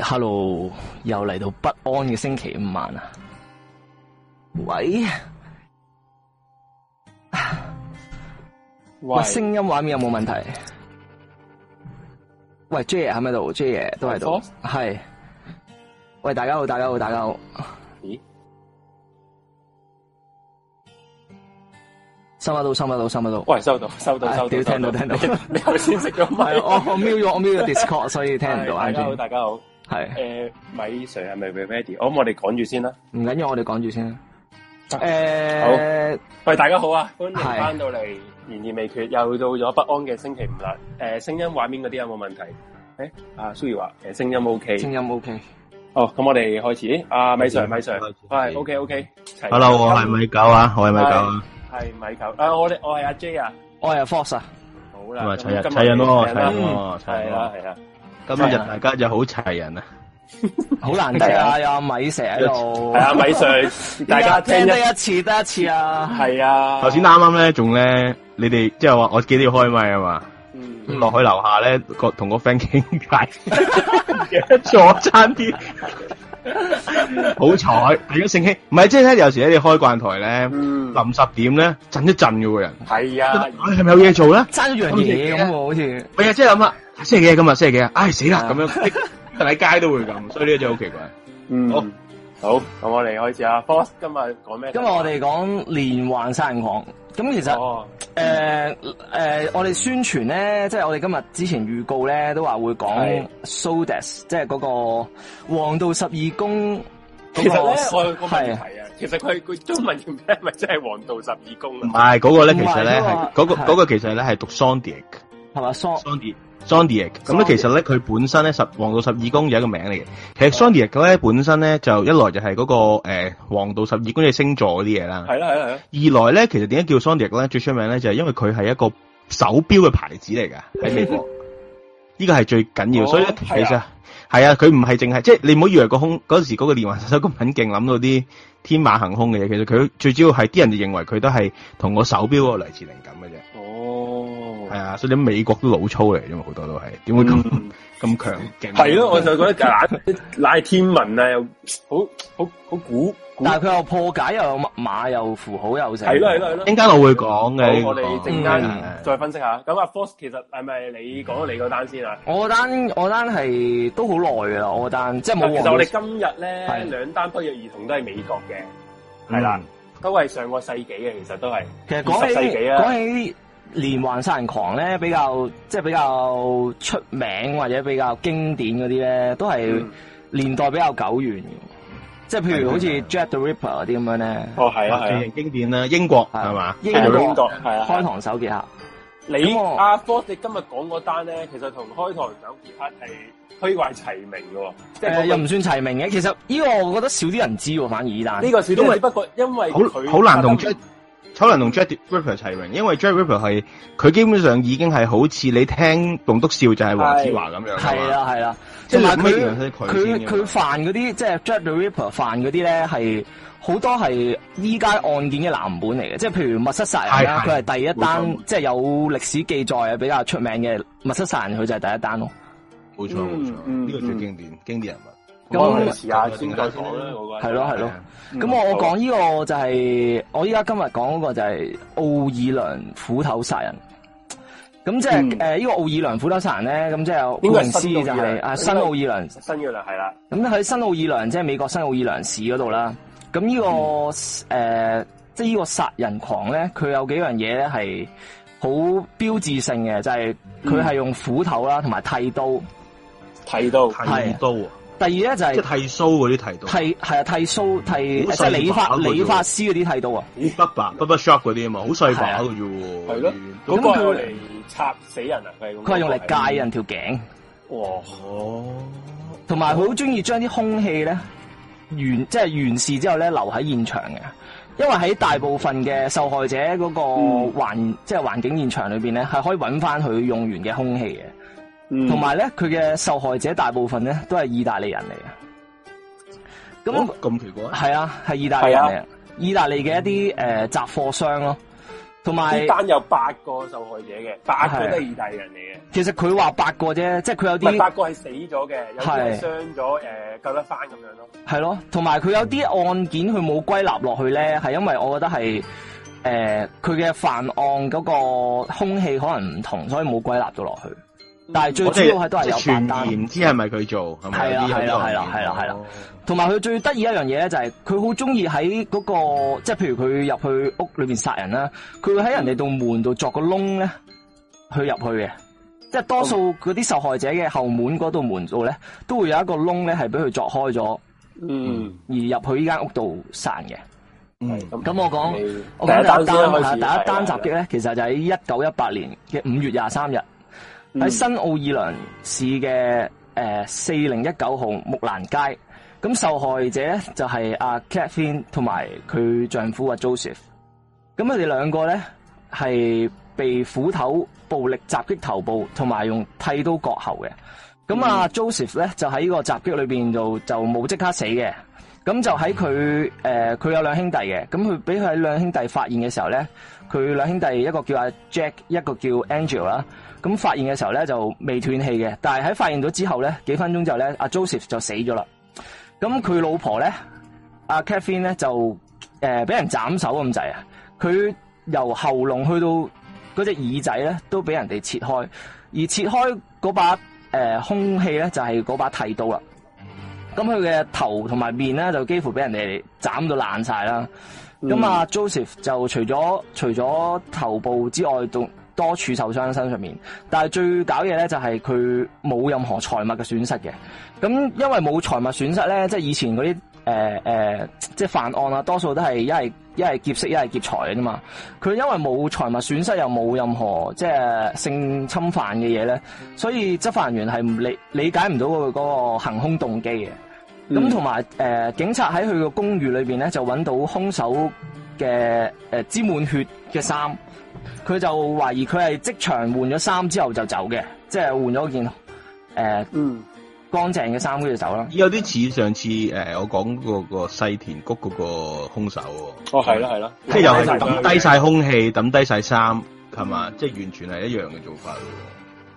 Hello，又嚟到不安嘅星期五晚啊！喂，喂，聲音畫面有冇問題？喂，Jay 喺咪度？Jay 都喺度，係。喂，大家好，大家好，大家好。咦？收得到，收得到，收得到。喂，收到，收到，收到。聽到，聽到。你頭先食咗咩？我我瞄咗我瞄咗 Discord，所以聽唔到。大家好，大家好。係誒，米 Sir 係咪未 ready？好，我哋趕住先啦，唔緊要，我哋趕住先啦。誒，好，喂，大家好啊，歡迎翻到嚟，懸疑未決，又到咗不安嘅星期五啦。誒，聲音畫面嗰啲有冇問題？誒，啊，蘇怡話誒，聲音 OK，聲音 OK。哦，咁我哋開始。阿米 Sir，米 Sir，係 OK，OK。Hello，我係米九啊，我係米九啊。係米九，啊，我我係阿 J 啊，我係阿 Fox 啊。好啦，咁啊，齊人，齊人咯，齊人咯，齊人咯，係啊，係啊。今日大家就好齊人啊，好難得啊！又米 sir 喺度，係啊，米 sir。大家聽得一次得一次啊，係啊。頭先啱啱咧，仲咧，你哋即係話我記得要開咪啊嘛。落去樓下咧，個同個 friend 傾偈，坐餐啲，好彩。如果盛興，唔係即係咧，有時咧你開慣台咧，臨十點咧，震一震嘅個人。係啊，係咪有嘢做咧？爭咗樣嘢咁，好似，咪啊，即係諗下。星期幾？今日星期幾啊！唉死啦！咁、哎、的樣喺街都會咁， 所以呢啲真係好奇怪。嗯，好，好，咁我哋開始啊。Fox 今日講咩？今日我哋講連環殺人狂。咁其實誒誒、哦呃呃，我哋宣傳咧，即、就、係、是、我哋今日之前預告咧，都話會講 Zodiac 即係嗰個黃道十二宮。其實我個問題啊，其實佢佢中文叫咩？咪即係黃道十二宮啊？唔係嗰個咧，其實咧係嗰個個，其實咧係讀 Zodiac，係嘛 Zodiac Zodiac 咁咧，ke, S ond 其實咧佢本身咧十黃道十二宮有一個名嚟嘅。其實 Zodiac 咧本身咧就一來就係嗰、那個誒黃、呃、道十二宮嘅星座嗰啲嘢啦。係啦，係啦，係啦。二來咧，其實點解叫 Zodiac 咧最出名咧就係因為佢係一個手錶嘅牌子嚟㗎，喺美國。呢的的個係最緊要的，哦、所以其實係啊，佢唔係淨係即係你唔好以為個空嗰陣時嗰個連環手咁狠勁，諗到啲天馬行空嘅嘢。其實佢最主要係啲人就認為佢都係同個手錶嚟自靈感嘅啫。哦。係啊，所以啲美國都老粗嚟，因為好多都係點會咁咁強勁？係咯，我就覺得拉拉天文啊，好好好古，但係佢又破解又有密碼又符號又成。係咯係咯係咯，陣間我會講嘅。我哋陣間再分析下。咁阿 Fox 其實係咪你講咗你嗰單先啊？我單我單係都好耐噶啦，我單即係冇。其實我哋今日咧兩單不約而同都係美國嘅，係啦，都係上個世紀嘅，其實都係。其實講世紀講起。連環殺人狂咧，比較即係比較出名或者比較經典嗰啲咧，都係年代比較久遠，即係譬如好似 Jack the Ripper 嗰啲咁樣咧。哦，係啊，係經典啦，英國係嘛，英國開膛手傑克。你阿 f o r 你今日講嗰單咧，其實同開膛手傑克係虛懷齊名，即誒，又唔算齊名嘅。其實呢個我覺得少啲人知喎，反而但呢個少啲，不過因為好難同。草林同 Jack Ripper 齊名，因為 Jack Ripper 係佢基本上已經係好似你聽棟篤笑就係黃子華咁樣，係啊係啊，即係佢佢佢犯嗰啲即係 Jack Ripper 犯嗰啲咧係好多係依家案件嘅藍本嚟嘅，即係譬如密室殺人啊，佢係的第一單錯即係有歷史記載嘅比較出名嘅密室殺人，佢就係第一單咯。冇錯冇錯，呢、嗯、個最經典、嗯嗯、經典人物。咁係咯係咯，咁、嗯、我講呢個就係、是、我依家今日講嗰個就係奧爾良斧頭殺人。咁即係誒呢個奧爾良斧頭殺人咧，咁即係俄羅斯嘅就係、就是、啊新奧爾良新奧爾良係啦。咁喺新奧爾良即係美國新奧爾良市嗰度啦。咁呢、這個誒即係呢個殺人狂咧，佢有幾樣嘢咧係好標誌性嘅，就係佢係用斧頭啦，同埋剃刀、剃刀、對剃刀第二咧就係、是、剃鬚嗰啲剃刀，剃係啊剃鬚剃，剃即係理髮理髮師嗰啲剃刀啊，barber shop 嗰啲啊嘛，好細把嘅啫，係咯。咁佢嚟插死人啊？佢係用嚟戒人條頸，哇，同埋佢好中意將啲兇器咧完即係、就是、完事之後咧留喺現場嘅，因為喺大部分嘅受害者嗰個環、嗯、即係環境現場裏邊咧係可以揾翻佢用完嘅兇器嘅。同埋咧，佢嘅、嗯、受害者大部分咧都係意大利人嚟嘅。咁咁、哦、奇怪？係啊，係意大利人嚟嘅，啊、意大利嘅一啲誒、嗯呃、雜貨商咯，同埋單有八個受害者嘅，八個都係意大利人嚟嘅。其實佢話八個啫，嗯、即係佢有啲八個係死咗嘅，有啲傷咗，誒是、呃、救得返咁樣咯。係咯，同埋佢有啲案件佢冇歸納落去咧，係因為我覺得係誒佢嘅犯案嗰個空氣可能唔同，所以冇歸納咗落去。但係最主要係都係有八單，唔知係咪佢做？係咪？係啦，係啦，係啦，係啦，係啦，同埋佢最得意一樣嘢咧，就係佢好中意喺嗰個，即係譬如佢入去屋裏面殺人啦，佢會喺人哋度門度鑿個窿咧去入去嘅，即係多數嗰啲受害者嘅後門嗰度門度咧，都會有一個窿咧係俾佢鑿開咗，嗯，而入去呢間屋度殺嘅。咁我講第一單，第一單襲擊咧，其實就喺一九一八年嘅五月廿三日。喺新奧爾良市嘅誒四零一九號木蘭街，咁受害者咧就係阿、啊、c a t h i nCatherine 同埋佢丈夫阿、啊、Joseph，咁佢哋兩個咧係被斧頭暴力襲擊頭部，同埋用剃刀割喉嘅。咁阿、啊、Joseph 咧就喺個襲擊裏邊度就冇即刻死嘅，咁就喺佢誒佢有兩兄弟嘅，咁佢俾佢兩兄弟發現嘅時候咧，佢兩兄弟一個叫阿、啊、Jack，一個叫 Angel 啦。咁發現嘅時候咧就未斷氣嘅，但係喺發現咗之後咧，幾分鐘之後咧，阿、啊、Joseph 就死咗啦。咁佢老婆咧，阿 Catherine 咧就誒俾、呃、人斬首咁滯啊！佢由喉嚨去到嗰隻耳仔咧都俾人哋切開，而切開嗰把誒、呃、兇器咧就係、是、嗰把剃刀啦。咁佢嘅頭同埋面咧就幾乎俾人哋斬到爛晒啦。咁阿、嗯啊、Joseph 就除咗除咗頭部之外，仲多處受傷身上面，但係最搞嘢咧就係佢冇任何財物嘅損失嘅。咁因為冇財物損失咧，即係以前嗰啲誒誒，即係犯案啊，多數都係一係一係劫色一係劫財嘅啫嘛。佢因為冇財物損失又冇任何即係性侵犯嘅嘢咧，所以執法人員係理理解唔到佢嗰個行凶動機嘅。咁同埋誒，警察喺佢個公寓裏邊咧就揾到兇手嘅誒、呃、沾滿血嘅衫。佢就懷疑佢係即場換咗衫之後就走嘅，即係換咗件誒，乾淨嘅衫跟住走啦。嗯、就有啲似上次誒，我講嗰個西田谷嗰個兇手。哦，係啦，係啦以，即係又係抌低晒空氣，抌低晒衫，係嘛？即係、嗯、完全係一樣嘅做法，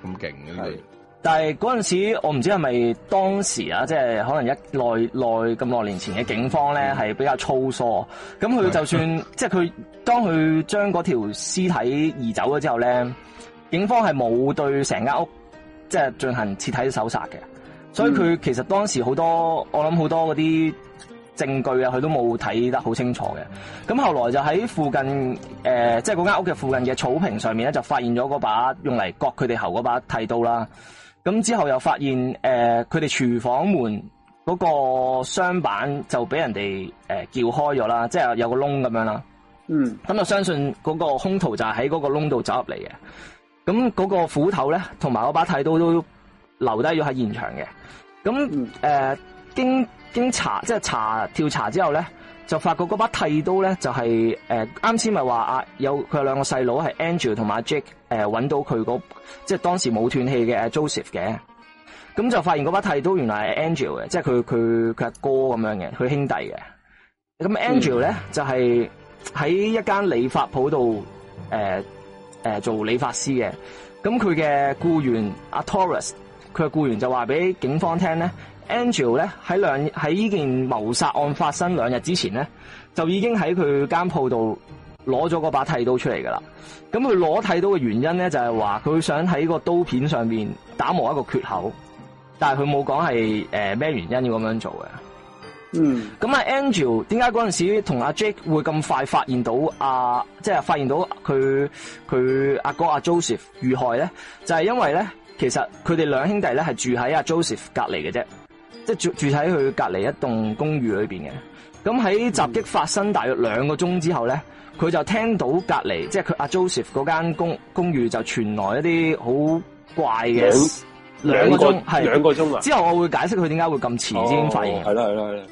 咁勁嘅。但係嗰陣時，我唔知係咪當時啊，即係可能一耐耐咁耐年前嘅警方咧，係、嗯、比較粗疏。咁佢就算、嗯、即係佢當佢將嗰條屍體移走咗之後咧，警方係冇對成間屋即係進行徹底搜查嘅。所以佢其實當時好多，嗯、我諗好多嗰啲證據啊，佢都冇睇得好清楚嘅。咁後來就喺附近誒，即係嗰間屋嘅附近嘅草坪上面咧，就發現咗嗰把用嚟割佢哋喉嗰把剃刀啦。咁之後又發現，誒佢哋廚房門嗰個箱板就俾人哋誒撬開咗啦，即係有個窿咁樣啦。嗯，咁就相信嗰個兇徒就係喺嗰個窿度走入嚟嘅。咁嗰個斧頭咧，同埋嗰把剃刀都留低咗喺現場嘅。咁誒、嗯呃，經經查即係查調查之後咧。就發覺嗰把剃刀咧，就係、是、誒，啱先咪話啊，有佢有兩個細佬係 Andrew 同埋 Jack，誒搵到佢、那個即係當時冇斷氣嘅 Joseph 嘅，咁就發現嗰把剃刀原來係 Andrew 嘅，即係佢佢佢阿哥咁樣嘅，佢兄弟嘅。咁 Andrew 咧就係喺一間理髮鋪度，誒、呃、誒、呃、做理髮師嘅。咁佢嘅僱員阿、啊、Torres，佢嘅僱員就話俾警方聽咧。Angel 咧，喺兩喺呢件謀殺案發生兩日之前咧就已經喺佢間鋪度攞咗嗰把剃刀出嚟噶啦。咁佢攞剃刀嘅原因咧就係話佢想喺個刀片上面打磨一個缺口，但係佢冇講係誒咩原因要咁樣做嘅。嗯，咁啊 Angel 點解嗰陣時同阿 Jack 會咁快發現到即、啊、係、就是、發現到佢佢阿哥阿、啊、Joseph 遇害咧？就係、是、因為咧，其實佢哋兩兄弟咧係住喺阿、啊、Joseph 隔籬嘅啫。即係住住喺佢隔籬一棟公寓裏邊嘅，咁喺襲擊發生大約兩個鐘之後咧，佢就聽到隔籬，即係佢阿 Joseph 嗰間公公寓就傳來一啲好怪嘅兩。兩個鐘係兩個鐘是啊！之後我會解釋佢點解會咁遲先發現。係啦係啦係啦，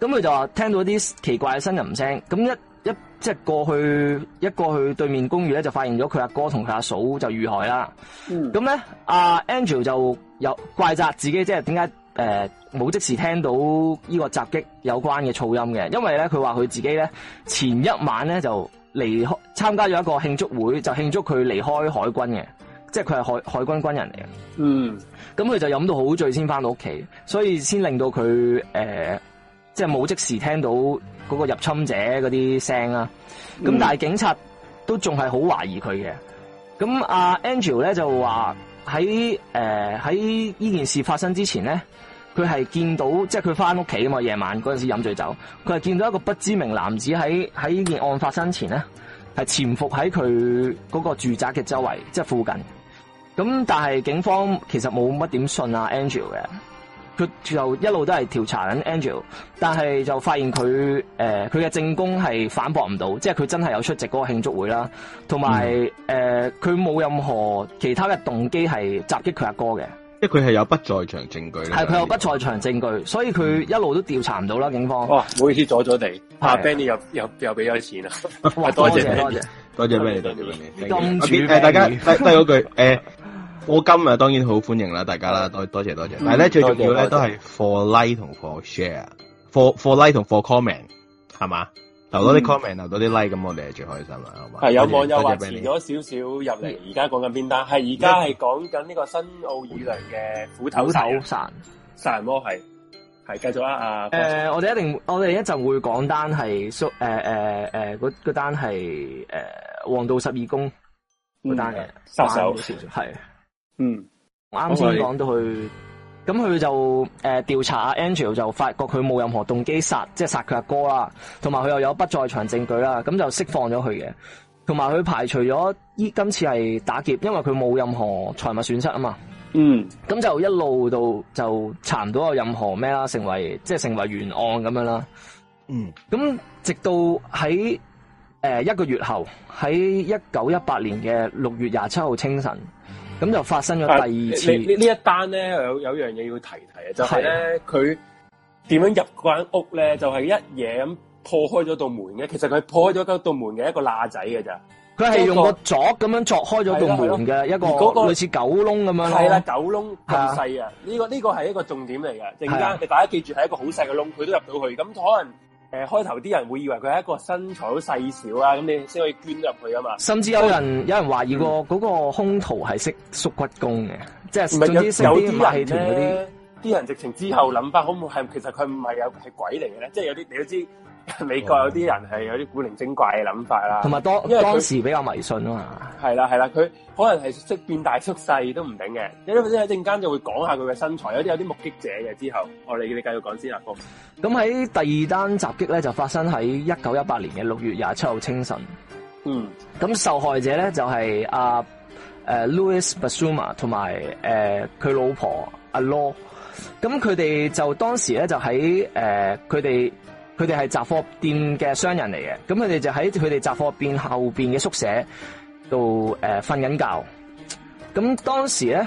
咁佢、嗯、就話聽到一啲奇怪嘅呻吟聲，咁一一即係、就是、過去，一過去對面公寓咧，就發現咗佢阿哥同佢阿嫂就遇害啦。咁咧、哦，阿 Angel 就有怪責自己，即係點解？誒，冇、呃、即時聽到呢個襲擊有關嘅噪音嘅，因為咧佢話佢自己咧前一晚咧就離開參加咗一個慶祝會，就慶祝佢離開海軍嘅，即係佢係海海軍軍人嚟嘅。嗯，咁佢就飲到好醉先翻到屋企，所以先令到佢誒、呃，即係冇即時聽到嗰個入侵者嗰啲聲啦、啊。咁、嗯、但係警察都仲係好懷疑佢嘅。咁阿 Angel 咧就話。喺誒，喺呢、呃、件事發生之前咧，佢係見到，即係佢翻屋企啊嘛，夜晚嗰陣時飲醉酒，佢係見到一個不知名男子喺喺呢件案發生前咧，係潛伏喺佢嗰個住宅嘅周圍，即、就、係、是、附近。咁但係警方其實冇乜點信阿 Angel 嘅。佢就一路都係調查緊 Angel 但係就發現佢誒佢嘅證供係反駁唔到，即係佢真係有出席嗰個慶祝會啦，同埋誒佢冇任何其他嘅動機係襲擊佢阿哥嘅，即係佢係有不在場證據咧，係佢有不在場證據，所以佢一路都調查唔到啦，警方。哦，唔好意思阻咗地，吓、啊、Benny 又又又俾咗錢啦、呃，多謝多謝多謝 Benny，多謝 Benny，咁大家都嗰句誒。呃我今日當然好歡迎啦，大家啦，多多謝多謝。但係咧，最重要咧都係 for like 同 for share，for for like 同 for comment，係嘛？留多啲 comment，留多啲 like，咁我哋係最開心啦，係嘛？係有網友話遲咗少少入嚟，而家講緊邊單？係而家係講緊呢個新奧爾良嘅斧頭手殺殺人魔係係繼續啊，誒，我哋一定我哋一陣會講單係縮，誒誒誒，嗰嗰單係誒黃道十二宮嗰單嘅殺手，係。嗯，啱先講到佢，咁佢 Okay. 就誒調、呃、查阿 Andrew 就發覺佢冇任何動機殺，即係殺佢阿哥啦，同埋佢又有不在場證據啦，咁就釋放咗佢嘅，同埋佢排除咗依今次係打劫，因為佢冇任何財物損失啊嘛。嗯，咁就一路度就查唔到有任何咩啦，成為即係、就是、成為懸案咁樣啦。嗯，咁直到喺誒、呃、一個月後，喺一九一八年嘅六月廿七號清晨。咁就發生咗第二次。呢呢、啊、一單咧有有樣嘢要提提啊，就係咧佢點樣入嗰間屋咧？就係、是、一嘢咁破開咗道門嘅。其實佢破開咗道門嘅一個罅仔嘅咋。佢係用個、那個、鑿咁樣鑿開咗道門嘅一個，嗰個類似狗窿咁樣。係啦，狗窿咁細啊！呢的、這個呢、這個係一個重點嚟嘅。陣間的你大家記住係一個好細嘅窿，佢都入到去。咁可能。誒、呃，開頭啲人會以為佢係一個身材好細小啊，咁你先可以捐入去啊嘛。甚至有人以有人懷疑過嗰個兇徒係識縮骨功嘅，即係唔係有有啲人咧，啲人直情之後諗翻，好唔係其實佢唔係有係鬼嚟嘅咧，即、就、係、是、有啲你都知。美國有啲人係有啲古靈精怪嘅諗法啦，同埋哇當時比較迷信啊嘛。係啦係啦，佢可能係變大出世都唔定嘅，有啲喺陣間就會講下佢嘅身材，有啲有啲目擊者嘅之後，我哋你繼續講先啦。咁喺第二單襲擊咧就發生喺一九一八年嘅六月廿七號清晨。嗯，咁受害者咧就係、是、阿、啊啊、Louis Basuma 同埋、啊、佢老婆阿、啊、Law。咁佢哋就當時咧就喺佢哋。啊佢哋係雜貨店嘅商人嚟嘅，咁佢哋就喺佢哋雜貨店後邊嘅宿舍度誒瞓緊覺。咁當時咧，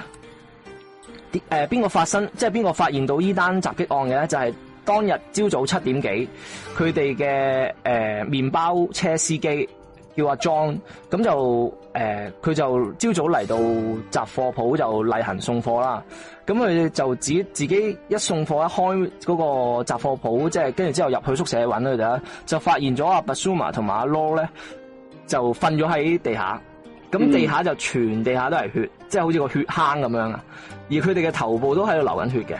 誒邊個發生，即係邊個發現到呢單襲擊案嘅咧？就係、是、當日朝早七點幾，佢哋嘅誒麵包車司機。叫阿 John 咁就誒佢，呃、就朝早嚟到雜貨鋪就例行送貨啦。咁佢就自自己一送貨，一開嗰個雜貨鋪，即係跟住之後入去宿舍揾佢哋，就發現咗阿 Basuma 同埋阿 Law 咧，就瞓咗喺地下，咁地下就全地下都係血，即係、嗯、好似個血坑咁樣啊！而佢哋嘅頭部都喺度流緊血嘅。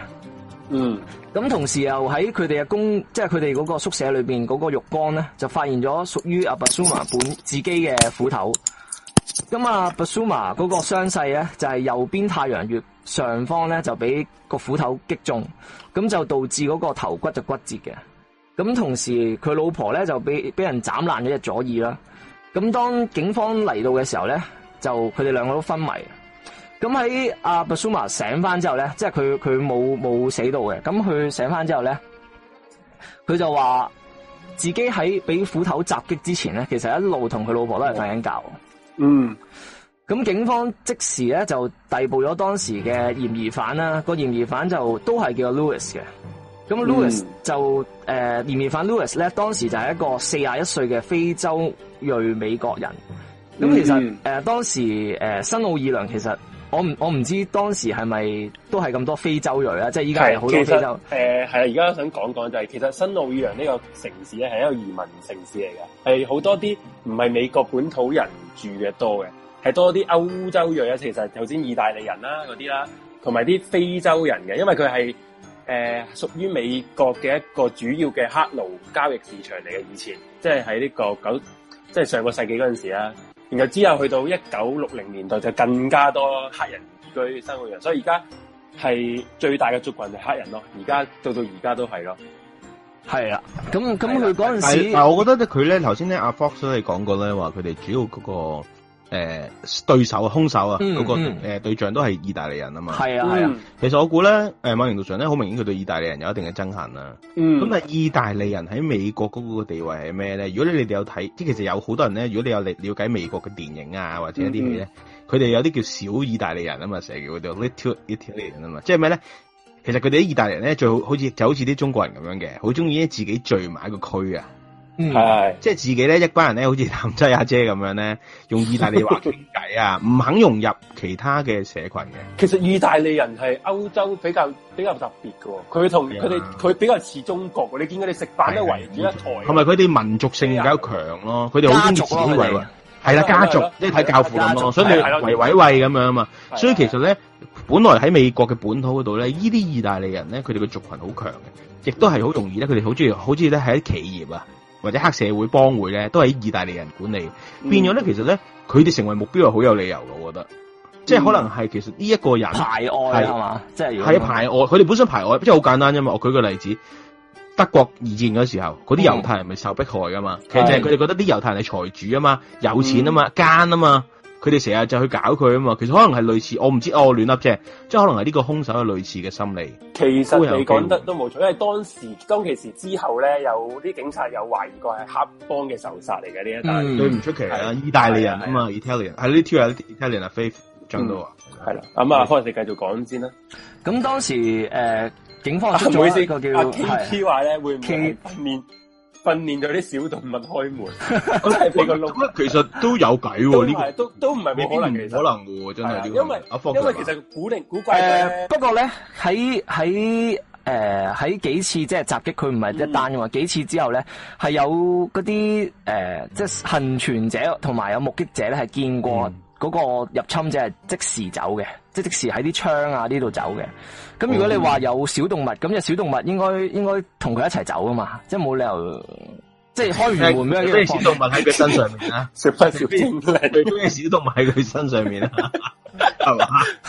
嗯。咁同時又喺佢哋嘅工即係佢哋嗰個宿舍裏邊嗰個浴缸咧，就發現咗屬於阿 Basuma 本自己嘅斧頭。咁啊 Basuma 嗰個傷勢咧，就係右邊太陽穴上方咧就俾個斧頭擊中，咁就導致嗰個頭骨就骨折嘅。咁同時佢老婆咧就俾俾人斬爛咗隻左耳啦。咁當警方嚟到嘅時候咧，就佢哋兩個都昏迷。咁喺阿 Basuma 醒翻之後咧，即係佢佢冇冇死到嘅。咁佢醒翻之後咧，佢就話自己喺俾斧頭襲擊之前咧，其實一路同佢老婆都係瞓緊覺。嗯。咁警方即時咧就逮捕咗當時嘅嫌疑犯啦。那個嫌疑犯就都係叫 Louis 嘅。咁 Louis 就誒、嗯呃、嫌疑犯 Louis 咧，當時就係一個四十一歲嘅非洲裔美國人。咁其實誒、嗯呃、當時誒、呃、新奧爾良其實。我唔我唔知當時係咪都係咁多非洲裔，即係依家係好多非洲。誒係啊，而家想講講就係其實新奧爾良呢個城市咧係一個移民城市嚟嘅，係好多啲唔係美國本土人住嘅多嘅，係多啲歐洲裔啊，其實有啲意大利人啦嗰啲啦，同埋啲非洲人嘅，因為佢係誒屬於美國嘅一個主要嘅黑奴交易市場嚟嘅以前，即係喺呢個九，即係上個世紀嗰陣時啊。然後之後去到一九六零年代就更加多黑人移居生活人，所以而家係最大嘅族群係黑人咯。而家到到而家都係咯，係啊。咁咁佢嗰陣時，我覺得佢咧頭先咧阿 Fox 都係講過咧，話佢哋主要嗰個。誒、呃、對手啊，兇手啊、那個，嗰個誒對象都係意大利人啊嘛，係啊係啊。嗯、其實我估咧，誒某程度上咧，好明顯佢對意大利人有一定嘅憎恨啊。咁、嗯、但係，意大利人喺美國嗰個地位係咩咧？如果你哋有睇，即其實有好多人咧。如果你有了了解美國嘅電影啊，或者一啲嘢咧，佢哋、嗯、有啲叫小意大利人啊嘛，成日叫叫 little little 意大利啊嘛，即係咩咧？其實佢哋啲意大利人咧，就好好似就好似啲中國人咁樣嘅，好中意自己聚埋一個區啊。嗯，係，即係自己咧一班人咧，好似譚仔阿姐咁樣咧，用意大利話傾偈啊，唔肯融入其他嘅社群嘅。其實意大利人係歐洲比較比較特別嘅，佢同佢哋佢比較似中國。你見佢哋食飯都圍住一台，同埋佢哋民族性比較強咯，佢哋好中意自衛。係啦，家族即係睇教父咁咯，所以圍威喂咁樣啊嘛。所以其實咧，本來喺美國嘅本土嗰度咧，依啲意大利人咧，佢哋嘅族群好強嘅，亦都係好容易咧，佢哋好中意，好似咧係一啲企業啊。或者黑社會幫會咧，都係意大利人管理，嗯、變咗咧其實咧，佢哋成為目標係好有理由嘅，我覺得，嗯、即係可能係其實呢一個人排外啊嘛，即係係排外，佢哋本身排外，即係好簡單啫嘛。我舉個例子，德國二戰嗰時候，嗰啲猶太人咪受迫害噶嘛，嗯、其實就係佢哋覺得啲猶太人係財主啊嘛，有錢啊嘛，嗯、奸啊嘛。佢哋成日就去搞佢啊嘛，其實可能係類似，我唔知哦，亂噏啫，即係可能係呢個兇手嘅類似嘅心理。其實你講得都冇錯，因為當時，當其時之後咧，有啲警察有懷疑過係黑幫嘅仇殺嚟嘅呢一單，對唔出奇係啦，意大利人啊嘛，Italian 係呢 two Italian f 啊，飛進到啊，係啦，咁啊，可能你繼續講先啦。咁當時誒警方唔好意思個叫 K T 話咧，會面。訓練咗啲小動物開門，真係俾個窿。其實都有計喎，呢個都都唔係冇可能，可能，啊，真係的。因為阿，啊，因為其實古靈古怪，呃、不過咧，喺喺誒喺幾次即係襲擊，佢唔係一單嘅。嗯、幾次之後咧，係有嗰啲誒，即係幸存者同埋有目擊者咧，係見過。嗯嗰個入侵者係即時走嘅，即即時喺啲窗啊呢度走嘅。咁如果你話有小動物，咁有小動物應該應該同佢一齊走噶嘛，即係冇理由，即係開完門咩？咩小動物喺佢身上面啊？咩 小，小動物喺佢身上面啊？ 係嘛？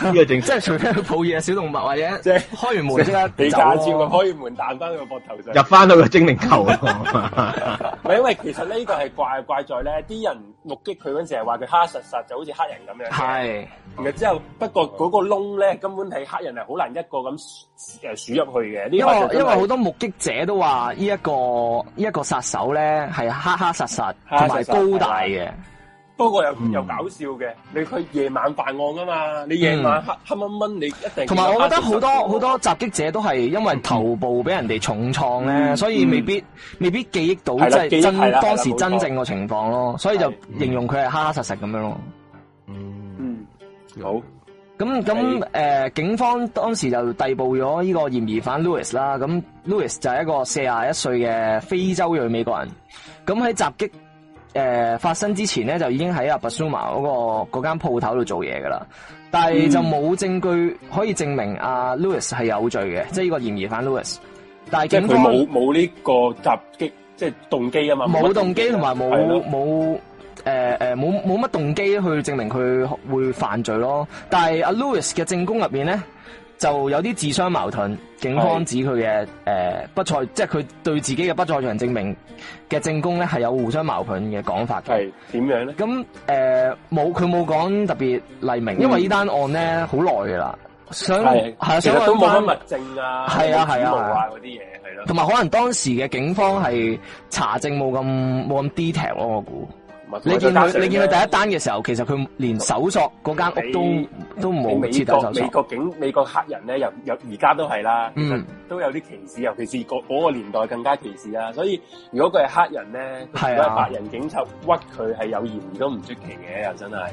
呢 個正即係純粹抱嘢小動物或者，即係開完門即 刻，你搞我開完門彈翻個膊頭入翻到個精靈球咯。因為其實呢個係怪怪在咧，啲人目擊佢嗰陣時係話佢黑黑實實，就好似黑人咁樣。係， 然之後不過嗰個窿咧，根本睇黑人係好難一個咁誒鼠入去嘅。因為因為好多目擊者都話、這個這個、呢一個呢一個殺手咧係黑黑實實黑實實同埋高大嘅。不過又又搞笑嘅，你佢夜晚犯案噶嘛？你夜晚黑黑掹掹，你一定同埋我覺得好多好多襲擊者都係因為頭部俾人哋重創咧，所以未必未必記憶到即係真當時真正嘅情況咯，所以就形容佢係黑黑實實咁樣咯。嗯，好。咁咁誒，警方當時就逮捕咗呢個嫌疑犯 Lewis 啦。咁 Lewis 就係一個四十一歲嘅非洲裔美國人。咁喺襲擊。誒、呃，發生之前咧就已經喺阿 Basuma 嗰個嗰間鋪頭度做嘢噶啦，但係就冇證據可以證明阿、啊、Louis 係有罪嘅，嗯、即係呢個嫌疑犯 Louis，但係警方即係佢冇冇呢個襲擊，即、就、係、是、動機啊嘛，冇動機同埋冇冇誒誒冇冇乜動機去證明佢會犯罪咯，但係阿、啊、Louis 嘅證供入面咧，就有啲自相矛盾，警方指佢嘅誒不在，即係佢對自己嘅不在場證明嘅證供咧，係有互相矛盾嘅講法。係點樣咧？咁誒冇，佢冇講特別黎明。因為呢單案咧好耐噶啦，想係啊，想都冇乜物證啊，冇指模啊嗰啲嘢係咯。同埋可能當時嘅警方係查證冇咁冇咁 detail 咯，我估。和你見佢，你見佢第一單嘅時候，其實佢連搜索嗰間屋都你都冇徹底搜索。美國美國警美國黑人咧，又又而家都係啦，嗯都有啲歧視，嗯、尤其是嗰個年代更加歧視啦。所以如果佢係黑人咧，佢如果白人警察屈佢，係、啊、有嫌疑都唔出奇嘅，又真係。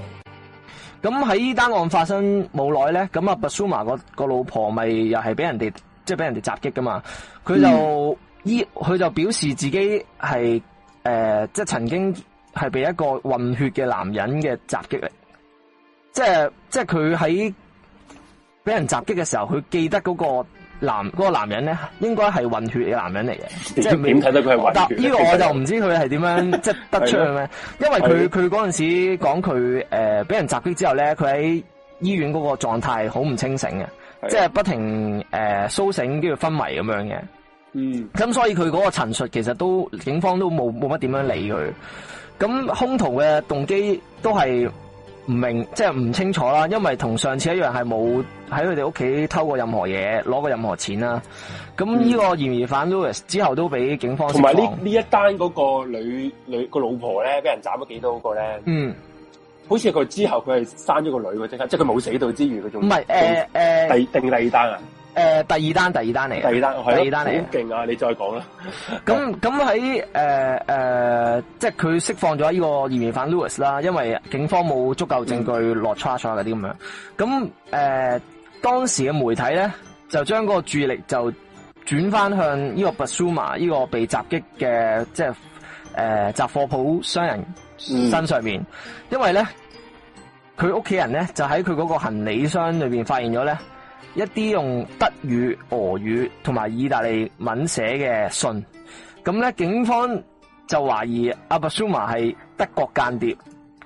咁喺呢單案發生冇耐咧，咁啊，Bassuma 個老婆咪又係俾人哋即係俾人哋襲擊噶嘛？佢就依佢、嗯、就表示自己係、呃、即係曾經。係俾一個混血嘅男人嘅襲擊嚟，即係即係佢喺俾人襲擊嘅時候，佢記得嗰個男、嗰個男人咧，應該係混血嘅男人嚟嘅。即係點睇得佢係混血呢？呢、呢個我就唔知佢係點樣即係得出去咩？因為佢佢嗰陣時講佢誒俾人襲擊之後咧，佢喺醫院嗰個狀態好唔清醒嘅，即係 不停誒蘇醒，跟住昏迷咁樣嘅。嗯，咁所以佢嗰個陳述其實都警方都冇冇乜點樣理佢。嗯咁兇徒嘅動機都係唔明，即係唔清楚啦。因為同上次一樣，係冇喺佢哋屋企偷過任何嘢，攞過任何錢啦。咁呢個嫌疑犯 Louis 之後都俾警方同埋呢呢一單嗰個女女個老婆咧，俾人斬咗幾多個咧？嗯，好似佢之後佢係生咗個女，佢即刻即係佢冇死到之餘，佢仲唔係？誒誒，定第二單啊！誒，第二單第二單嚟，第二單，第二單嚟。好勁啊！你再講啦。咁咁喺誒誒，即係佢釋放咗呢個嫌疑犯 Louis 啦，因為警方冇足夠證據落 charge 嗰啲咁樣。咁誒、呃，當時嘅媒體咧，就將個嗰個注意力就轉翻向呢個 Bassuma 呢、嗯、個被襲擊嘅即係誒雜貨鋪商人身上面，嗯、因為咧佢屋企人咧就喺佢嗰個行李箱裏邊發現咗咧。一啲用德語、俄語同埋意大利文寫嘅信，咁咧警方就懷疑阿巴斯馬係德國間諜，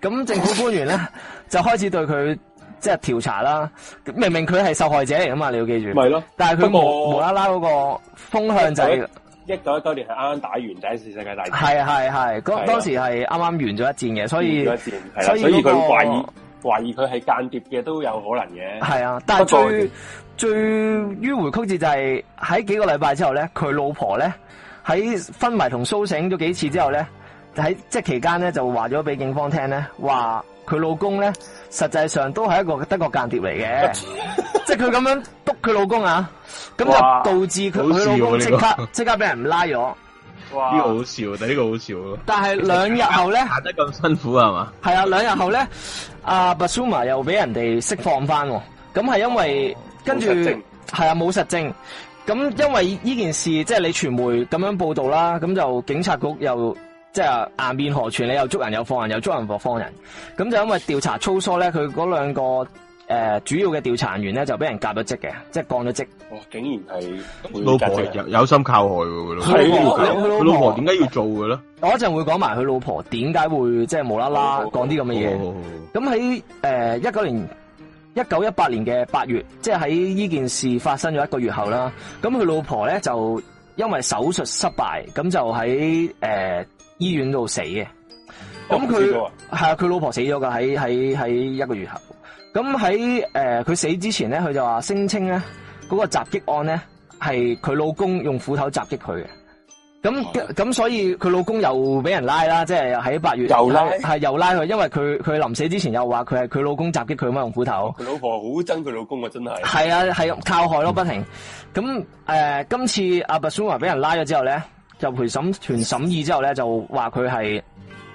咁政府官員咧 就開始對佢即係調查啦。明明佢係受害者嚟㗎嘛，你要記住。係咯的，但係佢冇無啦啦嗰個風向就係、是、一九一九年係啱啱打完第一次世界大戰。係係係，係的當時係啱啱完咗一戰嘅，所以所以佢、那、懷、個、疑。懷疑佢係間諜嘅都有可能嘅，係啊！但係最最迂迴曲折就係、是、喺幾個禮拜之後咧，佢老婆咧喺昏迷同蘇醒咗幾次之後咧，喺即係期間咧就話咗俾警方聽咧，話佢老公咧實際上都係一個德國間諜嚟嘅， 即係佢咁樣督佢老公啊，咁就導致佢佢哇老公即刻即刻俾人拉咗。 呢哇個好笑，但、這、呢個好笑咯。但係兩日後咧，行得咁辛苦係嘛？係啊，兩日後咧，阿、啊、Basuma 又俾人哋釋放翻，咁係因為、哦、跟住係啊冇實證，咁、啊、因為呢件事即係、就是、你傳媒咁樣報道啦，咁就警察局又即係顏面何存，你又捉人又放人又捉人放放人，咁就因為調查粗疏咧，佢嗰兩個。誒、呃，主要嘅調查員咧就俾人革咗職嘅，即係降咗職。哦，竟然係老婆有老婆有心靠害喎，我係佢老婆點解要，講要做嘅咧？我一陣會講埋佢老婆點解會即係無啦啦講啲咁嘅嘢。咁喺誒一九年一九一八年嘅八月，即係喺呢件事發生咗一個月後啦。咁佢老婆咧就因為手術失敗，咁就喺誒醫院度死嘅。咁佢係啊，佢老婆死咗噶，喺喺喺一個月後。咁喺誒佢死之前咧，佢就話聲稱咧嗰個襲擊案咧係佢老公用斧頭襲擊佢嘅。咁咁、啊、所以佢老公又俾人拉啦，即係喺八月又拉係又拉佢，因為佢佢臨死之前又話佢係佢老公襲擊佢，乜用斧頭？佢、啊、老婆好憎佢老公啊，真係係啊，係靠害咯，不停。咁誒、嗯呃，今次阿白素雲俾人拉咗之後咧，入陪審團審議之後咧，就話佢係。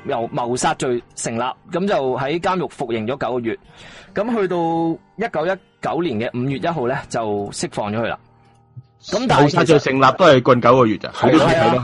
由謀殺罪成立，咁就喺監獄服刑咗九個月，咁去到一九一九年嘅五月一號咧，就釋放咗佢啦。咁但係，謀殺罪成立都係近九個月咋？係啊，睇得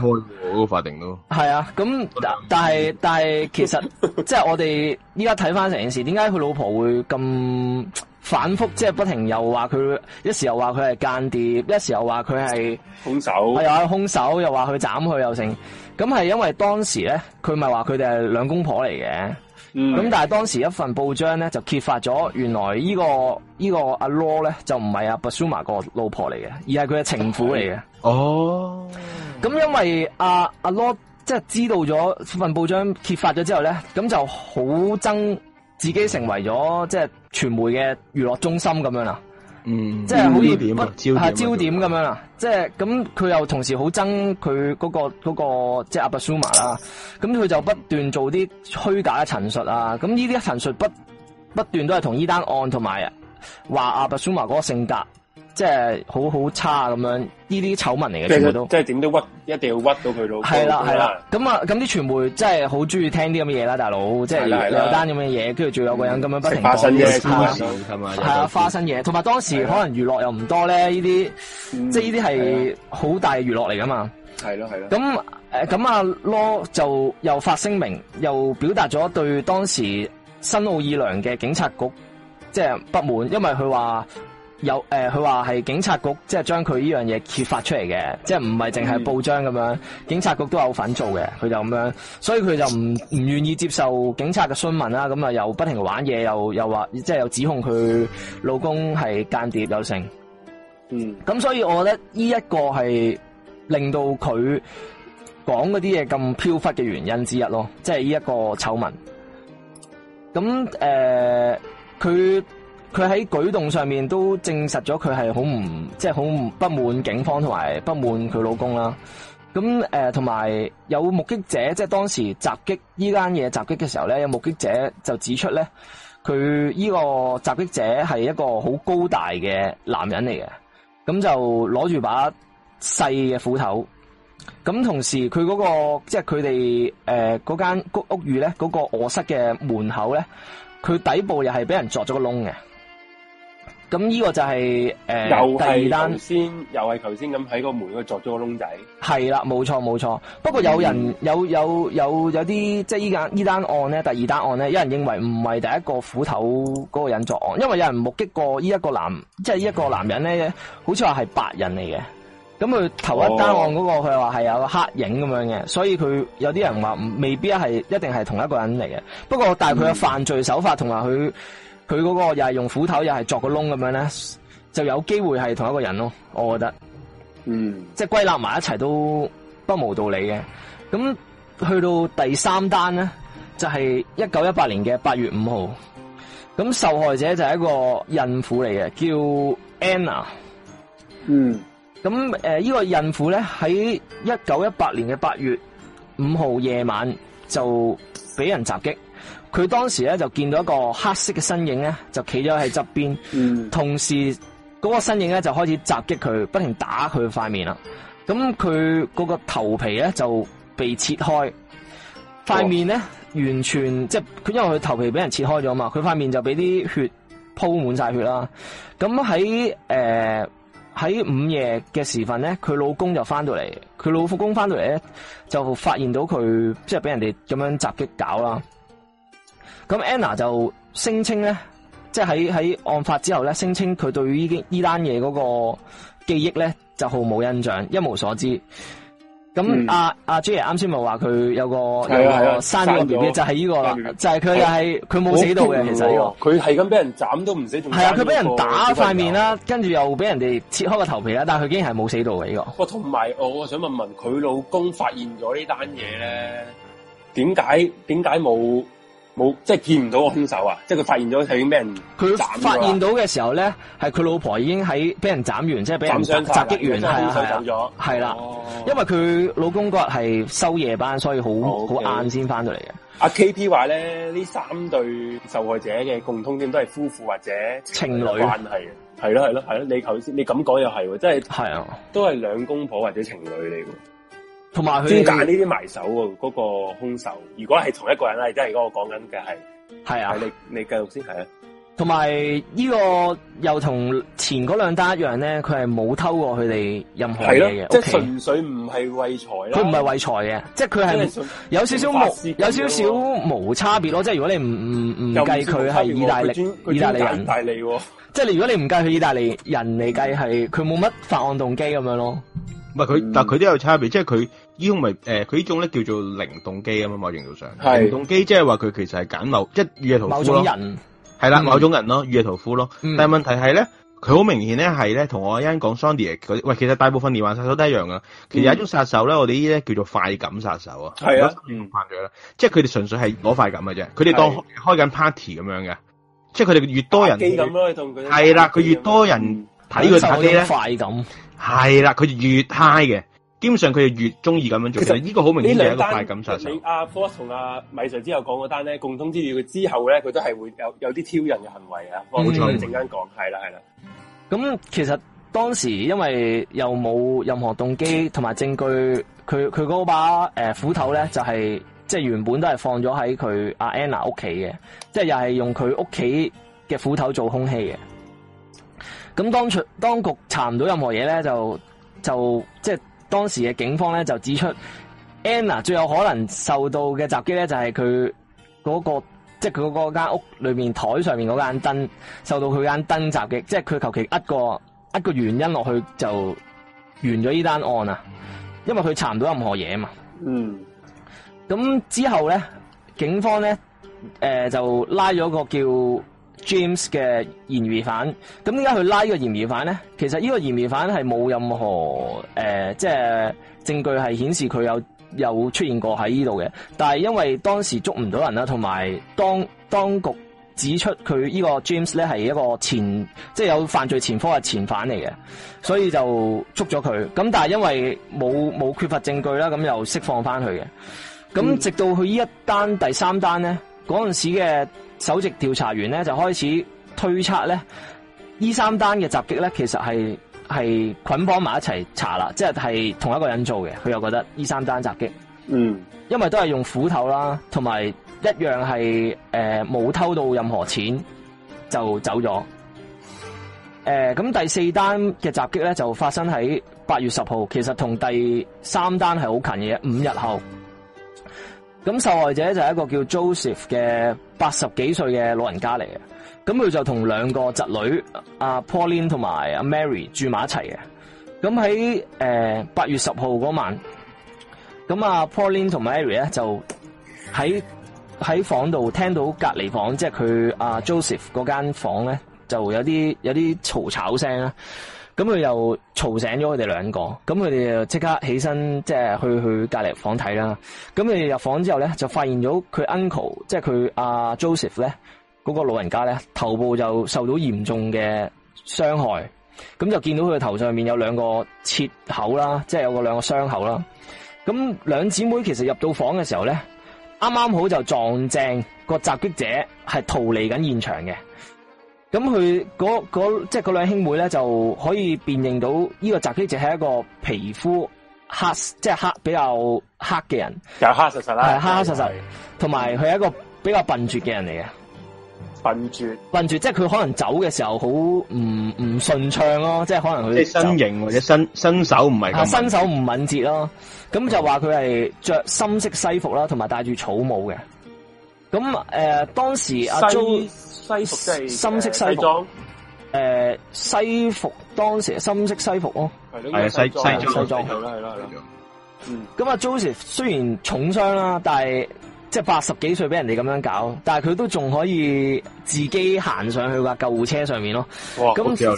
開法庭都係啊，咁、啊啊啊、但係但係其實即係 我哋依家睇翻成件事，點解佢老婆會咁反覆？即、就、係、是、不停又話佢，一時又話佢係間諜，一時又話佢係兇手，係啊，兇手，又話佢斬佢又成。咁係因為當時咧，佢咪話佢哋係兩公婆嚟嘅，咁、嗯、但係當時一份報章咧就揭發咗，原來呢、呢個呢、呢個阿 Law 呢，咧就唔係阿 Basuma 個老婆嚟嘅，而係佢嘅情婦嚟嘅。哦、咁、oh. 因為、啊、阿阿 Law 即係知道咗份報章揭發咗之後咧，咁就好憎自己成為咗即係傳媒嘅娛樂中心咁樣啦。嗯，即係好似不吓焦點咁樣啊，即係咁佢又同時好憎佢個、嗰個即係阿伯蘇瑪啦，咁佢就不斷做啲虛假嘅陳述啊，咁呢啲陳述不不斷都係同呢單案同埋啊話阿伯蘇瑪個性格。即係好好差咁樣，呢啲醜聞嚟嘅，全部都即係整都屈，一定要屈到佢咯。係啦，係啦。咁啊，咁啲傳媒真係好中意聽啲咁嘅嘢啦，大佬。即係有單咁嘅嘢，跟住仲有個人咁樣不停講。花生嘢，係嘛？係啊，花生嘢。同埋當時可能娛樂又唔多咧，呢啲即係呢啲係好大嘅娛樂嚟噶嘛。係咯，係咯。咁誒，咁阿羅就又發聲明，又表達咗對當時新奧爾良嘅警察局即係不滿，因為佢話。有誒，佢話係警察局即係將佢呢樣嘢揭發出嚟嘅，即係唔係淨係報章咁樣，嗯、警察局都有份做嘅，佢就咁樣，所以佢就唔唔願意接受警察嘅詢問啦。咁啊，又不停玩嘢，又又話即係又指控佢老公係間諜有性。嗯，咁所以我覺得呢一個係令到佢講嗰啲嘢咁飄忽嘅原因之一咯，即係呢一個醜聞。咁誒，佢、呃。佢喺舉動上面都證實咗佢係好唔即係好唔不滿、就是、警方同埋不滿佢老公啦。咁誒，同、呃、埋有目擊者即係、就是、當時襲擊呢間嘢襲擊嘅時候咧，有目擊者就指出咧，佢呢個襲擊者係一個好高大嘅男人嚟嘅。咁就攞住把細嘅斧頭。咁同時佢嗰、那個即係佢哋誒嗰間屋屋宇咧，嗰、那個臥室嘅門口咧，佢底部又係俾人鑿咗個窿嘅。咁呢個就係、是、誒，呃、又第二單先，又係頭先咁喺個門度鑿咗個窿仔。係啦，冇錯冇錯。不過有人、嗯、有有有有啲即係呢間呢單案咧，第二單案咧，有人認為唔係第一個斧頭嗰個人作案，因為有人目擊過呢一個男，嗯、即係呢一個男人咧，好似話係白人嚟嘅。咁佢頭一單案嗰、嗰個佢話係有黑影咁樣嘅，所以佢有啲人話未必係一定係同一個人嚟嘅。不過但係佢嘅犯罪手法同埋佢。嗯佢嗰個又係用斧頭，又係作個窿咁樣咧，就有機會係同一個人咯。我覺得，嗯，即係歸納埋一齊都不無道理嘅。咁去到第三單咧，就係一九一八年嘅八月五號，咁受害者就係一個孕婦嚟嘅，叫 Anna。嗯，咁誒，呢、呃這個孕婦咧喺一九一八年嘅八月五號夜晚就俾人襲擊。佢當時咧就見到一個黑色嘅身影咧，就企咗喺側邊，嗯、同時嗰個身影咧就開始襲擊佢，不停打佢塊面啦。咁佢嗰個頭皮咧就被切開，塊面咧完全即係佢，因為佢頭皮俾人切開咗嘛，佢塊面就俾啲血鋪滿晒血啦。咁喺誒喺午夜嘅時分咧，佢老公就翻到嚟，佢老闆公翻到嚟咧就發現到佢即係俾人哋咁樣襲擊搞啦。咁 Anna 就聲稱咧，即係喺喺案發之後咧，聲稱佢對於呢單嘢嗰個記憶咧就毫無印象，一無所知。咁阿阿 J 爺啱先咪話佢有個有個生咗個 B B，就係呢個啦，就係佢又係佢冇死到嘅，其實呢個佢係咁俾人斬都唔死，仲打係啊，佢俾人打塊面啦，跟住又俾人哋切開個頭皮啦，但佢已經係冇死到嘅呢個。同埋我想問問佢老公發現咗呢單嘢咧，點解點解冇？冇，即係見唔到個兇手啊！即係佢發現咗，已經俾人佢發現到嘅時候咧，係佢老婆已經喺俾人斬完，即係俾人襲擊完，係啊，係走咗，係啦。係哦、因為佢老公嗰日係收夜班，所以好好晏先翻到嚟嘅。阿、哦 okay、K P 話咧，呢三對受害者嘅共通點都係夫婦或者情侶關係，係咯係咯係咯。你頭先你咁講又係喎，即係，係啊，是的都係兩公婆或者情侶嚟。同埋佢揀呢啲埋手喎，嗰、嗰個兇手。如果係同一個人咧，即係嗰個講緊嘅係，係啊。是你你繼續先係啊。同埋呢個又同前嗰兩單一樣咧，佢係冇偷過佢哋任何嘢嘅，即係，純粹唔係為財啦。佢唔係為財嘅，即係佢係有少少無有少少無差別咯。即係如果你唔唔唔計佢係意大利，大利意大利人，意大利即係如果你唔計佢意大利人嚟計係，佢冇乜犯案動機咁樣咯。唔係佢，嗯、但佢都有差別，即係佢呢種咪誒，佢呢種咧叫做靈動機啊嘛，某程度上，是靈動機即係話佢其實係揀某一類嘅屠夫咯，係啦，某種人咯了、嗯，預嘅屠夫咯。嗯、但係問題係咧，佢好明顯咧係咧，同我一陣講 Sandy 嗰，喂，其實大部分連環殺手都一樣噶，其實有一種殺手咧，我哋呢咧叫做快感殺手啊，係啊，嗯，咗啦，即係佢哋純粹係攞快感嘅啫，佢哋當開緊 party 咁樣嘅，即係佢哋越多人，係啦，佢越多人睇佢打機咧快感。係啦，佢就越 high 嘅，基本上佢就越中意咁樣做。其實呢個好明顯係一個快感殺手。阿 Fox 同阿米 Sir 之後講嗰單咧，共通之餘佢之後咧，佢都係會有有啲挑釁嘅行為啊。冇錯，你陣間講係啦係啦。咁、嗯、其實當時因為又冇任何動機同埋證據，佢佢嗰把誒、呃、斧頭咧，就係即係原本都係放咗喺佢阿 Anna 屋企嘅，即係又係用佢屋企嘅斧頭做兇器嘅。咁當，當局查唔到任何嘢咧，就就即係當時嘅警方咧就指出，Anna 最有可能受到嘅襲擊咧就係佢嗰個即係佢嗰間屋裏面枱上面嗰間燈受到佢間燈襲擊，即係佢求其一個一個原因落去就完咗呢單案啊，因為佢查唔到任何嘢啊嘛。嗯。咁之後咧，警方咧、呃、就拉咗個叫 James 嘅嫌疑犯，咁點解佢拉呢個嫌疑犯咧？其實呢個嫌疑犯係冇任何誒、呃，即係證據係顯示佢有有出現過喺呢度嘅。但係因為當時捉唔到人啦，同埋當當局指出佢呢個 James 咧係一個前，即係有犯罪前科嘅前犯嚟嘅，所以就捉咗佢。咁但係因為冇冇缺乏證據啦，咁又釋放翻佢嘅。咁直到佢呢一單第三單咧，嗰陣時嘅。首席調查員咧就開始推測咧，依三單嘅襲擊咧其實係係捆綁埋一齊查啦，即係係同一個人做嘅。佢又覺得依三單襲擊，嗯，因為都係用斧頭啦，同埋一樣係、呃、冇偷到任何錢就走咗。呃、咁、第四單嘅襲擊咧就發生喺八月十號，其實同第三單係好近嘅五日後。咁受害者就係一個叫 Joseph 嘅八十幾歲嘅老人家嚟嘅，咁佢就同兩個侄女阿 Pauline 同埋阿 Mary 住埋一齊嘅，咁喺誒八月十號嗰晚，咁阿 Pauline 同埋 Mary 咧就喺喺房度聽到隔離房即係佢阿 Joseph 嗰間房咧就有啲有啲嘈吵聲啦。咁佢又嘈醒咗佢哋兩個，咁佢哋就即刻起身，即係去去隔離房睇啦。咁佢哋入房之後咧，就發現咗佢 uncle，即係佢阿 Joseph 咧嗰個老人家咧，頭部就受到嚴重嘅傷害。咁就見到佢嘅頭上面有兩個切口啦，即係有個兩個傷口啦。咁兩姊妹其實入到房嘅時候咧，啱啱好就撞正個襲擊者係逃離緊現場嘅。咁佢嗰嗰即係嗰兩兄妹咧，就可以辨認到呢個襲擊者係一個皮膚黑，即係黑比較黑嘅人，又黑實實啦，係黑黑實實，同埋佢係一個比較笨拙嘅人嚟嘅，笨拙笨拙，即係佢可能走嘅時候好唔唔順暢咯，即係可能佢身形或者身身手唔係，身手唔敏捷咯。咁就話佢係着深色西服啦，同埋戴住草帽嘅。咁誒，當時阿 J。深色西裝，誒，西服當時係深色西服咯，係啊，西西西裝，係啦係啦係啦。咁啊，Joseph 雖然重傷啦，但係即係八十幾歲俾人哋咁樣搞，但係佢都仲可以自己行上去架救護車上面咯。哇，咁係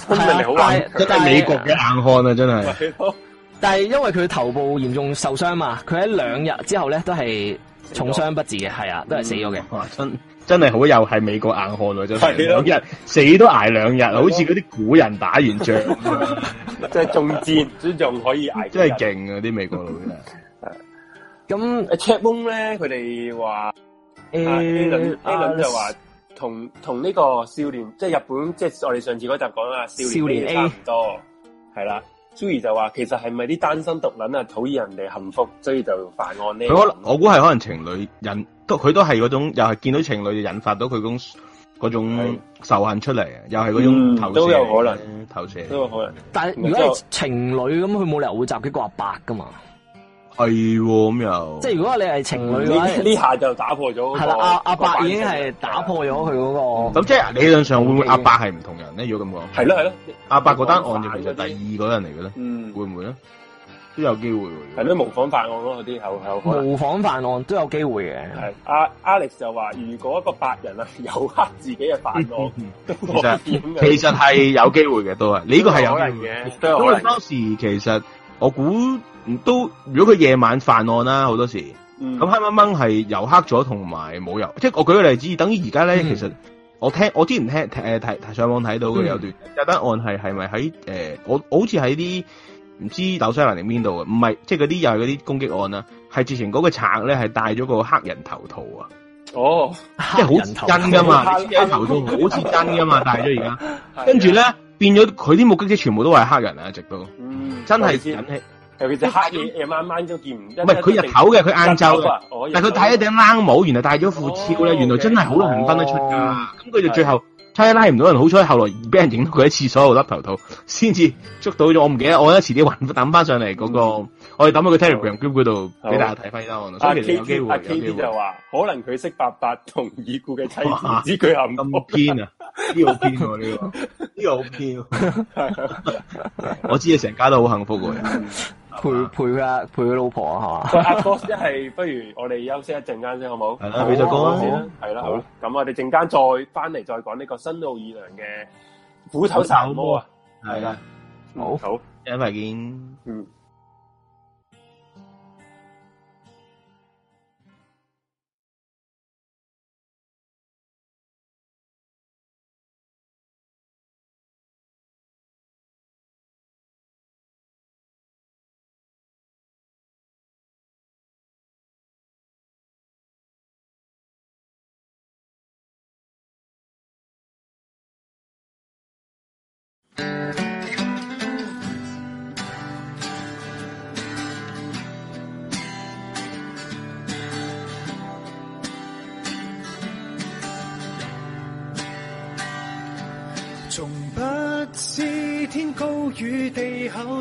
啊，但係美國嘅硬漢啊，真係。但係因為佢頭部嚴重受傷嘛，佢喺兩日之後咧都係重傷不治嘅，係啊，都係死咗嘅。真係好有係美國硬漢來咗兩日，死都挨兩日，好似嗰啲古人打完仗，即係中箭，仲可以挨。真係勁啊！啲美國佬真係。咁 check 蒙咧，佢哋話，呢輪就話，同同呢個少年，即係日本，即係我哋上次嗰集講啦，少年 A 差唔多，係啦。u 兒就話，其實係咪啲單身獨撚啊，討厭人哋幸福，所以就犯案呢？可能我估係可能情侶人。佢都係嗰種，又係見到情侶就引發到佢種嗰種仇恨出嚟，又係嗰種投射。都有可能，投射都有可能。但如果係情侶咁，佢冇理由會襲擊個阿伯噶嘛，係咁又。即係如果你係情侶嘅，呢下就打破咗。係啦，阿阿伯已經係打破咗佢嗰個。咁即係理論上會唔會阿伯係唔同人咧？如果咁講。係咯係咯，阿伯嗰單案件其實第二個人嚟嘅咧，會唔會咧？都有機會喎，係咯，模仿犯案咯，嗰啲後後模仿犯案都有機會嘅。係阿、啊、Alex 就話，如果一個白人啊，油黑自己嘅犯案， 其實都其實係有機會嘅，都係。你呢個係有可能嘅，可能因為當時其實我估都，如果佢夜晚犯案啦、啊，好多時咁黑掹掹係油黑咗，同埋冇油，即係我舉個例子，等於而家咧，嗯、其實我聽我之前聽誒睇、呃、上網睇到嘅有段、嗯、有單案係係咪喺誒我好似喺啲。唔知紐西蘭定邊度啊？唔係，即係嗰啲又係嗰啲攻擊案啦。係之前嗰個賊，咧係戴咗個黑人頭套啊！哦，即係好真噶嘛，黐頭套，好似真噶嘛，戴咗而家。跟住咧變咗佢啲目擊者全部都係黑人啊，直到，真係引起。尤其是黑夜夜晚晚都見唔，唔係佢日頭嘅，佢晏晝，但佢戴一頂冷帽，原來戴咗副超咧，原來真係好難分得出噶。咁佢就最後。拉拉唔到人，好彩後來俾人影到佢喺廁所度甩頭套，先至捉到咗。我唔記得，我一得遲啲揾抌翻上嚟嗰個，我哋抌喺佢 Telegram group 度俾大家睇翻啦。所以其實有機會。阿 K 就話：可能佢識伯伯同已故嘅妻子。哇！知佢暗金偏啊？呢個好偏喎呢個，呢個好偏，我知你成家都好幸福喎。陪陪阿陪佢老婆啊，係嘛？啊？阿阿哥一係，不如我哋休息一陣間先，好唔好？係啦，繼續講啦，係啦，好。咁我哋陣間再翻嚟再講呢個新奧爾良嘅斧頭殺手魔啊，係啦，好，好，因為見嗯。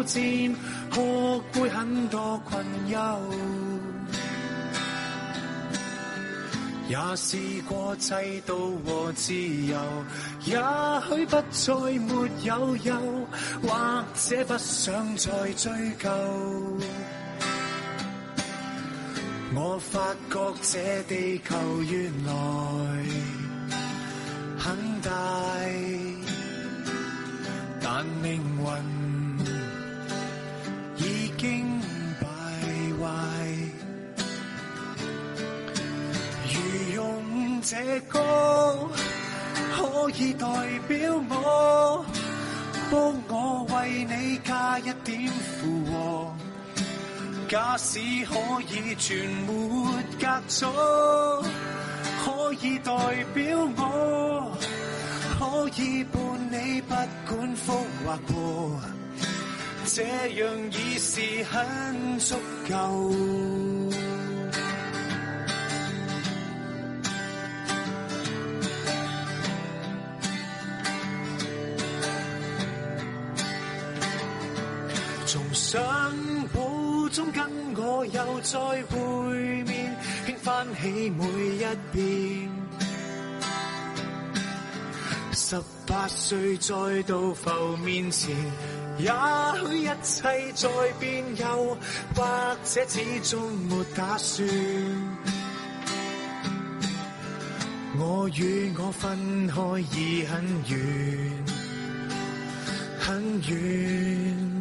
漸學會很多困擾，也試過制度和自由，也許不再沒有憂，或者不想再追究。我發覺這地球原來很大，但命運。這歌可以代表我，幫我為你加一點附和。假使可以全沒隔阻，可以代表我，可以伴你不管風或霧，這樣已是很足夠。相簿中跟我又再會面，輕翻起每一遍。十八歲再度浮面前，也許一切再變又或者始終沒打算。我與我分開已很遠，很遠。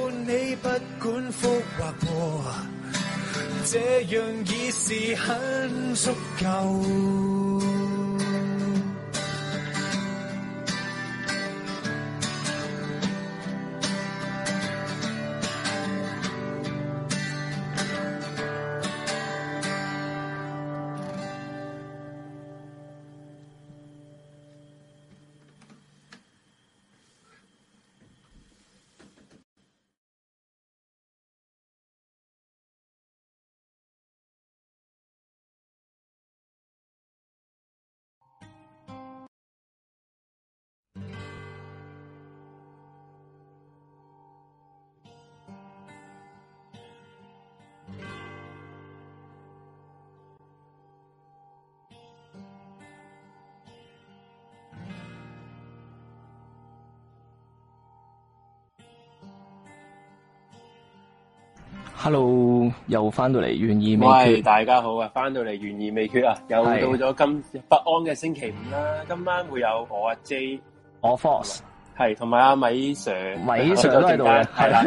你不管福或禍，這樣已是很足夠。 hello，又翻到嚟，懸疑未決。係，大家好啊，翻到嚟懸疑未決啊，又到咗今不是安嘅星期五啦、啊。今晚會有我阿、啊、J，我 Fox 係，同埋、嗯、阿米 Sir，米 Sir 都喺度係啦，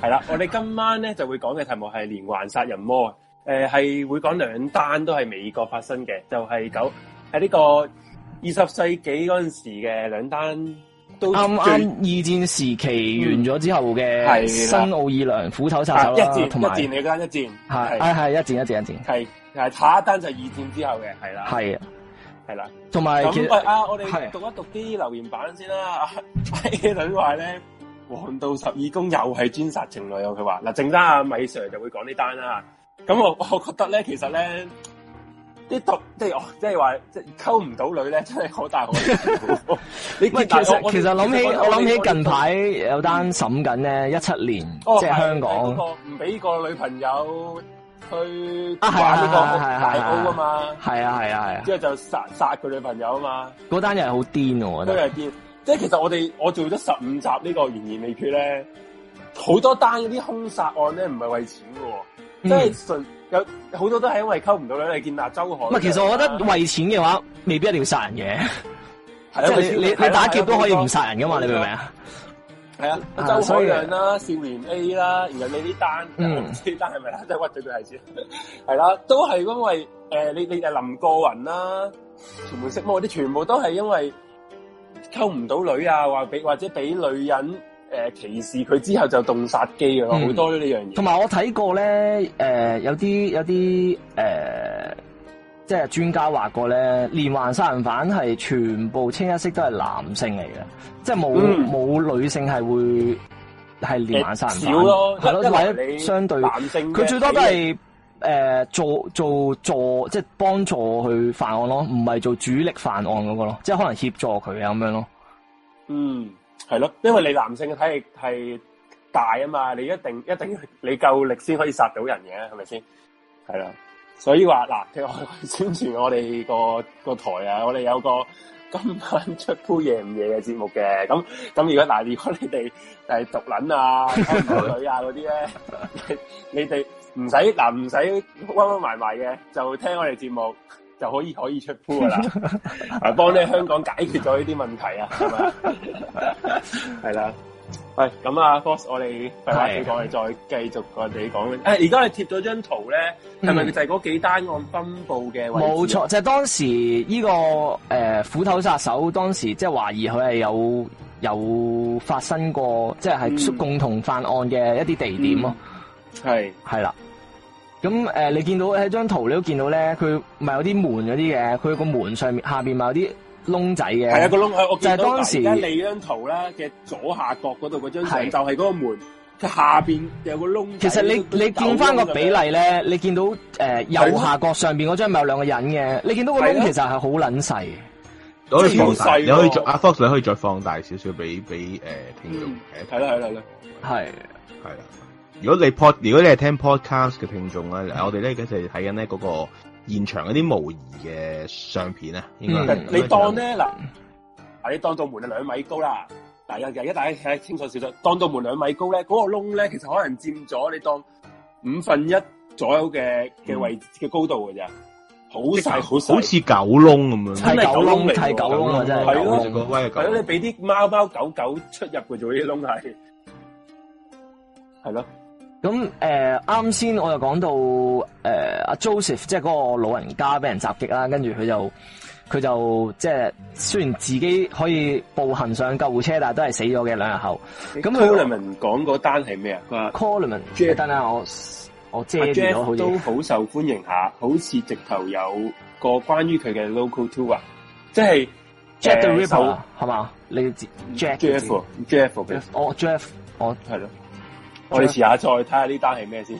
係啦了。 我哋今晚咧就會講嘅題目係連環殺人魔，誒、呃、係會講兩單都係美國發生嘅，就係九喺呢個二十世紀嗰陣時嘅兩單。啱啱二戰時期完咗之後嘅新奧爾良斧頭殺手啦、嗯，同一戰嗰間一戰，係係一戰一戰一戰，係係有下一單就二戰之後嘅係啦，係啊係啦，同埋咁啊我哋讀一讀啲留言板先啦，係嘅另咧，黃 道十二宮又係專殺情侶啊，佢話嗱正德阿米 sir 就會講呢單啦，咁我我覺得咧其實咧。啲毒即係哦，即係話即係溝唔到女咧，真係好大好。你其實其實諗起我諗起近排有單審緊咧，一七年即係香港，唔俾個女朋友去掛呢個大刀啊嘛，係啊係啊係啊，之後就殺殺佢女朋友啊嘛，嗰單又係好癲我覺得，都係癲。即係其實我哋我做咗十五集呢個懸疑未決咧，好多單啲兇殺案咧唔係為錢嘅喎。即係純有好多都係因為溝唔到女，見阿周海。唔係，其實我覺得為錢嘅話，未必一定要殺人嘅。係啊，你你，你打劫都可以唔殺人噶嘛？啊啊、你明唔明啊？係啊，周海洋啦、啊、少年 A 啦，然後你呢啲單，呢、唔知、單單係咪啦？都屈咗佢係先。係啦，都係因為誒、呃，你你誒林過雲啦、啊、全部色魔啲，全部都係因為溝唔到女啊，或俾或者俾女人。誒、呃，歧視佢之後就動殺機㗎咯，好、嗯、多呢樣嘢。同埋我睇過咧，誒，有啲有啲誒、呃，即係專家話過咧，連環殺人犯係全部清一色都係男性嚟嘅，即係冇冇女性係會係連環殺人犯咯，係咯、呃，少對為或者相對男性，佢最多都係誒、呃、做做做，做，即係幫助去犯案咯，唔係做主力犯案嗰個咯，即係可能協助佢咁樣咯，嗯。係咯，因為你男性嘅體力係大啊嘛，你一定一定要你夠力先可以殺到人嘅，係咪先？係啦，所以話嗱，聽我宣傳我哋個、嗰個台啊，我哋有個今晚出鋪夜唔夜嘅節目嘅，咁咁如果嗱，如果你哋誒獨撚啊，開女啊嗰啲咧，你哋唔使嗱唔使彎彎埋埋嘅，就聽我哋節目。就可以可以出鋪㗎啦，啊， 幫呢香港解決咗呢啲問題啊，係咪係啦，喂 了，咁啊 Boss、哎、我哋我哋，我哋再繼續我哋講。誒，而家你貼咗張圖咧，係咪、嗯、就係嗰幾單案分布嘅位置？冇錯，就係、是、當時呢、這個誒斧、呃、頭殺手當時即係懷疑佢係有有發生過即係係共同犯案嘅一啲地點咯。係係啦。嗯咁誒、呃，你見到喺張圖，你都見到咧，佢咪有啲門嗰啲嘅，佢個門上面下邊咪有啲窿仔嘅。係啊，個窿，我我見到。就係當時你張圖咧嘅左下角嗰度嗰張就係嗰個門的下邊有個窿。其實你你見翻個比例咧，你見到誒、呃、的右下角上邊嗰張咪有兩個人嘅，你見到個窿其實係好撚細。的你可以放大，你可以再阿、啊、Fox，你可以再放大少少俾俾誒聽眾睇。係啦、嗯，係啦，係，係啦。如果你 pod 如果你係聽 podcast 嘅聽眾，我哋咧，佢哋睇緊咧嗰個現場嗰啲模擬嘅相片啊，應該你當咧，嗱，係你當到門啊兩米高啦，大家，大家睇清楚少少。當到門兩米高咧，嗰個窿咧其實可能佔咗你當五分一左右嘅嘅位嘅高度嘅啫，好細好細，好似狗窿咁樣，係狗窿嚟，係狗窿啊真係，係咯，係你俾啲貓貓狗狗出入嘅做啲窿，係，係咯。咁誒，啱先，我又講到誒阿 Joseph，即係個老人家俾人襲擊啦，跟住佢就佢就即係雖然自己可以步行上救護車，但係都係死咗嘅兩日後。咁佢講嗰單係咩啊？佢話 c a l l u m 即係但係我我遮住咗好多嘢。都好受歡迎下，好似直頭有個關於佢嘅 local tour，即係 Jack the Ripper 係嘛？你接 Jack？J F J F，我 J F，我係咯。 我哋遲下再睇下呢單係咩先，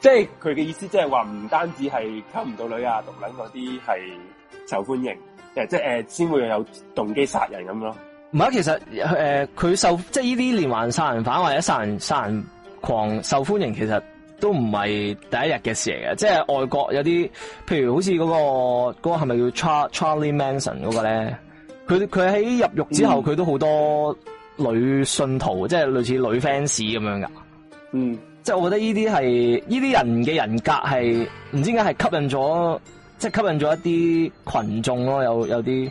即係佢嘅意思，即係話唔單止係溝唔到女啊、毒撚嗰啲係受歡迎，即係先、呃、會有動機殺人咁咯。唔係啊，其實佢、呃、受即係呢啲連環殺人犯或者殺人殺人狂受歡迎，其實都唔係第一日嘅事嚟嘅。即係外國有啲，譬如好似嗰、個嗰、個係咪叫 Char Charlie Manson 嗰個咧？佢佢喺入獄之後，佢、嗯、都好多，女信徒即係類似女 fans 咁樣噶，嗯，即係我覺得呢啲係呢啲人嘅人格係唔知點解係吸引咗，即係吸引咗一啲群眾咯，有有啲，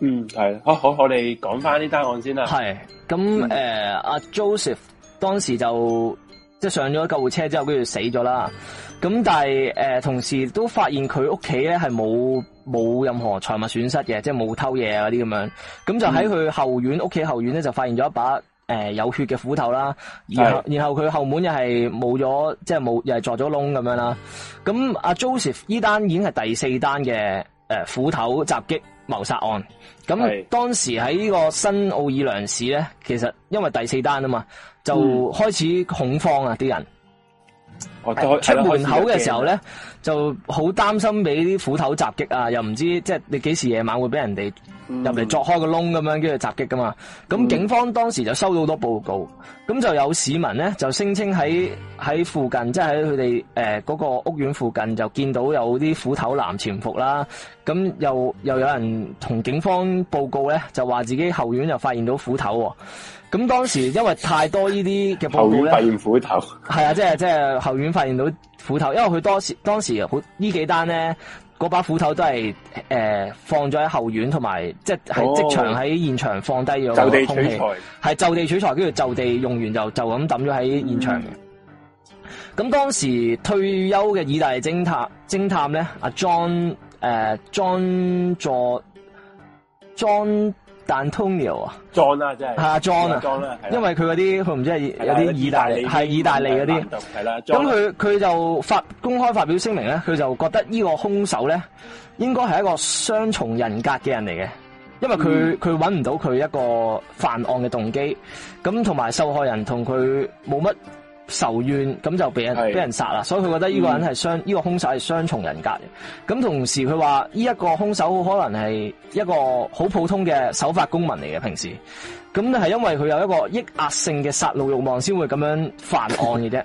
嗯係，啊好，好我哋講翻呢單案先啦，係，咁誒阿 Joseph 當時就即係上咗救護車之後，跟住死咗啦。咁但係，誒、呃，同時都發現佢屋企咧係冇冇任何財物損失嘅，即係冇偷嘢啊嗰啲咁樣。咁就喺佢後院屋企、嗯、後院咧就發現咗一把誒、呃、有血嘅斧頭啦。是的 然後然後佢後門又係冇咗，即係冇又係鑿咗窿咁樣啦。咁阿、啊、Joseph 呢單已經係第四單嘅誒、呃、斧頭襲擊謀殺案。咁當時喺呢個新奧爾良市咧，其實因為第四單啊嘛，就開始恐慌啊啲人。我出門口嘅時候呢，就好擔心俾啲斧頭襲擊啊！又唔知即係、就是、你幾時夜晚會俾人哋入嚟鑿開個窿咁樣，跟住襲擊噶嘛？咁警方當時就收到好多報告，咁就有市民呢，就聲稱喺喺附近，即係喺佢哋誒嗰個屋苑附近就見到有啲斧頭男潛伏啦。咁又又有人同警方報告呢，就話自己後院就發現到斧頭、哦。咁當時因為太多呢啲嘅報告咧，後院發現斧頭，係啊，即係即係後院發現到斧頭，因為佢當時當時好呢幾單咧，嗰把斧頭都係誒、呃、放咗喺後院，同埋即係即場喺現場放低咗、哦。就地取材係就地取材，跟住就地用完就就咁抌咗喺現場嘅。咁、嗯、當時退休嘅意大利偵探偵探咧，阿 John 誒 John 座 John。John 但 Tony 啊，John 啊，即係嚇 John 啊，John，因為佢嗰啲佢唔知係是有啲意大利係意大利嗰啲，咁佢佢就發公開發表聲明咧，佢就覺得呢個兇手咧，應該係一個雙重人格嘅人嚟嘅，因為佢佢揾唔到佢一個犯案嘅動機，咁同埋受害人同佢冇乜。仇怨咁就俾人俾是的 人殺啦，所以佢覺得呢個人係雙呢個兇手係雙重人格嘅，咁同時佢話呢一個兇手可能係一個好普通嘅守法公民嚟嘅平時，咁係因為佢有一個抑壓性嘅殺戮慾望先會咁樣犯案嘅啫。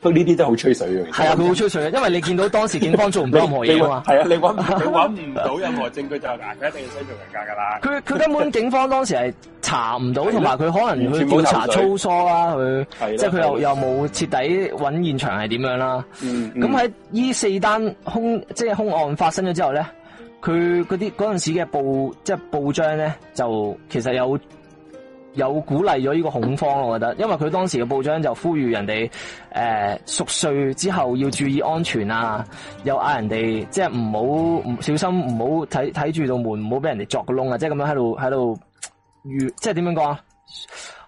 都呢啲真係好吹水嘅，係啊，佢好吹水嘅， 因為你見到當時警方做唔到任何嘢啊嘛， 係啊，你揾唔到任何證據就係硬，一定要相信人家㗎啦。佢佢根本警方當時係查唔到，同埋佢可能去調查粗疏啦、啊，佢即係佢又又冇徹底揾現場係點樣啦、啊。咁喺呢四單兇即係兇案發生咗之後咧，佢嗰啲嗰陣時嘅報即係報章咧，就其實有，有鼓勵咗呢個恐慌咯，我覺得，因為佢當時嘅報章就呼籲人哋、呃、熟睡之後要注意安全啊，又嗌人哋即係唔好唔小心，唔好睇睇住度門，唔好俾人哋作個窿啊！即係咁樣喺度喺度，即係點樣講啊？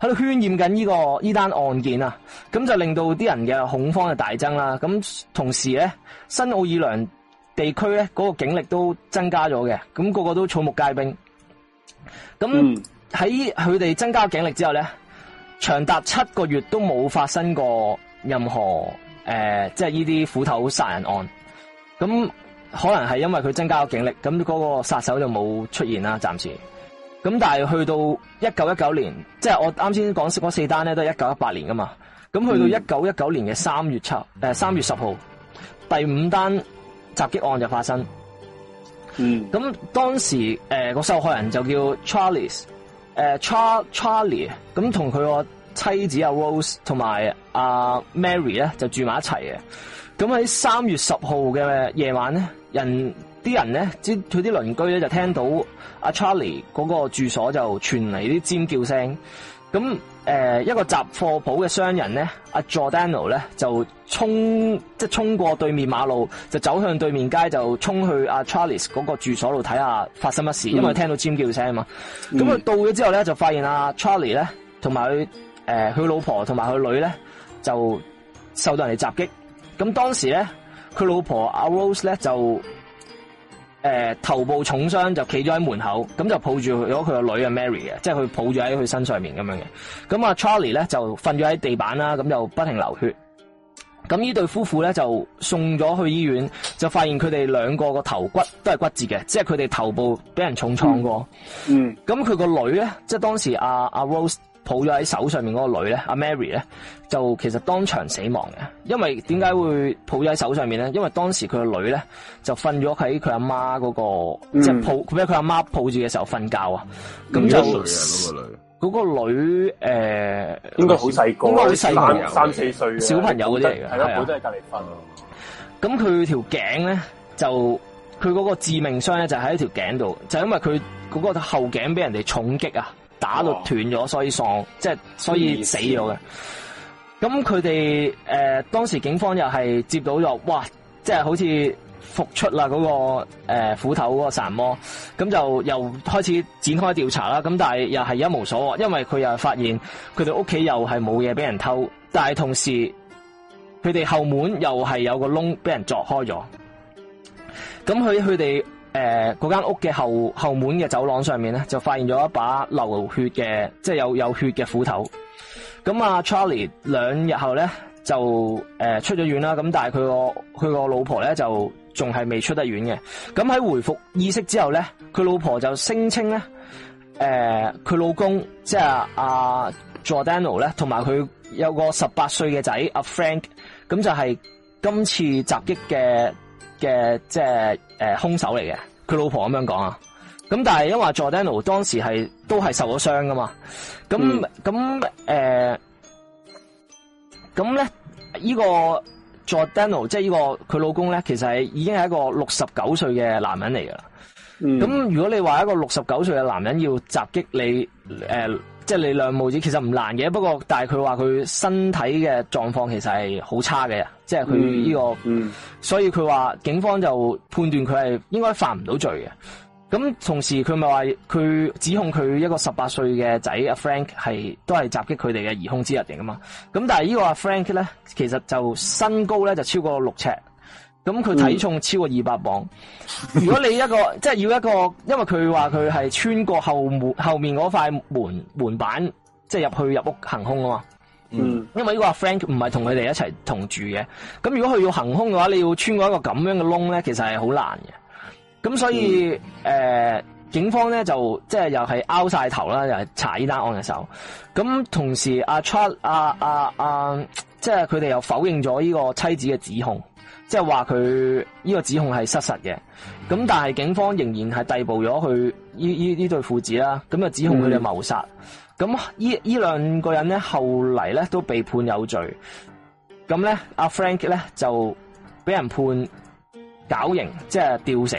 喺度渲染緊呢個呢單案件啊！咁就令到啲人嘅恐慌就大增啦、啊。咁同時咧，新奧爾良地區咧嗰個警力都增加咗嘅，咁、那個個都草木皆兵。咁喺佢哋增加警力之後咧，長達七個月都冇發生過任何誒、呃，即係呢啲斧頭殺人案。咁可能係因為佢增加咗警力，咁嗰個殺手就冇出現啦，暫時。咁但係去到一九一九年，即係我啱先講嗰四單咧，都係一九一八年噶嘛。咁去到一九一九年嘅三月七、嗯，誒三、呃、月十號，第五單襲擊案就發生。嗯。咁當時誒個、呃、受害人就叫 Charles。誒，Char Charlie 咁同佢個妻子阿 Rose 同埋阿 Mary 咧就住埋一齊嘅，咁喺三月十號嘅夜晚咧，人啲人咧，即佢啲鄰居咧就聽到阿 Charlie 嗰個住所就傳嚟啲尖叫聲，咁。誒、呃、一個雜貨鋪嘅商人咧，阿、啊、Jordan 咧就衝即係衝過對面馬路，就走向對面街，就衝去阿、啊、Charles 嗰個住所度睇下發生乜事，嗯、因為聽到尖叫聲啊嘛。咁佢、嗯、到咗之後咧，就發現阿、啊、Charles 咧同埋佢佢、呃、老婆同埋佢女咧就受到人哋襲擊。咁當時咧，佢老婆阿、啊、Rose 咧就。誒、呃，頭部重傷，就企咗喺門口，咁就抱住咗佢個女啊 Mary 嘅，即係佢抱住喺佢身上面咁樣嘅。咁啊 Charlie 咧就瞓咗喺地板啦，咁就不停流血。咁呢對夫婦咧就送咗去醫院，就發現佢哋兩個個頭骨都係骨折嘅，即係佢哋頭部俾人重創過。嗯。咁佢個女咧，即係當時阿阿 Rose。啊抱咗喺手上面嗰個女咧，阿 Mary 咧，就其實當場死亡嘅。因為點解會抱咗喺手上面咧？嗯、因為當時佢個女咧就瞓咗喺佢阿媽嗰個即係抱，佢俾佢阿媽抱住嘅時候瞓覺啊，咁就嗰個女誒、呃、應該好細個，應該好細個，三四歲小朋友嗰啲嚟嘅，係咯，好都係隔籬瞓。咁佢條頸咧就佢嗰個致命傷咧就喺條頸度，就是，因為佢嗰個後頸俾人哋重擊啊。打落斷咗，哦、所以喪，即係所以死咗嘅。咁佢哋誒，當時警方又係接到咗，哇，即係好似復出啦嗰個誒斧頭嗰個神魔，咁就又開始展開調查啦。咁但係又係一無所獲，因為佢又係發現佢哋屋企又係冇嘢俾人偷，但係同時佢哋後門又係有個窿俾人鑿開咗。咁佢佢哋。誒，嗰間、呃、屋嘅後後門嘅走廊上面咧，就發現咗一把流血嘅，即係有有血嘅斧頭。咁啊，Charlie 兩日後咧就誒、呃、出咗院啦。咁但係佢個佢個老婆咧就仲係未出得院嘅。咁喺回復意識之後咧，佢老婆就聲稱咧，誒、呃，佢老公即係、啊、阿 Jordano 咧，同埋佢有個十八歲嘅仔阿 Frank，咁就係今次襲擊嘅。嘅即係誒，凶、呃、手嚟嘅，佢老婆咁樣講啊。咁但係因為 Jordano 當時係都係受咗傷噶嘛，咁咁誒，咁咧、嗯呃、呢、這個 Jordano 即係呢、這個佢老公咧，其實係已經係一個六十九歲嘅男人嚟噶啦。咁、嗯、如果你話一個六十九歲嘅男人要襲擊你誒？呃即係你兩母子其實唔難嘅，不過但係佢話佢身體嘅狀況其實係好差嘅，即係佢呢個，嗯嗯，所以佢話警方就判斷佢係應該犯唔到罪嘅。咁同時佢咪話佢指控佢一個十八歲嘅仔阿 Frank 係都係襲擊佢哋嘅疑凶之一嚟噶嘛？咁但係呢個阿 Frank 咧，其實就身高咧就超過六尺。咁佢體重超過二百磅。嗯、 如果你一個即係、就是、要一個，因為佢話佢係穿過後門後面嗰塊門門板，即係入去入屋行凶啊嘛。嗯，因為呢個阿 Frank 唔係同佢哋一齊同住嘅。咁如果佢要行凶嘅話，你要穿過一個咁樣嘅窿咧，其實係好難嘅。咁所以誒、嗯呃，警方咧就即係、就是、又係拗晒頭啦，又、就、係、是、查呢單案嘅時候。咁同時阿 Trud 即係佢哋又否認咗呢個妻子嘅指控。即係話佢呢個指控係失實嘅，咁但係警方仍然係逮捕咗佢呢呢呢對父子啦，咁啊指控佢哋謀殺，咁呢呢兩個人咧後嚟，咧都被判有罪，咁咧阿 Frank 咧就俾人判絞刑，即係吊死，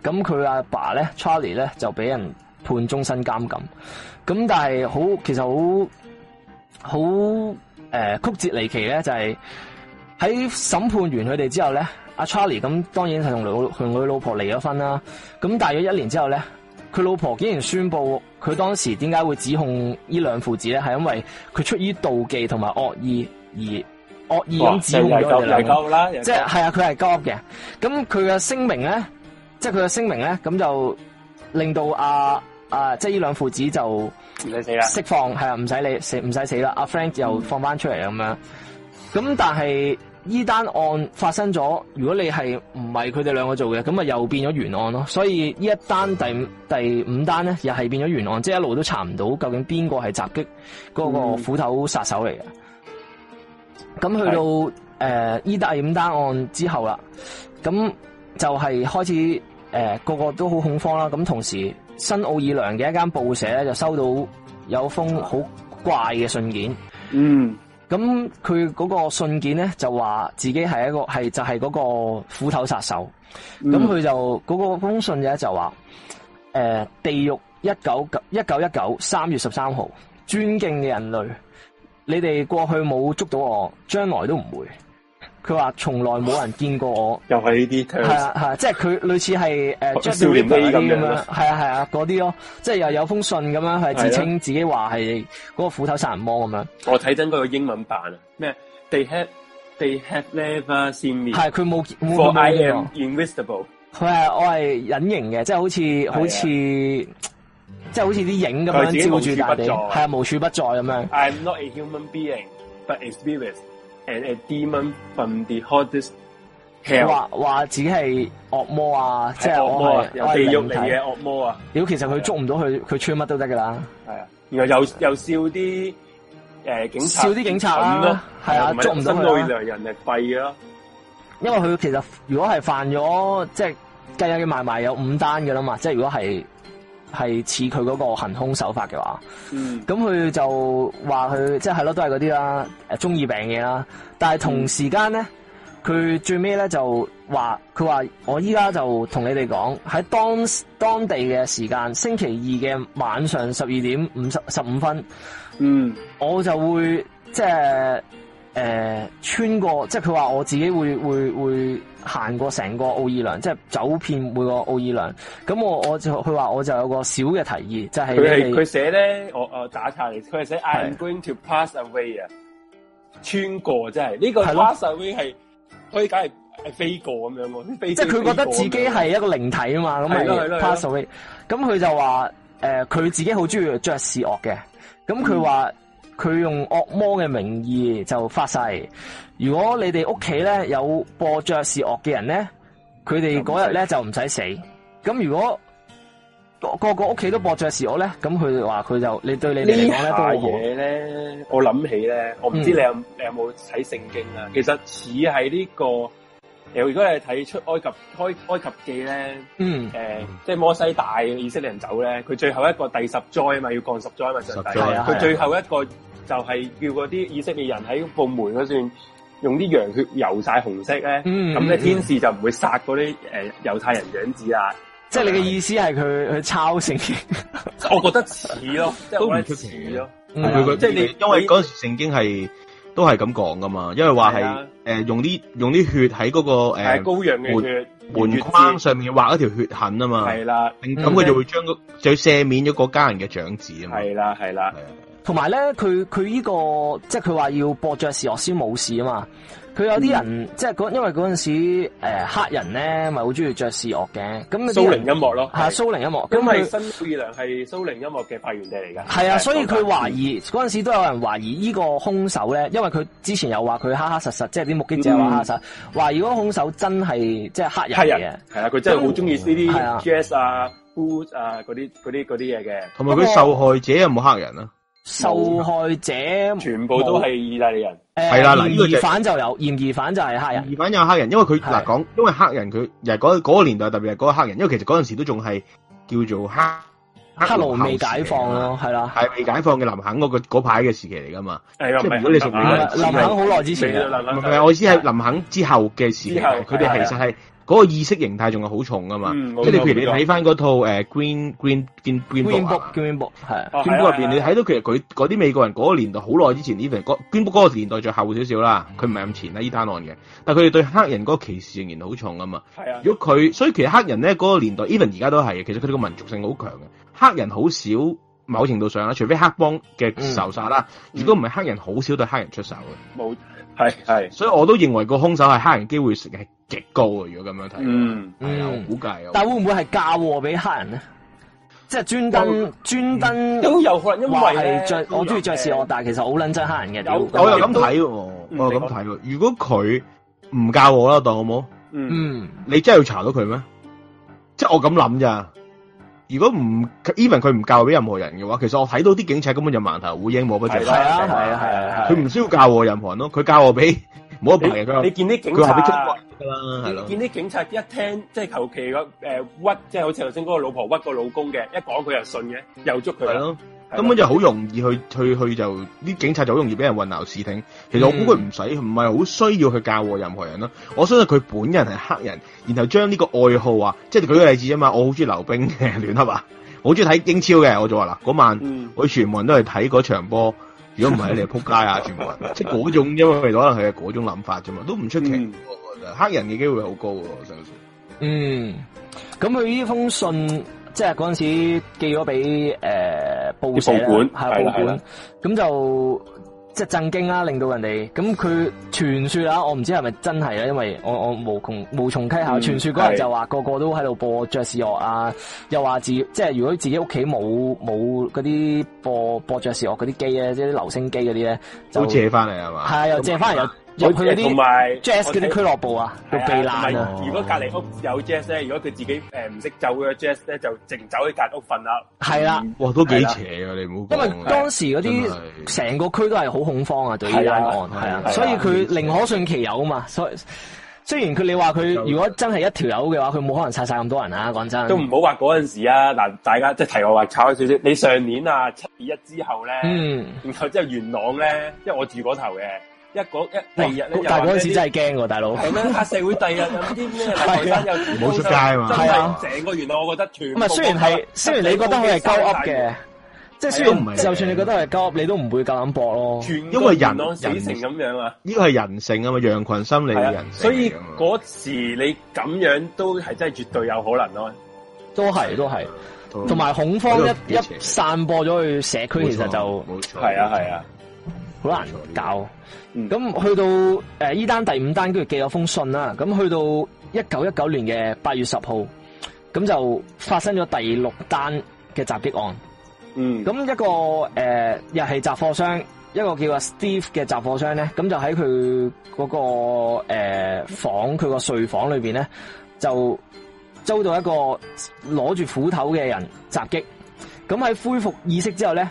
咁佢阿爸咧 Charlie 咧就俾人判終身監禁，咁但係好其實好好誒曲折離奇咧就係、是。喺審判完佢哋之後咧，阿 Charlie 咁當然係同老同佢老婆離咗婚啦。咁大約一年之後咧，佢老婆竟然宣布佢當時點解會指控呢兩父子咧，係因為佢出於妒忌同埋惡意而惡意咁指控咗佢哋。即係係啊，佢係告嘅。咁佢嘅聲明咧，即係佢嘅聲明咧，咁就令到阿阿即係呢兩父子就釋放係啊，唔使你死唔使死啦。阿、啊、Frank 又放翻出嚟咁樣。咁、嗯、但係。依單案發生咗，如果你係唔係佢哋兩個做嘅，咁啊又變咗懸案咯。所以呢一單第第五單咧，又係變咗懸案，即係一路都查唔到究竟邊個係襲擊嗰個斧頭殺手嚟嘅。咁、嗯、去到誒依第五單案之後啦，咁就係開始誒、呃，個個都好恐慌啦。咁同時，新奧爾良嘅一間報社咧就收到有封好怪嘅信件。嗯。咁佢嗰個信件咧就話自己係一個係就係、係、嗰個斧頭殺手，咁佢、嗯、就嗰、嗰個封信咧就話，誒、呃，地獄一九一九一九三月十三號，尊敬嘅人類，你哋過去冇捉到我，將來都唔會。佢話從來冇人見過我，又係呢啲係啊係啊，即係佢類似係誒少年咁樣，係啊係啊嗰啲咯，即係又有封信咁樣，佢自稱自己話係嗰個斧頭殺人魔咁樣。我睇真嗰個英文版啊，咩？They have, they have never seen me。係佢冇到。For I am invisible。佢係我係隱形嘅，即係好似好似，即係好似啲影咁樣照住人哋。係啊，無處不在咁樣。I'm not a human being, but experience. 誒誒，Demon from the hottest 話話自己係惡魔啊，即係惡魔，有地獄嚟嘅惡魔啊。如果其實佢捉唔到佢，佢穿乜都得噶啦。係啊，然後又是的 又笑啲誒警，笑、呃、啲警察咯，係啊，啊不捉唔到佢就人哋弊咯。因為佢其實如果係犯咗，即係計計埋埋有五單㗎啦嘛，即、就、係、是、如果係。係似佢嗰個行凶手法嘅話，咁佢、嗯、就話佢即係咯，都係嗰啲啦，中意病嘢啦。但係同時間咧，佢、嗯、最尾咧就話佢話我依家就同你哋講，喺當當地嘅時間，星期二嘅晚上十二點五十十五分，嗯，我就會即係誒、呃、穿過，即係佢話我自己會會會。會行過成個奧爾良，即係走遍每個奧爾良。咁我我就佢話我就有個小嘅提議，就係佢佢寫咧，我打岔嚟。佢係寫 I'm going to pass away 啊，穿過即係呢個 pass away 係的可以梗係係飛過咁樣咯，飛飛即係佢覺得自己係一個靈體啊嘛，咁 pass away。咁佢就話誒，佢、呃、自己好中意爵士樂嘅，咁佢話。嗯佢用惡魔嘅名義就發誓，如果你哋屋企咧有播著爵士樂嘅人咧，佢哋嗰日咧就唔使死。咁如果個個屋企都播著爵士樂咧，咁佢話佢就你對你哋嚟講咧都係嘢咧，我諗起咧，我唔知你有你有冇睇聖經啊？嗯、其實似喺呢個。如果你睇出埃及、開埃及記咧，嗯，誒，即係摩西帶以色列人走咧，佢最後一個第十災啊嘛，要降十災啊嘛，上帝，佢最後一個就係叫嗰啲以色列人喺個門嗰度用啲羊血油晒紅色咧，咁咧天使就唔會殺嗰啲誒猶太人長子啊，即係你嘅意思係佢佢抄聖經，我覺得似咯，都唔似咯，即係你，因為嗰時聖經係都係咁講噶嘛，因為話係。誒、呃，用啲用啲血喺嗰、那個誒門、呃、門框上面畫一條血痕啊嘛，係啦的，咁佢就會將、那個就赦免咗個家人嘅長子啊嘛，係啦，係啦，同埋咧，佢佢的呢、這個即係佢話要播爵士我先冇事啊嘛。佢有啲人即係因為嗰陣時誒黑人咧，咪好中意着爵士樂嘅。咁啊蘇寧音樂咯，吓蘇寧音樂。因為新奧爾良係蘇寧音樂嘅發源地嚟噶。係啊，所以佢懷疑嗰陣時都有人懷疑呢個兇手咧，因為佢之前又話佢黑黑實實，即係啲目擊者話黑實。懷疑嗰個兇手真係即係黑人係，係啊，佢真係好中意呢啲 jazz 啊 boot 啊，嗰啲嗰啲嗰啲嘢嘅。同埋佢受害者有冇黑人啊？受害者全部都係意大利人。係啦，嗱，嫌疑犯就有，嫌疑犯就係黑人，疑犯有黑人，因為佢嗱講，因為黑人佢又係嗰個年代特別係嗰個黑人，因為其實嗰陣時都仲係叫做黑黑奴未解放咯，係啦，係未解放嘅林肯嗰個嗰排嘅時期嚟噶嘛，即係如果你十年林肯好耐之前，唔係，我意思係林肯之後嘅時期，佢哋其實係。嗰個意識形態仲係好重噶嘛，即係你譬如你睇翻嗰套誒 Green Green Book，Green Book 入邊，你睇到其實佢嗰啲美國人嗰個年代好耐之前，even Green Book 嗰個年代仲後少少啦，佢唔係咁前啦，呢單案嘅，但係佢哋對黑人嗰個歧視仍然好重噶嘛。係啊，如果佢，所以其實黑人咧嗰個年代，even 而家都係，其實佢哋個民族性好強嘅，黑人好少，某程度上啦，除非黑幫嘅仇殺啦，如果唔係黑人，好少對黑人出手嘅。冇。係係，所以我都認為個凶手係黑人機會性係極高嘅，如果咁樣睇。嗯，係啊，我估計。但會會唔會係嫁禍俾黑人咧？即係專登專登都有可能，因為係着我中意爵士樂，但係其實好撚憎黑人嘅。我我又咁睇喎，我又咁睇。如果佢唔嫁禍啦，當好冇。嗯，你真係要查到佢咩？即係我咁諗咋。如果唔 even 佢唔教俾任何人嘅話，其實我睇到啲警察根本就盲頭烏蠅冇乜嘢。係啊，係啊，係啊，佢唔的的需要教我任何人咯。佢教我俾冇得畀你。你見啲警察，捉你見啲警察一聽，即係求其個誒屈，即係好似頭先嗰個老婆屈個老公嘅，一講佢就信嘅，又捉佢，咯，根本就好容易去去去就啲警察就好容易俾人混淆視聽。其實我估佢唔使，唔係好需要去教我任何人咯。我相信佢本人係黑人。然後將呢個愛好啊，即係舉個例子啊嘛，我好中意溜冰嘅亂噏啊，我中意睇英超嘅，我就話嗱，嗰晚、嗯、我全部人都係睇嗰場波，如果唔係你係撲街啊，全部人 即係嗰種啫嘛，佢可能係嗰種諗法啫嘛，都唔出奇。嗯、黑人嘅機會好高喎，相、嗯、信。嗯，咁佢呢封信即係嗰陣時寄咗俾誒報報館，係、啊、報館館，咁就。即係震驚啦、啊，令到人哋咁佢傳說啦、啊，我唔知係咪真係啊，因為我我無從無從稽考傳、嗯、說嗰日就話個個都喺度播爵士樂啊，又話自即係如果自己屋企冇冇嗰啲播播爵士樂嗰啲機咧，即係啲留聲機嗰啲咧，就都借翻嚟係嘛，係、啊、又借翻嚟。佢嗰啲同埋 jazz 嗰啲俱樂部啊，避難啊，如果隔離屋有 jazz 咧，如果佢自己唔識走嘅 jazz 咧，就淨走喺隔屋瞓啦。係啦，哇，都幾邪啊！你唔好，因為當時嗰啲成個區都係好恐慌啊！對呢單案係啊，所以佢寧可信其有啊嘛。所以雖然佢你話佢如果真係一條友嘅話，佢冇可能殺曬咁多人啊！講真，都唔好話嗰陣時啊！嗱，大家即係提我話炒少少。你上年啊，七二一之後咧，嗯，然後之後元朗咧，即係我住嗰頭嘅。一一，第二日但係嗰陣時真係驚喎，大佬。咁咩？黑社會第二日有啲咩台商唔好出街嘛。係啊，成個原論，我覺得全部。咁雖然係，雖然你覺得佢係高 u 嘅，即係雖然，就算你覺得係高 up，你都唔會咁膽搏咯。因為人性咁樣啊，呢個係人性啊嘛，羊群心理嘅人。所以嗰時你咁樣都係真係絕對有可能咯。都係，都係，同埋恐慌一一散播咗去社區，其實就係啊，係啊。好難搞，咁去到誒依、呃、單第五單，跟住寄咗封信啦。咁去到一九一九年嘅八月十號，咁就發生咗第六單嘅襲擊案。嗯，咁一個誒又係雜貨商，一個叫阿 Steve 嘅雜貨商咧，咁就喺佢嗰個誒、呃、房，佢個睡房裏邊咧，就遭到一個攞住斧頭嘅人襲擊。咁喺恢復意識之後咧，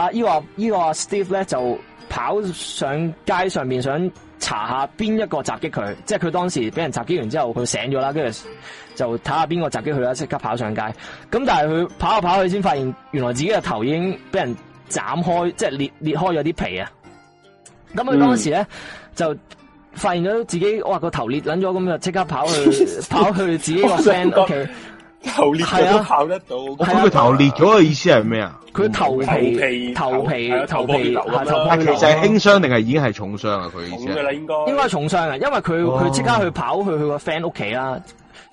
啊！依、啊，這個依、啊、個 Steve 咧就跑上街上面，想查下邊一個襲擊佢，即係佢當時俾人襲擊完之後佢醒咗啦，跟住就睇下邊個襲擊佢啦，即刻跑上街。咁但係佢跑下跑去，先發現原來自己嘅頭已經俾人斬開，即係裂裂開咗啲皮啊！咁佢當時咧、嗯、就發現咗自己哇個頭裂捻咗，咁就即刻跑去 跑去自己個 friend 屋企。 Okay，頭裂咗，啊、跑得到。啊、我估佢頭裂咗嘅、啊、意思係咩啊？佢頭，頭皮頭皮頭皮頭皮流啦，其實係輕傷定係已經係重傷啊？佢應該應該係重傷啊，因為佢佢即刻去跑去佢個 friend 屋企啦。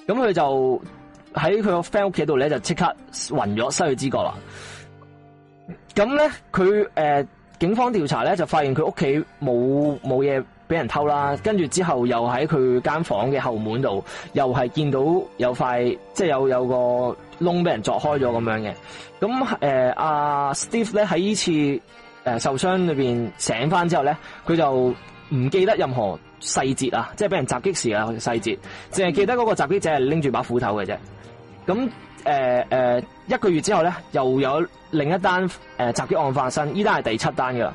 咁佢就喺佢個 friend 屋企度咧就即刻暈咗，失去知覺啦。咁咧佢誒，警方調查咧就發現佢屋企冇冇嘢。俾人偷啦，跟住之後又喺佢間房嘅後門度，又係見到有塊即係有有個窿俾人鑿開咗咁樣嘅。咁誒阿 Steve 咧喺呢次誒、呃、受傷裏邊醒翻之後咧，佢就唔記得任何細節啊，即係俾人襲擊時啊細節，淨係記得嗰個襲擊者係拎住把斧頭嘅啫。咁誒誒一個月之後咧，又有另一單誒襲擊案發生，呢單係第七單嘅啦。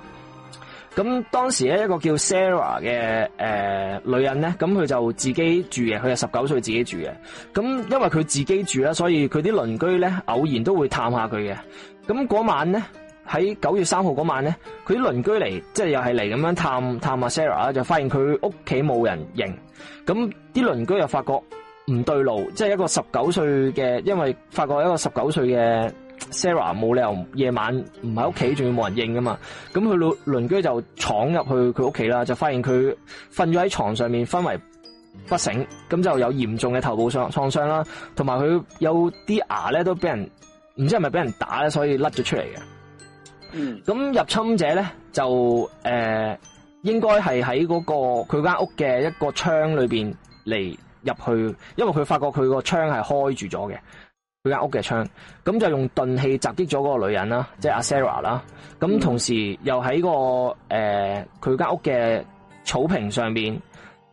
咁當時咧一個叫 Sarah 嘅、呃、女人咧，咁佢就自己住嘅，佢係十九歲自己住嘅。咁因為佢自己住啦，所以佢啲鄰居咧偶然都會探下佢嘅。咁嗰晚咧喺九月三號嗰晚咧，佢啲鄰居嚟，即係又係嚟咁樣探探下 Sarah，就發現佢屋企冇人應。咁啲鄰居又發覺唔對路，即係一個十九歲嘅，因為發覺一個十九歲嘅。Sarah 冇理由夜晚唔喺屋企，仲要冇人應㗎嘛？咁佢鄰鄰居就闖入去佢屋企啦，就發現佢瞓咗喺床上面，昏迷不醒，咁就有嚴重嘅頭部傷創傷啦，同埋佢有啲牙咧都俾人唔知係咪俾人打咧，所以甩咗出嚟嘅。嗯，咁入侵者咧就誒、呃、應該係喺嗰個佢間屋嘅一個窗裏邊嚟入去，因為佢發覺佢個窗係開住咗嘅。佢間屋嘅窗，咁就用鈍器襲擊咗嗰個女人啦，即係阿 Sarah 啦。咁、hmm. 啊、同時又喺個誒佢間屋嘅草坪上面，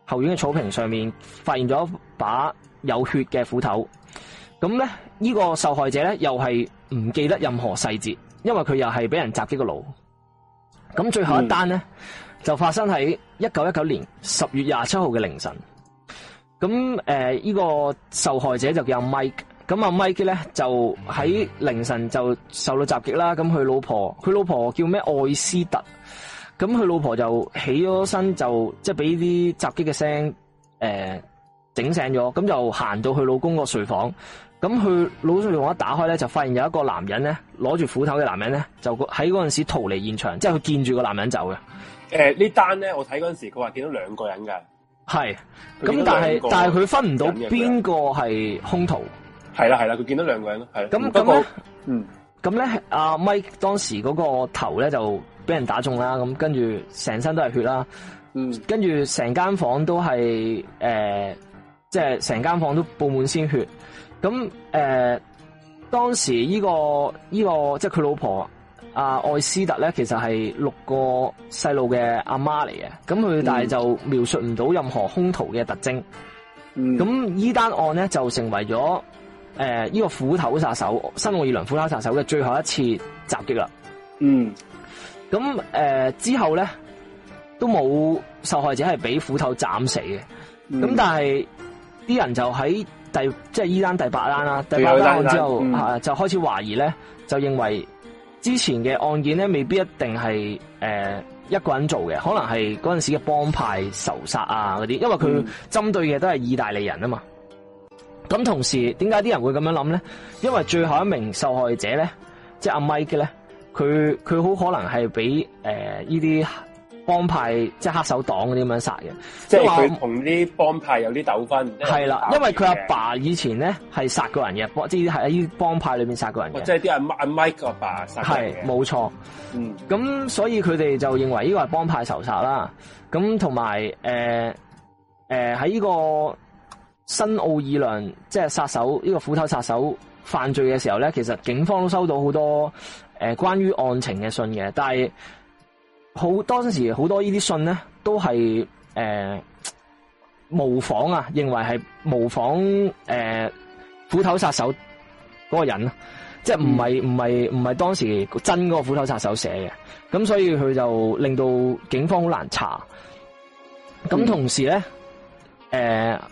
後院嘅草坪上面，發現咗把有血嘅斧頭。咁咧呢、呢個受害者咧又係唔記得任何細節，因為佢又係俾人襲擊個腦。咁最後一單咧、mm hmm. 就發生喺一九一九年十月廿七號嘅凌晨。咁誒呢個受害者就叫 Mike。咁啊，Mike 咧就喺凌晨就受到襲擊啦。咁佢老婆，佢老婆叫咩？愛斯特。咁佢老婆就起咗身，就即係俾啲襲擊嘅聲誒整醒咗。咁就行到佢老公個睡房。咁佢老公房一打開咧，就發現有一個男人咧，攞住斧頭嘅男人咧，就喺嗰陣時逃離現場，即係佢見住個男人走嘅。誒、呃，呢單咧，我睇嗰陣時佢話見到兩個人噶。係是，咁但係但係佢分唔到邊個係兇徒。係啦係啦，佢見到兩個人咯。係咁咁嗯呢，咁咧阿 Mike 當時嗰個頭咧就俾人打中啦，咁跟住成身都係血啦，嗯，跟住成間房都係誒，即係成間房都布滿鮮血。咁誒、呃，當時呢、這個呢、這個即係佢老婆阿、啊、愛斯特咧，其實係六個細路嘅阿媽嚟嘅。咁佢但係就描述唔到任何凶徒嘅特徵。咁、嗯、呢單案咧就成為咗。誒，呢、呃這個斧頭殺手，新奧爾良斧頭殺手嘅最後一次襲擊啦。嗯，咁誒之後咧，都冇受害者係俾斧頭斬死嘅。咁但係啲人就喺第即係依單第八單啦，第八單之後就開始懷疑咧，就認為之前嘅案件咧未必一定係誒、呃、一個人做嘅，可能係嗰陣時嘅幫派仇殺啊嗰啲，因為佢針對嘅都係意大利人啊嘛。嗯咁同時，點解啲人會咁樣諗咧？因為最後一名受害者咧，即係阿 Mike 咧，佢佢好可能係俾誒呢啲幫派即係黑手黨咁樣殺嘅，即係話佢同啲幫派有啲糾紛。係啦，因為佢阿爸以前咧係殺過人嘅即係喺幫派裏邊殺過人嘅。即係啲阿阿 Mike 阿爸殺過人嘅。係，冇錯。嗯，咁所以佢哋就認為呢個係幫派仇殺啦。咁同埋誒誒喺呢個。新奧爾良即係殺手呢、這個斧頭殺手犯罪嘅時候咧，其實警方都收到好多誒、呃、關於案情嘅信嘅，但係好當時好多這些呢啲信咧都係誒、呃、模仿啊，認為係模仿誒、呃、斧頭殺手嗰個人，即係唔係唔係唔係當時真嗰個斧頭殺手寫嘅，咁所以佢就令到警方好難查。咁同時咧，誒、呃。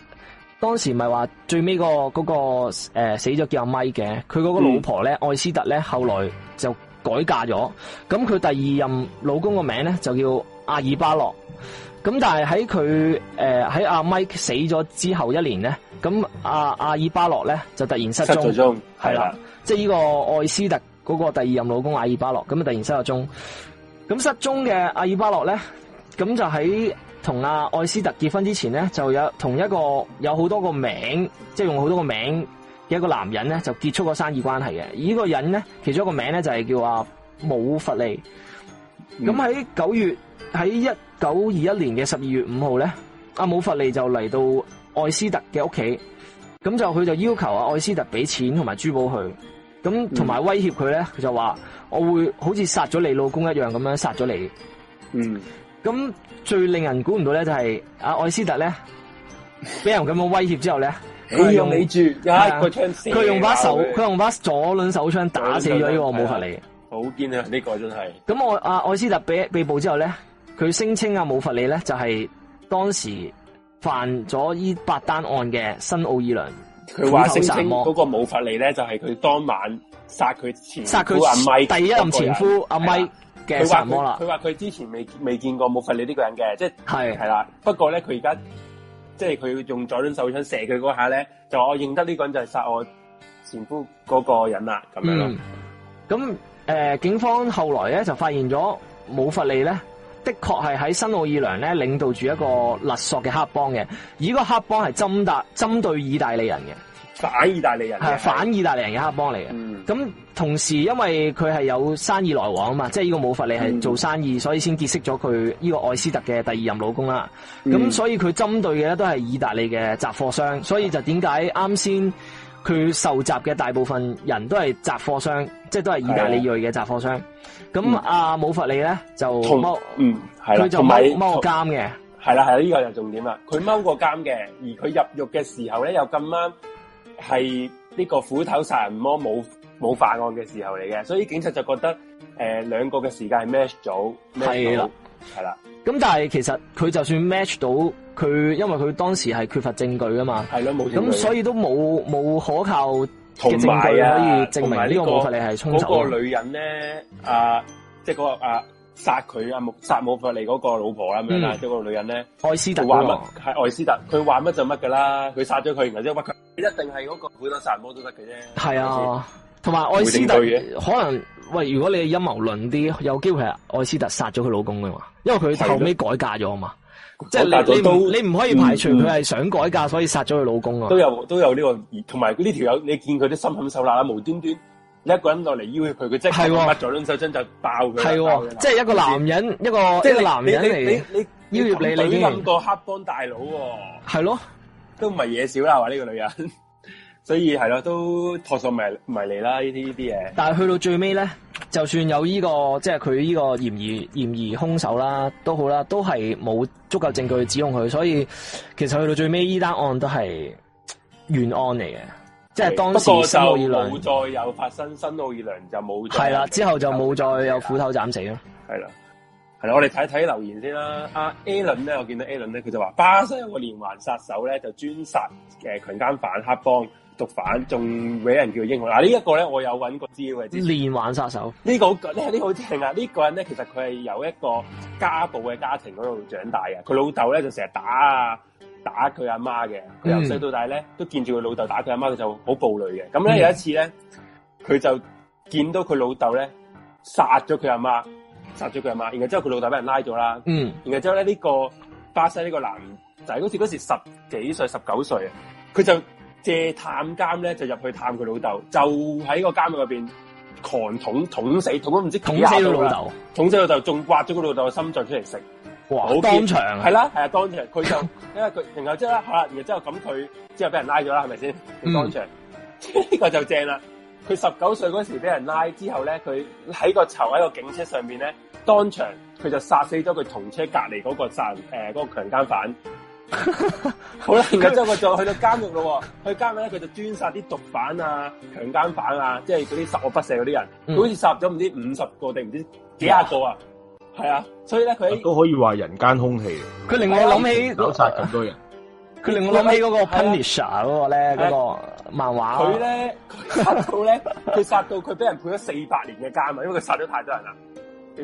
當時咪話最尾、個嗰、個誒、呃、死咗叫阿 Mike 嘅，佢嗰個老婆咧，愛、嗯、斯特咧，後來就改嫁咗。咁佢第二任老公個名咧就叫阿爾巴洛。咁但係喺佢誒喺阿 Mike 死咗之後一年咧，咁阿、啊、阿爾巴洛咧就突然失蹤，係啦，即係呢個愛斯特嗰個第二任老公阿爾巴洛，咁啊突然失咗蹤。咁失蹤嘅阿爾巴洛咧，咁就喺。同阿艾斯特結婚之前咧，就有同一個有好多個名，即係用好多個名嘅一個男人咧，就結束個生意關係嘅。而呢個人咧，其中一個名咧就係叫阿姆弗利。咁喺九月喺一九二一年嘅十二月五號咧，阿姆弗利就嚟到艾斯特嘅屋企，咁就佢就要求阿艾斯特俾錢同埋珠寶佢，咁同埋威脅佢咧，佢就話我會好似殺咗你老公一樣咁樣殺咗你。嗯。咁最令人估唔到咧，就係阿愛斯特咧，俾人咁樣威脅之後咧，佢用你住，佢用把手，佢用把左輪手槍打死咗呢個冇佛利，好堅啊！呢個真係。咁我阿愛斯特俾被捕之後咧，佢聲稱阿冇佛利咧，就係當時犯咗呢八單案嘅新奧爾良。佢話聲稱嗰個冇佛利咧，就係佢當晚殺佢前夫阿米，第一任前夫阿米。佢話佢話佢之前未未見過冇佛利呢個人嘅，即係係啦。不過咧，佢而家即係佢用左輪手槍射佢嗰下咧，就，是、呢就我認得呢個人就係殺我前夫嗰個人啦，咁樣咯。咁誒、呃，警方後來咧就發現咗，冇佛利咧的確係喺新奧爾良咧領導住一個勒索嘅黑幫嘅，而個黑幫係針達針對意大利人嘅。反意大利人係反意大利人嘅黑幫嚟嘅。咁、嗯、同時因為佢係有生意來往啊嘛，即係呢個武佛利係做生意，嗯、所以先結識咗佢呢個愛斯特嘅第二任老公啦。咁、嗯、所以佢針對嘅咧都係意大利嘅雜貨商，所以就點解啱先佢受襲嘅大部分人都係雜貨商，即、就、係、是、都係意大利裔嘅雜貨商。咁阿武佛利咧就踎，嗯，係啦，就同埋踎監嘅，係啦係啦，呢、這個就重點啦。佢踎過監嘅，而佢入獄嘅時候咧又咁啱。係呢個斧頭殺人魔冇冇犯案嘅時候嚟嘅，所以警察就覺得誒、呃、兩個嘅時間係 match 咗，係啦到，係啦。咁但係其實佢就算 match 到，佢因為佢當時係缺乏證據㗎嘛，係咯冇。咁所以都冇冇可靠嘅證據可以證明呢、啊這個冇個，個女人咧，啊、呃，即係、嗰個啊。呃殺佢阿穆殺穆弗嗰個老婆啊咁樣啦，即、嗯、個女人咧，愛斯，斯特，佢話乜係愛斯特，佢話乜就乜噶啦，佢殺咗佢，或者即屈佢，一定係嗰個每多殺人魔都得嘅啫。係啊，同埋愛斯特可能喂，如果你嘅陰謀論啲，有機會係愛斯特殺咗佢老公嘅嘛，因為佢後尾改嫁咗啊嘛，即係的你你唔可以排除佢係想改嫁、嗯、所以殺咗佢老公啊。都有都有呢個，同埋呢條友你見佢啲心狠手辣啦，無端端。一個人落嚟要挾佢，佢即刻抹咗兩手槍就爆佢。係喎的，即係一個男人，是一個即係男人嚟嘅。你你你你，要挾你你呢個黑幫大佬啊。係咯的，都唔係嘢少啦，話、這、呢個女人。 所以係咯，都撲朔迷迷離嚟啦，呢啲呢啲嘢。但係去到最尾咧，就算有呢、這個即係佢呢個嫌疑嫌疑凶手啦，都好啦，都係冇足夠證據去指控佢。所以其實去到最尾呢單案都係懸案嚟嘅。即係當時新奧爾良，冇再有發生，新奧爾良就冇。係啦，之後就冇再有斧頭斬死咯。係啦，係啦，我哋睇睇留言先啦。阿 Alan 咧，我見到 Alan 咧，佢就話巴西有個連環殺手咧，就專殺誒強姦犯、黑幫、毒販，仲俾人叫英雄。嗱、啊這個，呢一個咧，我有搵過資料嘅。連環殺手呢、這個呢呢好正啊！呢、這個這個人咧，其實佢係有一個家暴嘅家庭嗰度長大嘅。佢老豆咧就成日打啊。打佢阿媽嘅，佢由細到大咧、嗯、都見住佢老豆打佢阿媽，佢就好暴戾嘅。咁咧、嗯、有一次咧，佢就見到佢老豆咧殺咗佢阿媽，殺咗佢阿媽。然後之後佢老豆俾人拉咗啦。嗯。然後之後咧呢、這個巴西呢個男仔就係好似嗰時十幾歲十九歲啊，佢就借探監咧就入去探佢老豆，就喺個監獄入邊狂捅捅死，捅咗唔知捅死老豆，捅死老豆仲挖咗個老豆嘅心臟出嚟食。好當場，係啦，係啊，當場佢就因為佢，然後之後啦，好啦，然後之後咁佢之後俾人拉咗啦，係咪先？嗯、當場呢、呢個就正啦。佢十九歲嗰時俾人拉之後咧，佢喺個囚喺個警車上面咧，當場佢就殺死咗佢同車隔離嗰個贊誒嗰個強奸犯。 好啦，然後之後佢就去到監獄咯。去 監獄咧，佢就專殺啲毒販啊、強奸犯啊，即係嗰啲十惡不赦嗰啲人。佢、嗯、好似殺咗唔知五十個定唔知幾廿個啊！啊。係啊，所以咧佢都可以話人間兇器。佢令我諗起，殺咁多人，佢令我諗起嗰個 Punisher 嗰個咧，嗰個漫畫。佢咧殺到咧，佢殺到佢俾人判咗四百年嘅監嘛，因為佢殺咗太多人啦。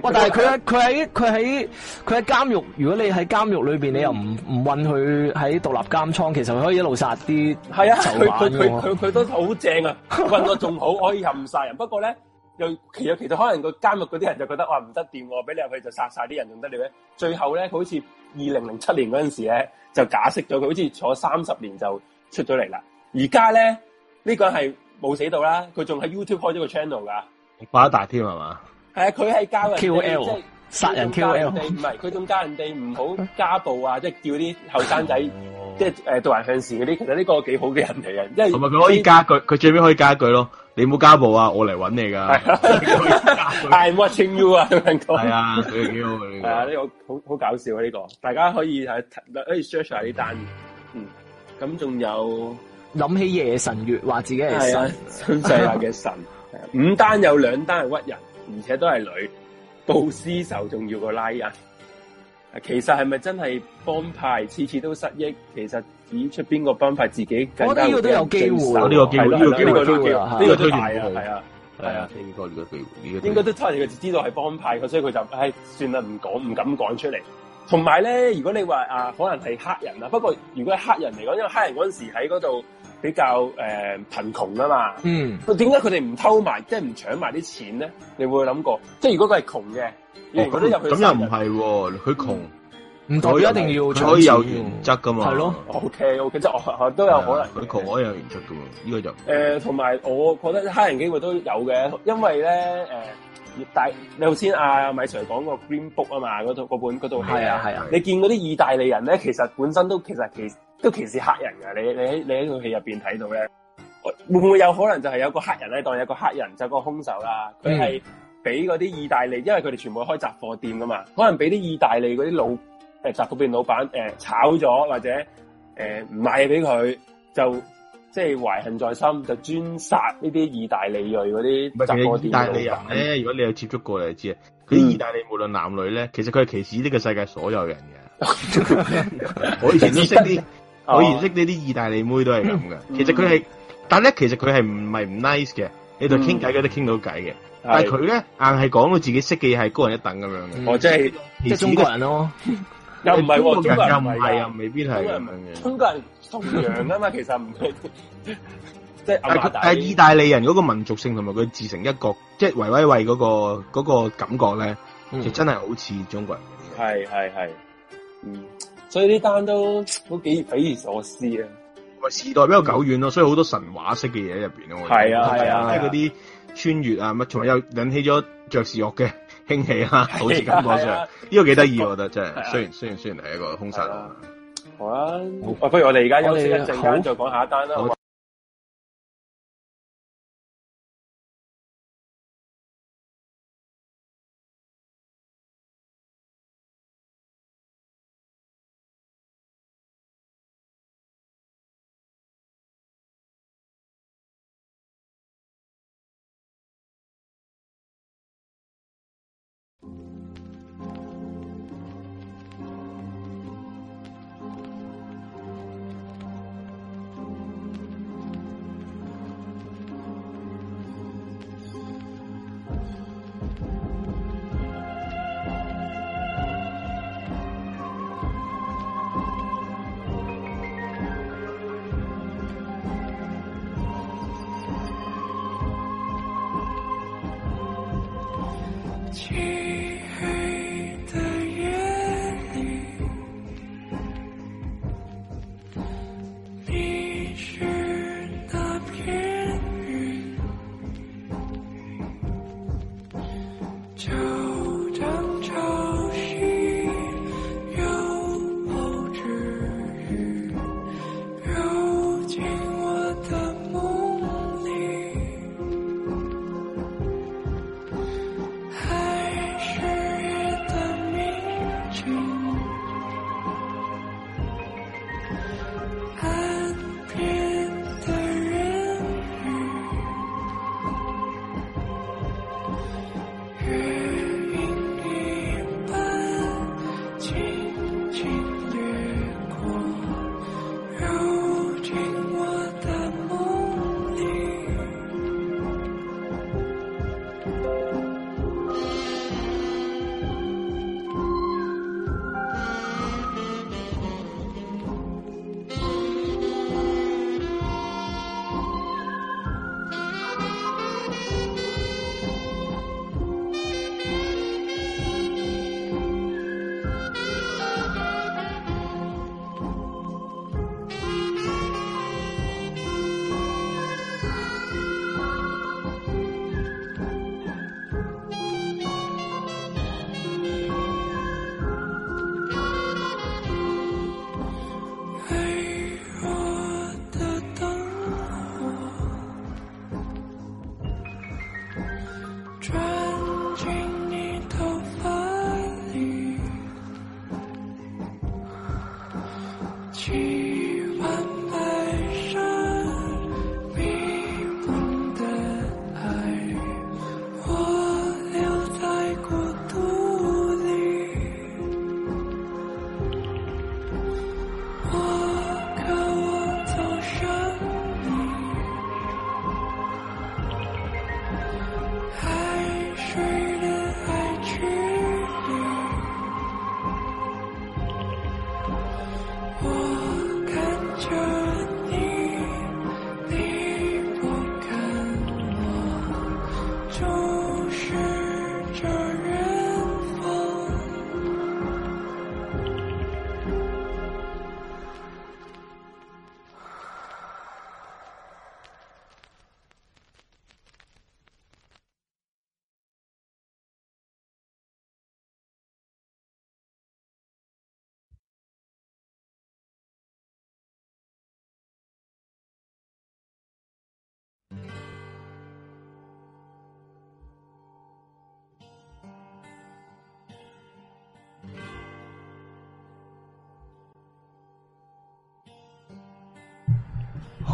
但係佢喺佢喺佢喺佢喺監獄。如果你喺監獄裏邊，你又唔唔困佢喺獨立監倉，其實佢可以一路殺啲，係啊。佢佢佢佢都好正啊！困到仲好，可以任殺人。不過咧。又其實其實可能個監獄嗰啲人就覺得哇唔得掂，俾你入去就殺晒啲人用得了？最後咧佢好似二零零七年嗰陣時咧就假釋咗佢，好似坐三十年就出咗嚟啦。而家咧呢、呢個人係冇死到啦，佢仲喺 YouTube 開咗個 channel 噶，掛得大添係嘛？係啊，佢係教嘅 KOL。殺人 q L，唔係佢仲教人哋唔好家暴啊！即係叫啲後生仔，即係誒，導人向善嗰啲。其實呢個幾好嘅人嚟嘅，因為同埋佢可以加句，佢最尾可以加一句咯：你唔好家暴啊，我嚟搵你噶。係啊，I watching you 啊，明係啊，呢個幾好嘅呢個，呢個好好搞笑啊！呢個大家可以係可以 search 下呢單，嗯，咁仲有諗起夜神月話自己係新新世界嘅神，五單有兩單係屈人，而且都係女。報私仇重要過拉人，其實係咪真係幫派次次都失憶？其實指出邊個幫派自己，我呢、哦這個都有機會，呢、這個機會，呢、這個機、這個、會都有，呢個推薦佢，係啊，係啊，應該呢個機會，這個應該都係知道係幫派，所以佢就算啦，唔講，唔敢講出嚟。同埋咧，如果你話啊，可能係黑人啊，不過如果係黑人嚟講，因為黑人嗰陣時喺嗰度。比較誒貧窮啊嘛，嗯，點解佢哋唔偷埋，嗯、即係唔搶埋啲錢咧？你會諗過，即係如果佢係窮嘅，咁又唔係，佢窮，佢一定要，可以有原則噶嘛，係咯，OK OK，即都有可能。佢窮，可以有原則噶嘛，呢、這個就誒、是，同埋、呃、我覺得黑人機會都有嘅，因為咧誒，意、呃、你頭先阿米 Sir 講個 Green Book 啊嘛，嗰套嗰本嗰套戲啊，係啊，你見嗰啲意大利人咧，其實本身都其實其。都歧視黑人嘅，你你喺你喺套戲入邊睇到咧，會唔會有可能就係有個黑人咧，當有個黑人就個兇手啦？佢係俾嗰啲意大利，因為佢哋全部開雜貨店噶嘛，可能俾啲意大利嗰啲老誒、呃、雜貨店老闆誒、呃、炒咗，或者誒唔、呃、買嘢俾佢，就即係、就係、懷恨在心，就專殺呢啲意大利裔嗰啲雜貨店的老闆咧。如果你有接觸過，你就知啊。啲意大利無論男女咧，其實佢係歧視呢個世界所有人嘅。 我以前都識啲。我認識啲啲意大利妹都係咁嘅，其實佢係，但咧其實佢係唔係唔 nice 嘅，你同傾偈佢都傾到偈嘅，但係佢咧硬係講到自己識嘅嘢係高人一等咁樣嘅。哦，即係即係中國人咯，又唔係喎，中國人又唔係又未必係咁樣嘅。中國人同樣啊嘛，其實唔係即係亞馬大。但係意大利人嗰個民族性同埋佢自成一國，即係維威維嗰個嗰個感覺咧，就真係好似中國人。係係係。嗯。所以呢單都都幾匪夷所思啊！咪時代比較久遠咯，所以好多神話式嘅嘢喺入邊咯。係啊係啊，即係嗰啲穿越啊、乜仲係又引起咗爵士樂嘅興起啊，好似今個上呢個幾得意，我覺得真係。雖然雖然雖然係一個凶殺啊。好啊，不如我哋而家休息一陣間，再講下一單啦。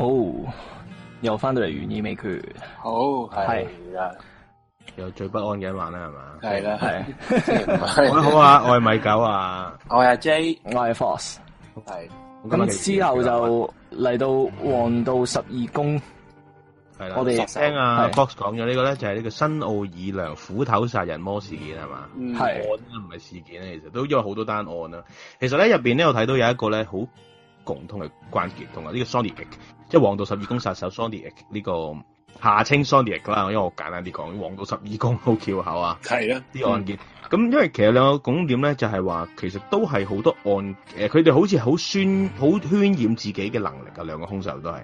好，又翻到嚟懸疑未決，好係有最不安嘅一晚啦，係嘛？係啦，係。我好啊，我係米狗啊，我係 J，我係 Fox，係。咁之後就嚟到黃道十二宮，係啦。我聽啊 Fox 講咗呢個咧，就係呢個新奧爾良斧頭殺人魔事件係嘛？案唔係事件，其實都因為好多單案啦。其實咧入邊咧，我睇到有一個咧好共通嘅關鍵，同埋呢個 Sony。即係黃道十二宮殺手 Zodiac，這個，Zodiac 呢個下稱 Zodiac 噶啦，因為我簡單啲講《黃道十二宮》好翹口啊，係啊的，啲案件。咁、嗯、因為其實兩個共點咧，就係話其實都係好多案誒，佢哋好似好宣好渲染自己嘅能力啊。兩個兇手都係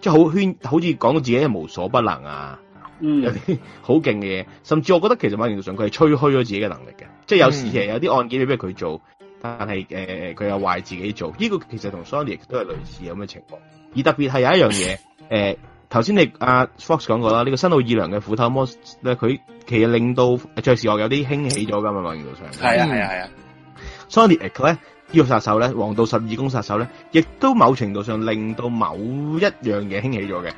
即係好圈，好似講到自己係無所不能啊，嗯、有啲好勁嘅嘢。甚至我覺得其實某程度上佢係吹噓咗自己嘅能力嘅，嗯、即係有時其實有啲案件未必佢做，但係誒佢又壞自己做。呢、這個其實同 Zodiac 都係類似咁嘅情況。而特別係有一樣嘢，誒頭先你阿、啊、Fox 講過啦，呢、這個新奧爾良嘅斧頭魔咧，佢其實令到爵士樂有啲興起咗嘅，嘛。某程度上。係啊係啊係啊，所以咧呢個殺手咧，黃道十二宮殺手咧，亦都某程度上令到某一樣嘢興起咗嘅。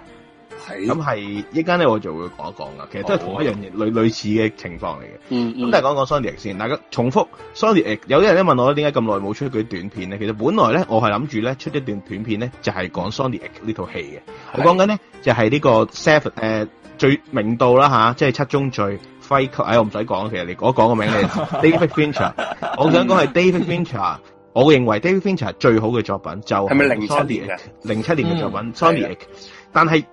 咁係一間咧，是我就會講一講噶。其實都係同一樣嘢，oh, 類類似嘅情況嚟嘅。咁大家講講《Zodiac》先。大家重複《Zodiac》有啲人咧問我點解咁耐冇出佢短片咧？其實本來咧，我係諗住咧出一段短片咧，就係講《Zodiac》呢套戲嘅。我講緊咧就係呢個 Seven 最名導啦吓，即係七宗罪。輝級，哎，我唔使講，其實你講一講個名你。 David Fincher， 我想講係 David Fincher。 我認為 David Fincher 最好嘅作品就係《Zodiac》零七年嘅作品《Zodiac》，但係。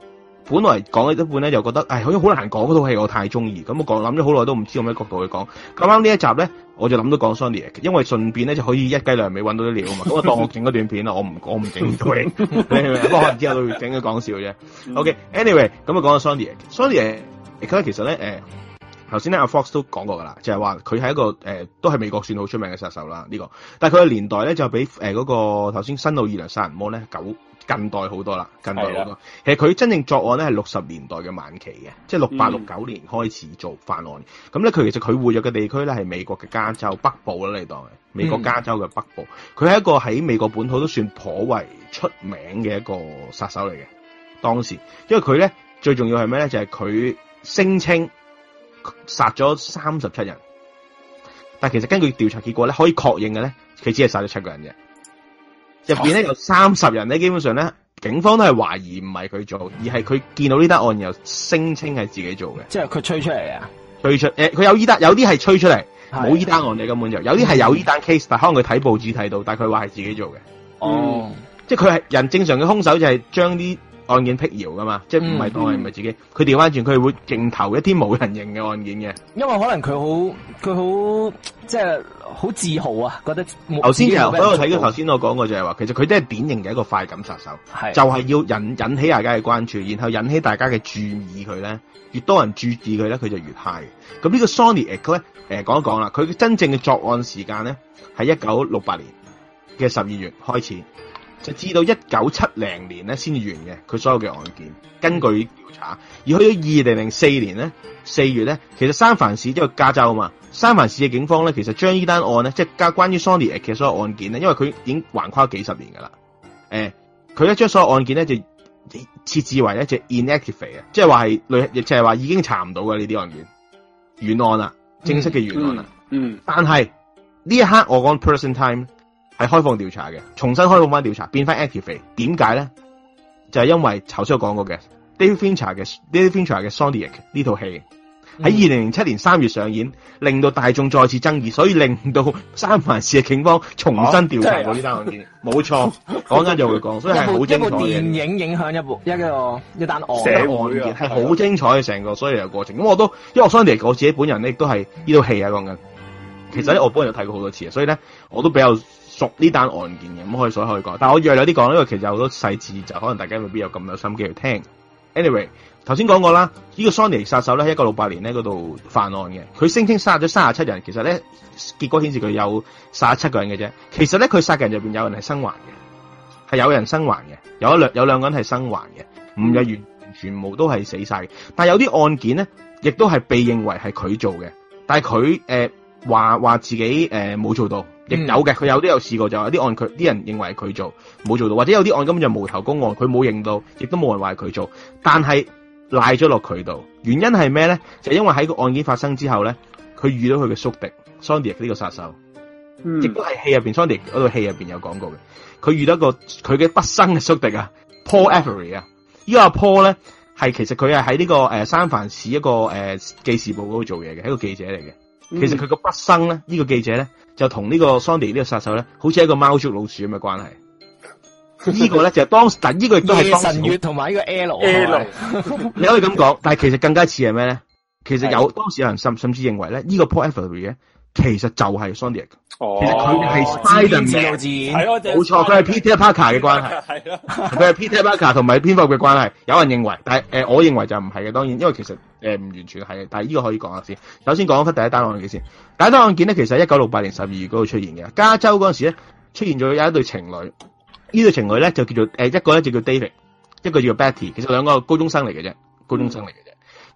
本來講咗一半咧，就覺得誒好似好難講嗰套戲，我太中意咁，我講諗咗好耐都唔知用咩角度去講。咁啱呢一集咧，我就諗到講 Sony，因為順便咧就可以一雞兩味揾到啲料啊嘛。咁啊，當我整嗰段片啦，我唔我唔整唔到你，不過可能之後都會整佢講笑啫。OK，anyway，okay，咁啊講到 Sony，Sony，而家其實咧誒頭先咧阿 Fox 都講過噶啦，就係話佢係一個誒都係美國算好出名嘅殺手啦。呢個，但係佢嘅年代咧就比誒嗰個頭先新奧爾良殺人魔咧久。近代好多啦，近代好多。的其實佢真正作案咧係六十年代嘅晚期嘅，即係六八六九年開始做犯案。咁咧佢其實佢活躍嘅地區咧係美國嘅加州北部啦，你當。美國加州嘅北部，佢係、嗯、一個喺美國本土都算頗為出名嘅一個殺手嚟嘅。當時，因為佢咧最重要係咩咧？就係、是、佢聲稱殺咗三十七人，但其實根據調查結果咧，可以確認嘅咧，佢只係殺咗七個人嘅。入邊咧有三十人咧，基本上咧警方都係懷疑唔係佢做，而係佢見到呢單案又聲稱係自己做嘅。即係佢吹出嚟啊，吹出誒，佢、呃、有呢單，有啲係吹出嚟，冇呢單案嘅根本就，有啲係有呢單 case，但可能佢睇報紙睇到，但佢話係自己做嘅。哦，嗯、即係佢係人正常嘅兇手就係將啲。案件闢謠㗎嘛，即係唔係當人唔係自己。佢調返轉，佢係會淨投一啲冇人認嘅案件嘅。因為可能佢好，佢好，即係好自豪啊，覺得。頭先又睇到頭先我講過就係話，其實佢都係典型嘅一個快感殺手，係就係要引引起大家嘅關注，然後引起大家嘅注意佢咧，越多人注意佢咧，佢就越 high。咁呢個 Zodiac 呢，誒講一講啦，佢真正嘅作案時間咧喺一九六八年嘅十二月開始。就至到一九七零年咧先完嘅，佢所有嘅案件，根據調查，而去到二零零四年咧四月咧，其實三藩市即係、就是、加州啊嘛，三藩市嘅警方咧，其實將呢單案咧，即係加關於 Sony 嘅所有案件咧，因為佢已經橫跨幾十年噶啦，誒、欸，佢一將所有案件咧就設置為一隻 inactive 啊，即係話係類，就係話、就是、已經查唔到嘅呢啲案件，懸案啦，正式嘅懸案啦、嗯，嗯，嗯，但係呢一刻我講 person time。係開放調查嘅，重新開放翻調查，變翻 active。點解咧？就係、是、因為頭先我講過嘅 David Fincher 嘅 David Fincher 嘅 Zodiac 呢套戲喺二零零七年三月上演，令到大眾再次爭議，所以令到三藩市嘅警方重新調查呢單案件。冇錯、啊，講緊就會講，所以係好精彩嘅。 一部電影影響一部、嗯、一個一單案，一案件係好精彩嘅成個的所以有嘅過程。咁我都，嗯、因為我本身我自己本人咧都係呢套戲啊講緊，其實咧我本人有睇過好多次啊，所以咧我都比較。屬呢單案件嘅，咁可以所可以講，但係我約有啲講，因為其實有好多細節就可能大家未必有咁有心機去聽。Anyway，頭先講過啦，呢、呢個 Sony 殺手咧喺一九六八年咧嗰度犯案嘅，佢聲稱殺咗三十七人，其實咧結果顯示佢有殺七個人嘅啫。其實咧佢殺嘅人入邊有人係生還嘅，係有人生還嘅，有一兩有兩個人係生還嘅，唔係完全部都係死晒嘅。但係有啲案件咧，亦都係被認為係佢做嘅，但係佢誒話話自己誒冇、呃、做到。亦、嗯、有嘅，佢有都有試過，就有啲案佢啲人認為佢做冇做到，或者有啲案根本就無頭公案，佢冇認到，亦都冇人話係佢做，但係賴咗落佢度。原因係咩咧？就係、因為喺個案件發生之後咧，佢遇到佢嘅宿敵 Sondy 呢個殺手，亦都係戲入面。Sondy 嗰套戲入面有講過嘅。佢遇到一個佢嘅畢生嘅宿敵啊，Paul Avery 啊，呢個阿 Paul 咧係其實佢係喺呢個誒、呃、三藩市一個、呃、記事報嗰度做嘢嘅，係一個記者嚟嘅。其實佢個畢生咧，呢、這個記者咧就同呢個 Sandy 呢個殺手咧，好似一個貓捉老鼠咁嘅關係。 這個呢個咧就係、是、當時，但、這、呢個亦都係夜神月同埋呢個 L L。 你可以咁講，但係其實更加似係咩咧？其實有 當時有人甚甚至認為咧，這個、呢個 Port Avery 其實就係 Sondy，、哦、其實佢係 Spider-Man，冇錯，佢係 Peter Parker 嘅關係，係咯是的，佢 係 Peter Parker 同埋蝙蝠嘅關係。有人認為，但係誒、呃，我認為就唔係嘅，當然，因為其實誒唔、呃、完全係嘅。但係呢個可以講下先。首先講返第一單案件先，第一單案件咧，其實一九六八年十二月嗰度出現嘅。加州嗰陣時咧，出現咗有一對情侶，呢對情侶咧就叫做誒、呃、一個咧就叫 David，一個叫 Betty，其實兩個高中生嚟嘅啫，高中生嚟嘅。嗯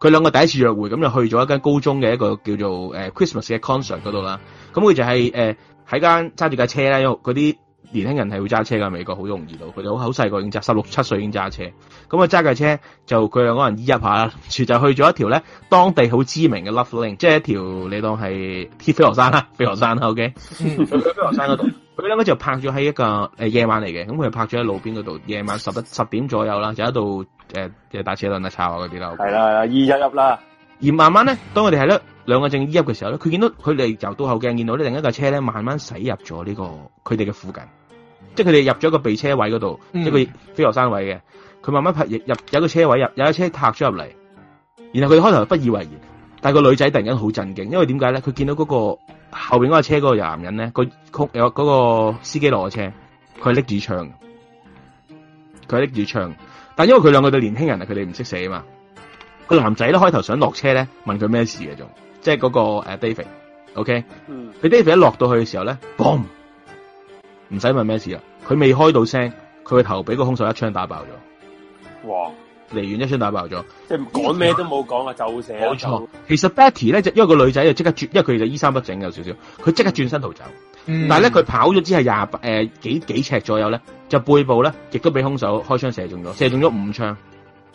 佢兩個第一次約會，咁就去咗一間高中嘅一個叫做誒 Christmas 嘅 concert 嗰度啦，咁佢就係誒喺間揸住架車咧，因為嗰啲。年輕人係會揸車嘅，美國好容易到，佢哋好好細個已經揸，十六七歲已經揸車。咁啊揸架車就佢兩個人依入一下，就去咗一條咧當地好知名嘅 Love Lane，即係一條你當係飛鵝山啦， 飛鵝山啦，OK。去 飛鵝山嗰度，佢兩個就拍咗喺一個誒夜晚嚟嘅，咁佢就拍咗喺路邊嗰度，夜晚十一十點左右啦，就喺度誒誒打車輪啊、插啊嗰啲啦。係啦，二一入啦。而慢慢咧，當佢哋係咧兩個正依入嘅時候咧，佢見到佢哋由倒後鏡見到咧另一架車咧，慢慢駛入咗呢個佢哋嘅附近。即係佢哋入咗個避車位嗰度，嗯、一個飛鵝山位嘅，佢慢慢泊入，入有個車位入，有架車泊咗入嚟。然後佢開頭不以為然，但係個女仔突然間好震驚，因為點解咧？佢見到嗰、那個後邊嗰個車嗰個男人咧，個、那、嗰個司機落咗車，佢係拎住槍，佢拎住槍，但係因為佢兩個對年輕人啊，佢哋唔識死啊嘛。個男仔咧開頭想落車咧，問佢咩事嘅。仲即係嗰個誒，David，OK？、Okay? 佢、嗯、David 一落到去嘅時候咧，boom。唔使問咩事啊！佢未開到聲，佢個頭俾個兇手一槍打爆咗。哇！離遠一槍打爆咗，即係講咩都冇講啊，哇就射。冇錯錯，就其實 Betty 咧就因為個女仔就即刻轉，因為佢就衣衫不整有少少，佢即刻轉身逃走。嗯，但係咧佢跑咗之後廿誒幾幾尺左右咧，就背部咧亦都俾兇手開槍射中咗，射中咗五槍。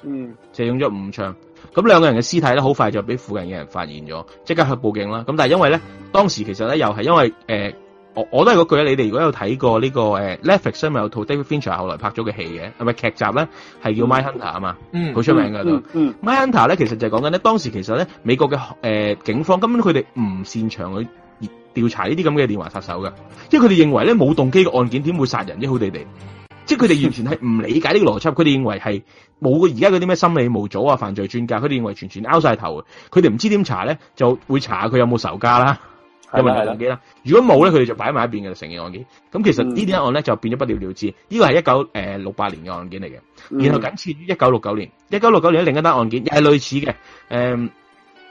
嗯，射中咗五槍。咁兩個人嘅屍體咧，好快就俾附近嘅人發現咗，即刻去報警啦。咁但係因為咧，當時其實咧又係因為誒。呃我都係嗰句，你哋如果有睇過呢個誒 Netflix，因為有套 David Fincher 後來拍咗嘅戲嘅，係咪劇集咧，係叫 My Hunter 啊嘛，好出名噶都。My Hunter 咧，其實就係講緊咧，當時其實咧，美國嘅誒、呃、警方根本佢哋唔擅長去調查呢啲咁嘅連環殺手嘅，即係佢哋認為咧冇動機嘅案件點會殺人啲好地地，即係佢哋完全係唔理解呢個邏輯，佢哋認為係冇而家嗰啲咩心理模組啊，犯罪專家，佢哋認為全全拗晒頭，佢哋唔知點查咧，就會查下佢有冇仇家啦。有問題案件啦，如果冇咧，佢哋就擺埋一邊嘅成件案件。咁其實這呢啲案咧就變咗不了了之。呢個係一九誒六八年嘅案件嚟嘅，然後僅次於一九六九年，一九六九年，年另一單案件又係類似嘅。誒、嗯，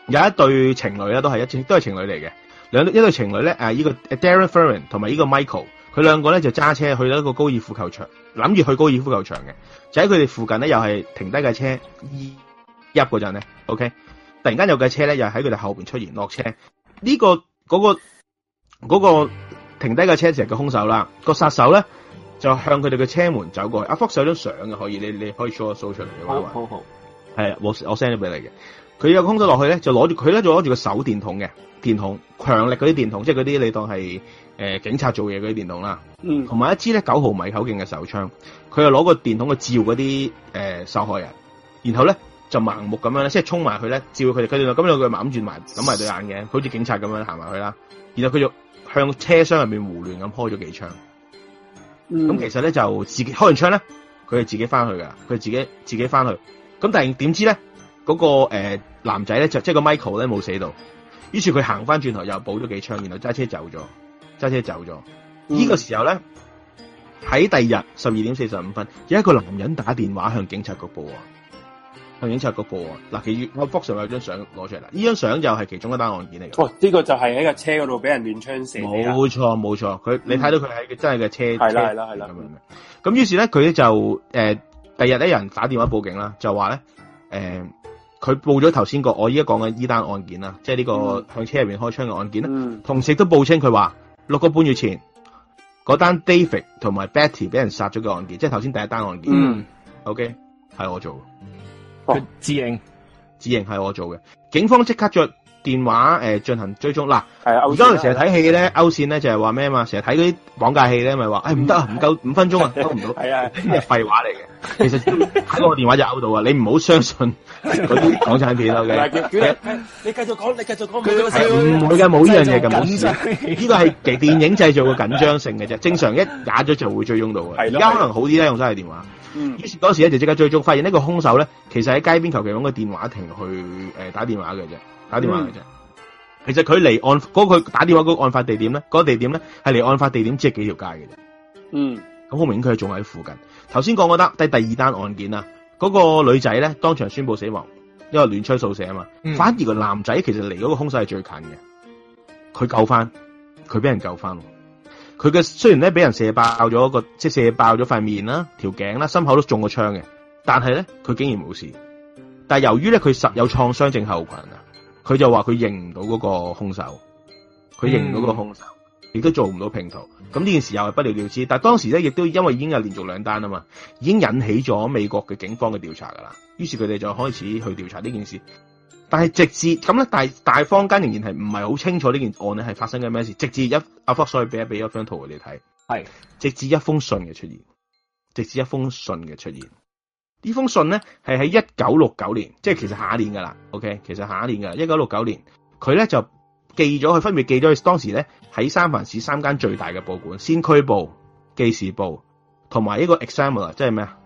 有一對情侶咧，都係一都係情侶嚟嘅。兩一對情侶咧，誒，呢個 Darin Ferrin 同埋呢個 Michael，佢兩個咧就揸車去到一個高爾夫球場，諗住去高爾夫球場嘅，就喺佢哋附近咧又係停低架車，二一嗰陣咧，OK，突然間有架車咧又喺佢哋後邊出現落車，呢、這個。嗰、嗰個嗰、嗰個停低架車成嘅兇手啦，個殺手咧就向佢哋嘅車門走過去。阿、啊、Fox 有張相嘅，可以你你可以 show 個數出嚟嘅話，係啊好者，我我 send 咗俾你嘅。佢個空手落去咧就攞住佢咧就攞住個手電筒嘅電筒，強力嗰啲電筒，即係嗰啲你當係、呃、警察做嘢嗰啲電筒啦。嗯，同埋一支咧九毫米口徑嘅手槍，佢又攞個電筒去照嗰啲受害人，然後咧。就盲目咁樣咧，即係衝埋去咧，照佢哋。佢哋就咁樣佢猛住埋，揼埋對眼嘅，好似警察咁樣行埋去啦。然後佢就向車廂入面胡亂咁開咗幾槍。咁、嗯、其實咧就自己開完槍咧，佢係自己翻去噶，佢自己自己翻去。咁但係點知咧，嗰、那個、呃、男仔咧就即係個 Michael 咧冇死到。於是佢行翻轉頭又補咗幾槍，然後揸車走咗，揸車走咗。呢、嗯、個時候咧，喺第二日十二點四十五分，有一個男人打電話向警察局報向警察局部啊！嗱，其我 box 上有張相攞出嚟，呢張相就係其中一單案件嚟嘅。哦、呢、這個就係喺、嗯、個車嗰度俾人亂槍射。冇錯冇錯，佢你睇到佢喺真係嘅車的。係啦係啦係啦。咁於是咧，佢咧樣的就誒、第、呃、日咧有人打電話報警啦，就話咧，誒、呃，佢報咗頭先個我依家講嘅依單案件啦，嗯、即係呢個向車入邊開槍嘅案件啦。嗯。同時亦都報稱佢話六個半月前，嗰單 David 同埋 Betty 俾人殺咗嘅案件，即係頭先第一單案件。嗯。O K，係我做的。佢自認自認係我做嘅，警方即刻著電話誒進行追蹤。嗱，係啊，而家成日睇戲咧，勾線咧就係話咩啊嘛？成日睇嗰啲綁架戲咧，咪話誒唔得啊，唔夠五分鐘啊，勾唔到。係啊，呢啲廢話嚟嘅。其實睇到個電話就勾到啊！你唔好相信嗰啲港產片啊！okay，你繼續講，你繼續講。唔會嘅，冇呢樣嘢嘅，冇事。呢個係其電影製造嘅緊張性嘅啫，正常一假咗就會追蹤到嘅。而家可能好啲咧，用晒係電話。於是嗰時咧就即刻追蹤，發現呢個兇手咧，其實喺街邊求其用個電話亭去誒打電話嘅啫，打電話嘅啫。嗯、其實佢離案佢打電話嗰個案發地點咧，嗰、嗰個地點咧係離案發地點即係幾條街嘅啫。嗯，咁好明顯佢係仲喺附近。頭先講得，單，第第二單案件啊，嗰、嗰個女仔咧當場宣布死亡，因為亂槍掃射啊嘛。嗯、反而個男仔其實離嗰個兇手係最近嘅，佢救翻，佢俾人救翻。佢嘅雖然咧俾人射爆咗個，即係射爆咗塊面啦、條頸啦、心口都中個槍中過槍嘅，但係咧佢竟然冇事。但由於咧佢實有創傷症候群啊，佢就話佢認唔到嗰個兇手，佢認唔到嗰個兇手，亦都做唔到拼圖。咁呢、嗯、件事又係不了了之。但當時咧，亦都因為已經係連續兩單啊嘛，已經引起咗美國嘅警方嘅調查噶啦。於是佢哋就開始去調查呢件事。但係直至咁咧，大大坊間仍然係唔係好清楚呢件案咧係發生緊咩事？直至一阿福、啊，所以俾一俾一張圖你睇，係是直至一封信嘅出現，直至一封信嘅出現。呢封信咧係喺一九六九年，即係其實下一年噶啦。OK，其實下一年噶啦，一九六九年佢咧就寄咗佢分別寄咗佢當時咧喺三藩市三間最大嘅報館，《先驅報》、《記事報》同埋一個 ex ler,《Examiner》，即係咩啊？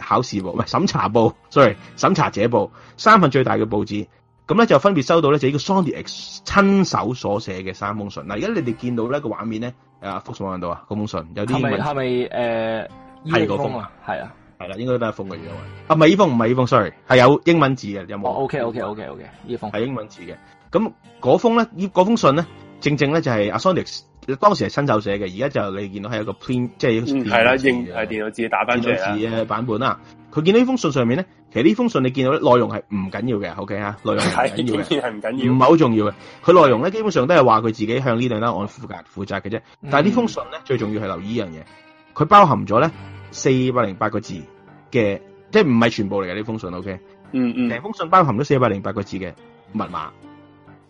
考試部，唔係審查部 sorry 審查者部，三份最大嘅報紙，咁咧就分別收到咧就呢個 Zodiac 親手所寫嘅三封信。嗱，而家你哋見到呢個畫面咧，啊 Facebook 度啊，嗰封信有啲係咪係咪誒？係嗰封啊，係啊，係啦，應該都係封嘅嘢啊，唔係呢封唔係呢封，sorry，係有英文字嘅有冇？OK OK OK OK，呢、okay, 封係英文字嘅，咁嗰封咧呢封信咧，正正咧就係阿 Zodiac 當時係親手寫嘅，而家就你見到係一個 print，即係係啦，用係、嗯、電腦字打翻咗字嘅版本啦。佢見、嗯啊、到呢封信上面咧，其實呢封信你見到內容係唔緊要嘅，OK 啊，內容係唔緊要嘅，唔係好重要嘅。佢、okay? 內容咧， 基本上都係話佢自己向呢兩單案負責嘅啫。但係呢封信咧，嗯、最重要係留意呢樣嘢，佢包含咗咧四百零八個字嘅，即係唔係全部嚟嘅呢封信，OK，嗯嗯，成、嗯、封信包含咗四百零八個字嘅密碼，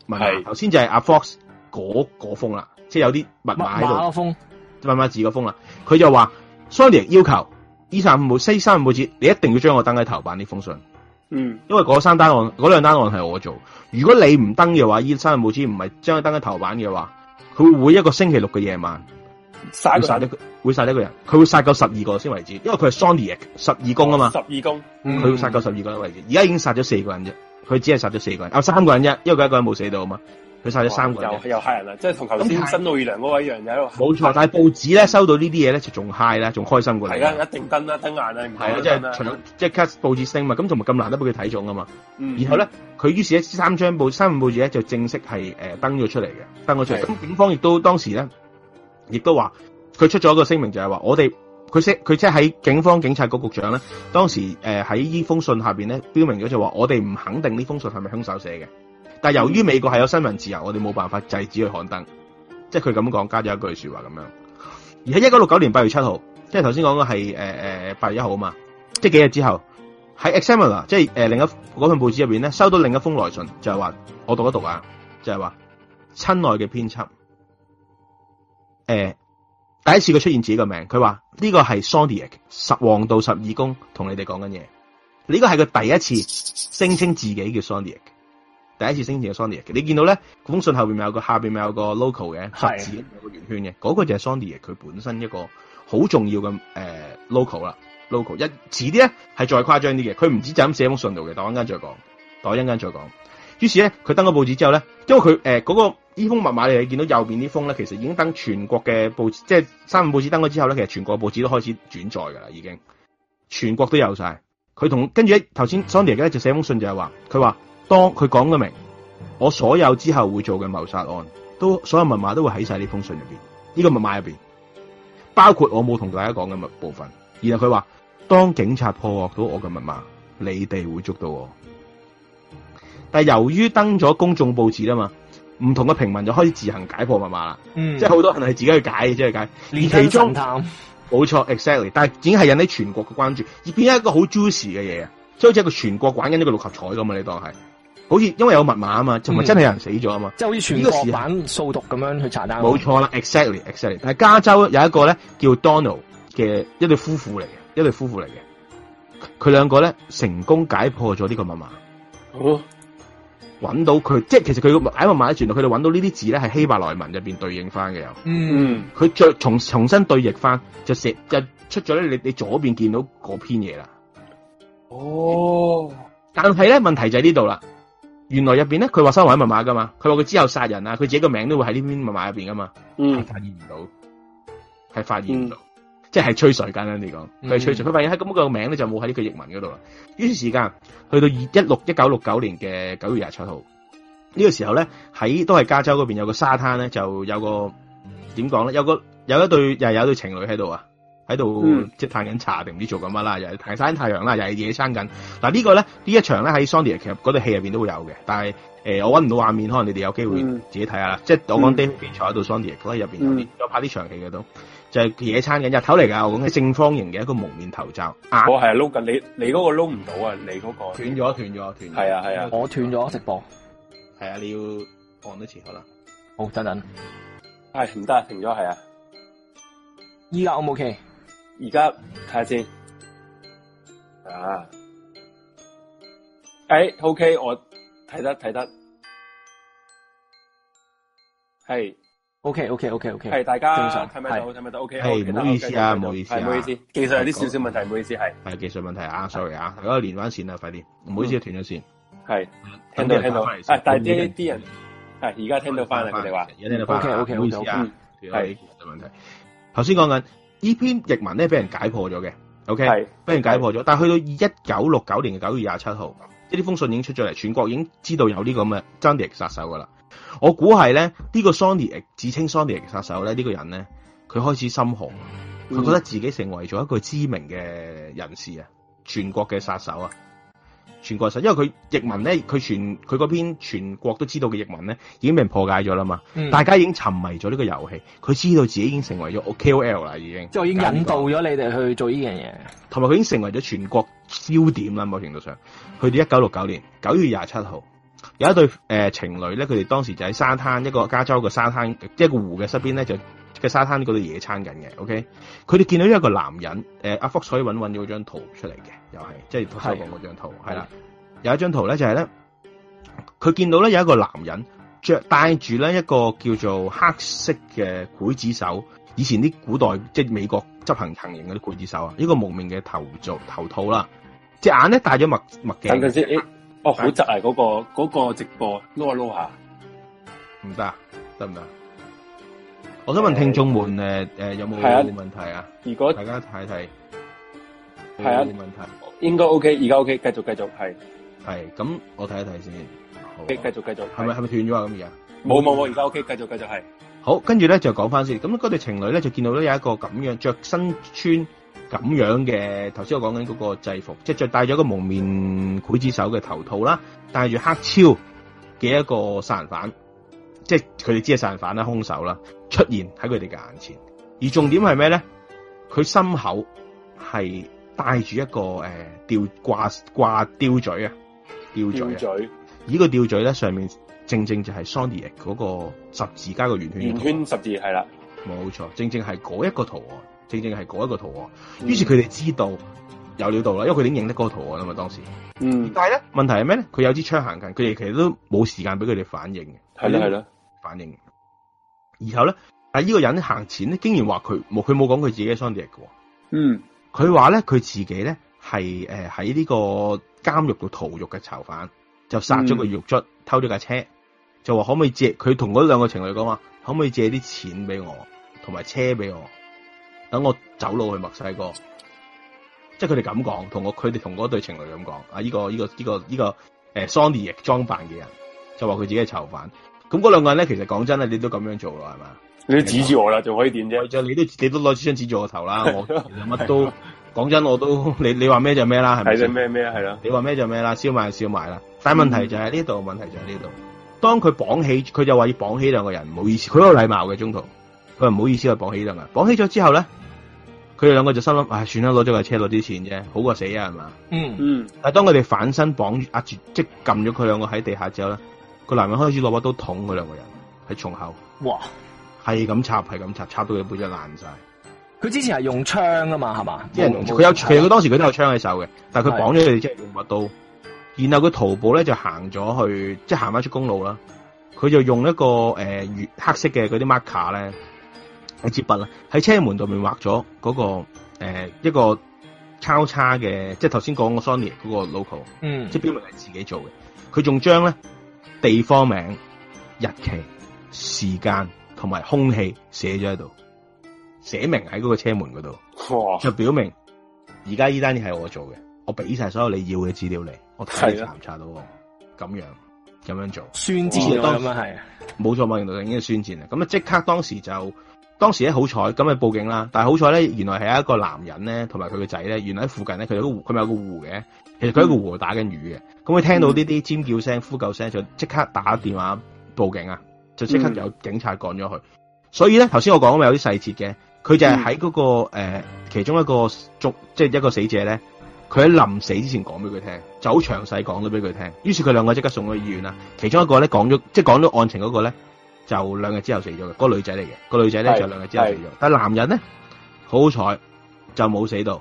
密碼頭先就係阿 Fox 嗰封啦。即係有啲密碼喺度，密碼字個封啦。佢就話 Zodiac 要求醫生冇三藩市報紙，你一定要將我登喺頭版呢封信。嗯，因為嗰三單案，嗰兩單案係我做。如果你唔登嘅話，三藩市報紙唔係將佢登喺頭版嘅話，佢會一個星期六嘅夜晚殺殺呢個會殺呢個人，佢會殺夠十二個先為止，因為佢係 Zodiac 十二宮啊嘛。十二宮，佢會殺夠十二個先為止。而家、嗯、已經殺咗四個人啫，佢只係殺咗四個人，有、啊、三個人啫，因為佢一個人冇死到啊嘛。佢晒咗三個，又又嚇人啦，即係同頭先新奧爾良嗰位一樣嘅咯。冇但錯，但係報紙咧收到呢啲嘢咧，就仲嗨啦，仲開心過嚟。係啦、嗯，一定登啦，登硬啦，唔係啊，即係，除咗即刻報紙升、嗯、嘛，咁同埋咁難得俾佢睇中啊嘛。然後咧，佢於是咧三張報紙三份報紙咧就正式係誒登咗出嚟嘅，登咗出嚟。咁的警方亦都當時咧，亦都話佢出咗一個聲明就，就係話我哋佢識佢即係喺警方警察局局長咧，當時誒喺呢封信下邊咧標明咗就話我哋唔肯定呢封信係咪兇手寫嘅。但由於美國係有新聞自由，我哋冇辦法制止佢刊登，即係佢咁講加咗一句説話咁樣。而喺一九六九年八月七號，即係頭先講嘅係誒誒八月一號啊嘛，即係幾日之後喺《Examiner》呃，即係誒另一份報紙入面咧，收到另一封來信，就係、是、話我讀一讀啊，就係、是、話親愛嘅編輯，誒、呃、第一次佢出現自己嘅名，佢話呢個係 Zodiac 黃道十二宮同你哋講緊嘢，呢個係佢第一次聲稱自己叫 Zodiac。第一次升嘅係 Sunny 嘅，你見到咧封信後面咪有個下面咪有個 local 嘅十字，的有一個圓圈嘅，嗰、嗰個就係 Sunny 嘅，佢本身一個好重要嘅、呃、local 啦，local 一遲啲呢係再誇張啲嘅，佢唔止就咁寫封信度嘅，待一陣間再講，待一陣間再講。於是呢，佢登嗰報紙之後呢，因為佢嗰、呃嗰個呢封密碼你見到右邊啲封呢，其實已經登全國嘅報紙。即係三份報紙登咗之後呢，其實全國報紙都開始轉載㗎啦，已經全國都有曬。佢同跟住頭先 Sunny 咧就寫封信就係話，佢話。當佢講嘅明，我所有之後會做嘅謀殺案，都所有密碼都會喺晒呢封信入邊，呢、這個密碼入邊，包括我冇同大家講嘅密部分。然後佢話，當警察破獲到我嘅密碼，你哋會捉到我。但係由於登咗公眾報紙啊嘛，唔同嘅平民就開始自行解破密碼啦。嗯、即係好多人係自己去解，即係解。而其中，冇錯，exactly。但係已經係引起全國嘅關注，而變咗一個好 juicy 嘅嘢啊，即係好似一個全國玩緊一個六合彩咁嘛，你當係。好似因為有密碼啊嘛，同埋、嗯、真係有人死咗啊嘛，即係好似全國版掃毒咁樣去查單。冇錯啦，exactly，exactly。Exactly, exactly，但係加州有一個咧叫 Donald 嘅一對夫婦嚟嘅，一對夫婦嚟嘅，佢兩個咧成功解破咗呢個密碼。哦，揾到佢，即係其實佢嘅解密碼嘅時候，佢哋揾到這些呢啲字咧係希伯來文入邊對應翻嘅又。嗯，佢再重重新對譯翻，就寫就出咗你你左邊見到嗰篇嘢啦。哦，但係咧問題就喺呢度啦。原來入邊咧，佢話收埋密碼噶嘛，佢話佢之後殺人啊，佢自己個名都會喺呢邊密碼入邊噶嘛，嗯，發現唔到，係發現唔到，即係吹水間呢。你講佢係吹水，佢發現喺咁個名咧就冇喺呢個譯文嗰度啦。於是時間去到二一六一九六九年嘅九月廿七號，呢、這個時候咧喺都係加州嗰邊有個沙灘咧就有個點講咧，有個有一對又有一對情侶喺度啊。喺度即係嘆緊茶定唔知做緊乜啦，又係曬緊太陽啦，又係野餐緊。嗱呢個咧呢一場咧喺 Sondier 其實嗰套戲入邊都會有嘅，但係誒我搵唔到畫面，可能你哋有機會自己睇下啦。即係我講 David 坐喺度，Sondier 佢喺入邊有啲，有拍啲長戲嘅都，就係野餐緊日頭嚟噶。我講嘅正方形嘅一個蒙面頭罩，我係撈緊你，你嗰個撈唔到啊，你嗰個斷咗斷咗斷。係啊係啊，我斷咗直播。係啊，你要放多次好啦。好，等等。係唔得，停咗係啊。依家 OK？而家睇下先，啊，誒，OK，我睇得睇得，係，OK OK OK OK，係大家正常，睇咪得，睇咪得，OK，係，唔好意思啊，唔好意思，唔好意思，技術有啲少少問題，唔好意思，係，係技術問題啊，sorry 啊，大家連翻線啦，快啲，唔好意思，斷咗線，係，聽到聽到，但係啲啲人，係，而家聽到翻啦，佢哋話，聽到翻，OK OK，唔好意思，係，技術問題，頭先講緊。篇譯呢篇譯文咧，俾人解破咗嘅，OK，俾是人解破咗。是但去到一九六九年嘅九月廿七號，即啲呢封信已經出咗嚟，全國已經知道有呢個咁嘅 Sony 殺手㗎喇。我估係咧，這個、ony, 稱呢個 Sony 自稱 Sony 殺手咧，呢、這個人咧，佢開始心寒，佢覺得自己成為咗一個知名嘅人士啊，嗯、全國嘅殺手啊。全國因為佢譯文咧，佢全佢嗰邊，全國都知道嘅譯文咧，已經被人破解咗啦嘛。嗯、大家已經沉迷咗呢個遊戲，佢知道自己已經成為咗 KOL 啦，已經。就已經引導咗你哋去做呢樣嘢。同埋佢已經成為咗全國焦點啦，某程度上。去到一九六九年九月廿七號，有一對誒、呃、情侶咧，佢哋當時就喺沙灘，一個加州嘅沙灘，一個湖嘅側邊呢就。嘅沙灘嗰度野餐緊嘅，OK？佢哋見到一個男人，阿、啊、福以揾揾咗張圖出嚟嘅，又係即係頭先講嗰張圖，係啦對。有一張圖呢、就是，就係呢，佢見到呢，有一個男人戴著帶住呢一個叫做黑色嘅劊子手，以前啲古代即係美國執行行刑嗰啲劊子手一子一啊，一個無名嘅頭罩頭套啦，隻眼呢，戴咗墨墨鏡。等陣先，哦，好、嗯、窄啊！嗰、那個嗰、那個直播撈下撈下，唔得，得唔得？我想問聽眾們誒誒，有冇問題啊？啊，如果大家睇一睇，係啊，冇問題，應該 OK，而家 OK，繼續繼續，係係，咁我睇一睇先，好繼，繼續繼續，係咪係咪斷咗啊？咁而家冇冇，而家 OK，繼續繼續，係好，跟住咧，就講翻先，咁嗰對情侶咧，就見到咧，有一個咁樣着身穿咁樣嘅，頭先我講緊嗰個制服，即係着戴咗個蒙面劊子手嘅頭套啦，戴住黑超嘅一個殺人犯，即係佢哋知係殺人犯啦，兇手啦。出現喺佢哋嘅眼前，而重點係咩咧？佢心口係戴住一個誒、呃、吊掛掛吊墜啊，吊墜吊墜。依嘴個吊墜咧上面正正就係 Sony 嗰個十字加個圓圈。圓圈十字係啦，冇錯，正正係嗰一個圖案，正正係嗰一個圖案。嗯、於是佢哋知道有料到啦，因為佢哋已經認得嗰個圖案啦嘛，嗯、當時。嗯。但係呢咧，問題係咩咧？佢有支槍行近，佢哋其實都冇時間俾佢哋反應嘅。係啦，係啦，反應。嗯然後咧，啊、這、呢個人行前咧，竟然話佢冇，佢冇講佢自己嘅桑迪嘅。嗯，佢話咧佢自己咧係誒喺呢、呃、個監獄度逃獄嘅囚犯，就殺咗個獄卒，嗯、偷咗架車，就話可唔可以借佢同嗰兩個情侶講話，可唔可以借啲錢俾我，同埋車俾我，等我走路去墨西哥。即係佢哋咁講，同我佢哋同嗰對情侶咁講。啊，呢、這個呢、這個呢、這個呢、這個誒桑迪裝扮嘅人，就話佢自己係囚犯。咁嗰兩個人咧，其實講真咧，你都咁樣做啦，係嘛？你都指住我啦，仲可以點啫？你都你都攞支張紙指住我頭啦， 我乜都講 真，我都你你話咩就咩啦，係咪？咩咩係啦？你話咩就咩啦， 燒埋燒埋啦。嗯、但係問題就係呢度，問題就係呢度。當佢綁起，佢就話要綁起兩個人，唔好意思，佢有禮貌嘅，中途佢話唔好意思，我綁起兩個人，綁起咗之後咧，佢哋兩個就心諗，唉、哎，算啦，攞咗架車攞啲錢啫，好過死啊，係嘛？嗯嗯。但當佢哋反身綁住壓住，即撳咗佢兩個喺地下之後咧。個男人開始攞把刀，刀捅佢兩個人喺從後，哇，係咁插係咁插，插到佢背脊爛晒。佢之前係用槍啊嘛，係嘛，即係佢有其實佢當時佢都有槍喺手嘅，對 但係佢綁咗佢即係用把刀。然後佢徒步咧就行咗去，即係行翻出公路啦。佢就用一個誒月、呃、黑色嘅嗰啲 marker 咧，一支筆啦，喺車門度面畫咗嗰個誒一個交叉嘅，即係頭先講個 Sony 嗰個 logo，嗯，即係標明係自己做嘅。佢仲將咧。地方名、日期、時間同埋空氣寫咗喺度，寫明喺嗰個車門嗰度，就哇表明而家依單嘢係我做嘅，我俾曬所有你要嘅資料你，我睇你查唔查到我，咁的樣咁樣做宣戰哇當咁啊係，冇的錯，某程度上已經宣戰啦。咁啊即刻當時就。當時咧好彩，咁咪報警啦。但係好彩咧，原來係一個男人咧，同埋佢個仔咧，原來喺附近咧，佢有，有個湖，佢咪有個湖嘅。其實佢喺個湖打緊魚嘅，咁佢聽到呢啲尖叫聲、呼救聲，就即刻打電話報警啊！就即刻有警察趕咗去。嗯、所以咧，頭先我講咪有啲細節嘅，佢就係喺嗰個誒其中一個捉，即係一個死者咧，佢喺臨死之前講俾佢聽，就好詳細講咗俾佢聽。於是佢兩個即刻送去醫院啦。其中一個咧講咗，即係講咗案情嗰個咧。就兩日之後死咗嘅，個女仔嚟嘅，個女仔咧是就兩日之後死咗，但係男人咧好好彩就冇死到，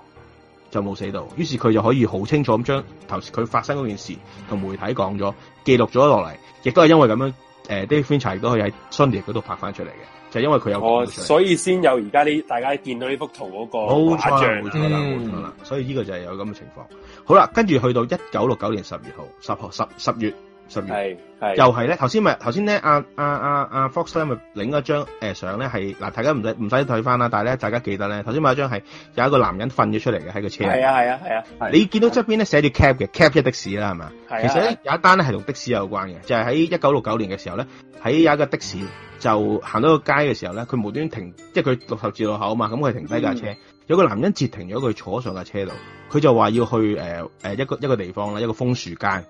就冇死到，於是佢就可以好清楚咁將頭先佢發生嗰件事同媒體講咗，記錄咗落嚟，亦都係因為咁樣，誒，David Fincher 亦都可以喺 Sunday 嗰度拍翻出嚟嘅，就因為佢有。哦，所以先有而家呢，大家見到呢幅圖嗰個畫像啦，冇錯啦，嗯、所以呢個就係有咁嘅情況。好啦，跟住去到一九六九年十二號，十號十月。上係又係咧，頭先咪頭先咧，阿阿阿阿 Fox 咧咪領咗張誒相咧，係嗱，大家唔使唔使睇翻啦，但係咧大家記得咧，頭先咪有一張係有一個男人瞓咗出嚟嘅喺個車，係啊係啊係啊，是是你見到側邊咧寫住 cab 嘅 cab 即係的士啦，係嘛，是的其實咧的有一單咧係同的士有關嘅，就係喺一九六九年嘅時候咧，喺有一個的士就行到個街嘅時候咧，佢無端端停，即係佢六十字路口啊嘛，咁佢停低架車，嗯、有個男人截停咗佢坐上架車度，佢就話要去誒誒一個一個地方啦，一個楓樹街。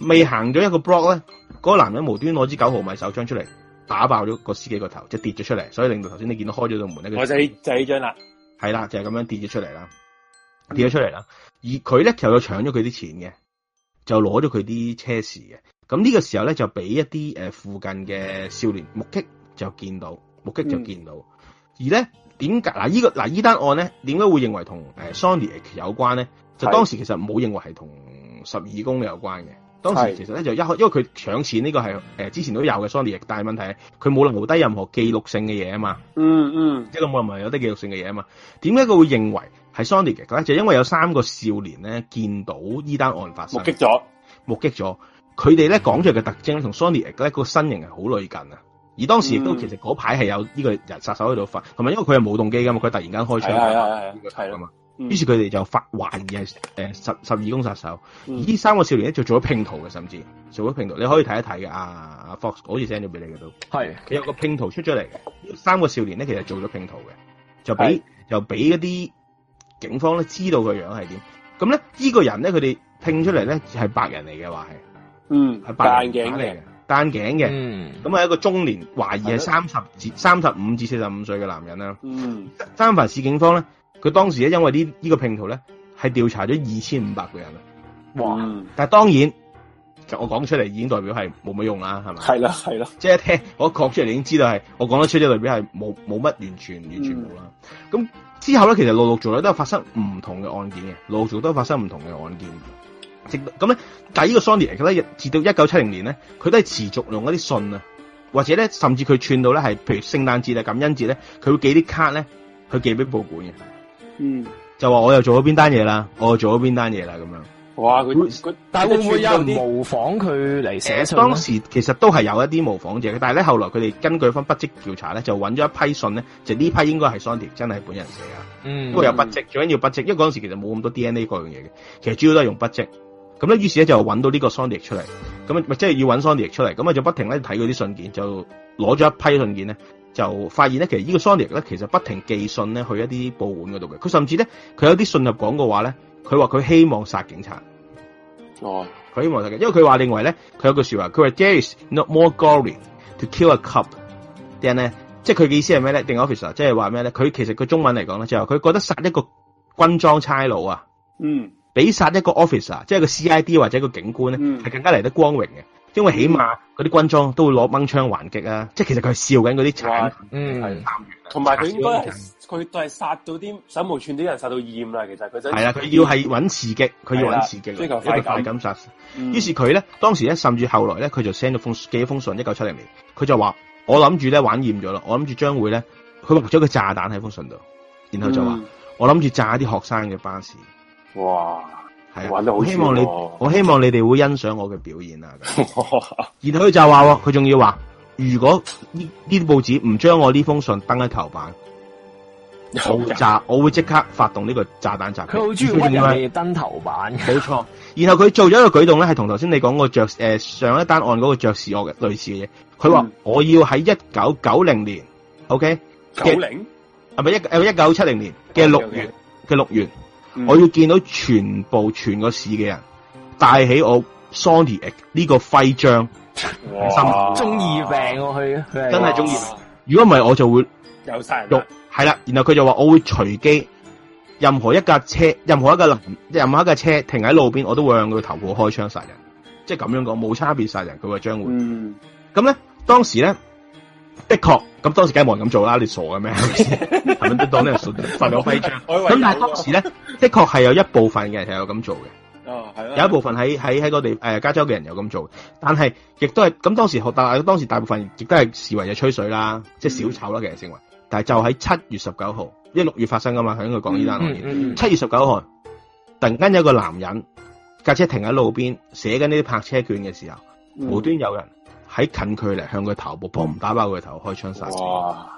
未行咗一個 block 咧，嗰、那個男人無端攞支九毫米手槍出嚟，打爆咗個司機個頭，就跌、是、咗出嚟，所以令到頭先你見到開咗道門咧。我制制槍啦，係啦，就係、是、咁、就是、樣跌咗出嚟啦，跌咗出嚟啦。而佢咧，又去搶咗佢啲錢嘅，就攞咗佢啲車匙嘅。咁呢個時候咧，就俾一啲誒附近嘅少年目擊，就見到目擊就見到。見到嗯、而咧點解嗱呢、啊這個嗱、啊這個、呢單案咧，點解會認為同誒 Zodiac 有關咧？就當時其實冇認為係同十二宮有關嘅。當時其實咧就因因為佢搶錢呢個係誒、呃、之前都有嘅 Zodiac，但係問題佢冇留低任何記錄性嘅嘢啊嘛，嗯嗯，即係冇留埋有啲記錄性嘅嘢啊嘛。點解佢會認為係 Zodiac 嘅？咧就係、因為有三個少年咧見到呢單案發生，目擊咗，目擊咗，佢哋咧講出嚟嘅特徵同 Zodiac 咧個身形係好類近啊。而當時亦都其實嗰排係有呢個人殺手喺度發，同埋因為佢係冇動機㗎嘛，佢突然間開槍，係係係，於是佢哋就發懷疑係誒十十二宮殺手，嗯、而呢三個少年咧就做咗拼圖嘅，甚至做咗拼,拼圖，你可以睇一睇嘅。阿阿的、啊、Fox 好似 send 咗俾你嘅都係，佢有個拼圖出咗嚟嘅。三個少年咧其實做咗拼圖嘅，就俾的就俾一啲警方咧知道個樣係點。咁咧呢、這個人咧佢哋拼出嚟咧係白人嚟嘅話係，嗯，係白人眼鏡嚟嘅，戴眼鏡嘅，咁係、嗯、一個中年，懷疑係三十至三十五至四十五歲嘅男人啦。嗯，三藩市警方咧。佢當時咧，因為呢呢、這個拼圖咧，係調查咗二千五百個人啊！哇！但係當然，其實我講出嚟已經代表係冇乜用啦，係咪？係啦，係啦。即係、就是、一聽我講出嚟，已經知道係我講得出嚟，代表係冇冇乜完全完全冇啦。咁、嗯、之後咧，其實陸陸續續都發生唔同嘅案件嘅，陸續都發生唔同嘅案件。咁咧，但係呢個 Sony 咧，直到一九七零年咧，佢都係持續用一啲信啊，或者咧，甚至佢串到咧係，譬如聖誕節啊、感恩節咧，佢會寄啲卡咧去寄俾報館嘅。嗯，就話我又做咗邊單嘢啦，我又做咗邊單嘢啦，咁樣。哇！佢但係會唔會有人模仿佢嚟寫信？當時其實都係有一啲模仿者，但係咧後來佢哋根據翻筆跡調查咧，就揾咗一批信咧，就呢批應該係 Sandy 真係本人寫噶。嗯，不過，因為有筆跡，最緊要筆跡，因為嗰陣時其實冇咁多 DNA 各樣嘢嘅，其實主要都係用筆跡。咁咧，於是咧就揾到呢個 Sandy 出嚟，咁咪即係要揾 Sandy 出嚟，咁啊就不停咧睇嗰啲信件，就攞咗一批信件咧。就發現咧，其實呢個 Sony 咧，其實不停寄信咧去一啲報館嗰度嘅。佢甚至咧，佢有啲信入講嘅話咧，佢話佢希望殺警察。哦，佢希望殺警察，因為佢話另外咧，佢有句說話，佢話 Jared not more glory to kill a cop 啲人咧，即係佢嘅意思係咩咧？定 officer，即係話咩咧？佢其實佢中文嚟講咧，就係佢覺得殺一個軍裝差佬啊，嗯，比殺一個 officer，即係個 CID 或者一個警官咧，係、mm. 更加嚟得光榮嘅。因為起碼嗰啲軍裝都會攞掹槍還擊啊！即係其實佢係笑緊嗰啲賊，哇嗯係。同埋佢應該佢都係殺到啲手無寸鐵人殺到厭啦，其實佢真係。係啦，佢要係揾刺激，佢要揾刺激，追求快感，一個快感殺。於、嗯、是佢咧，當時咧，甚至後來咧，佢就 send 咗封寄咗封信，一九七零年，佢就話：我諗住咧玩厭咗啦，我諗住將會咧，佢落咗個炸彈喺封信度，然後就話：嗯、我諗住炸一啲學生嘅巴士。哇！係玩，啊、希望你，我希望你哋會欣賞我嘅表演啊。然後佢就話，佢仲要話，如果呢呢啲報紙唔將我呢封信登喺頭版，好炸， 我會即刻發動呢個炸彈襲擊。佢好中意我哋登頭版冇錯， 然後佢做咗一個舉動咧，係同頭先你講嗰個爵士，誒，上一單案嗰個爵士樂嘅類似嘅嘢。佢話我要喺一九九零年，OK，九零 90?，係咪一誒一九七零年嘅六月嘅六月。 我要見到全部全個市嘅人帶起我 Sony 呢個徽章，心中意病我、啊、去真係中意。如果唔係，我就會有殺人。係啦，然後佢就話我會隨機任何一架車，任何一架車任何一架車停喺路邊，我都會向佢頭部開槍殺人，即係咁樣講，冇差別殺人。佢話將會，咁咧、嗯、當時咧。的確，咁當時梗係冇人咁做啦，你傻嘅咩？係咪 當呢個神牛飛象？咁但係當時咧， 的確係有一部分嘅人係有咁做嘅。哦，係咯。有一部分喺喺喺個地誒加州嘅人有咁做，但係亦都係咁當時學但當時大部分亦都係視為係吹水啦，即係小丑啦，嗯、其實認為。但係就喺七月十九號，因為六月發生噶嘛，頭先佢講呢單案。七月十九號，突然間有個個男人，架車停喺路邊，寫緊呢啲泊車券嘅時候，嗯、無端有人。喺近距離向佢頭部砰唔打爆佢頭，開槍殺。哇！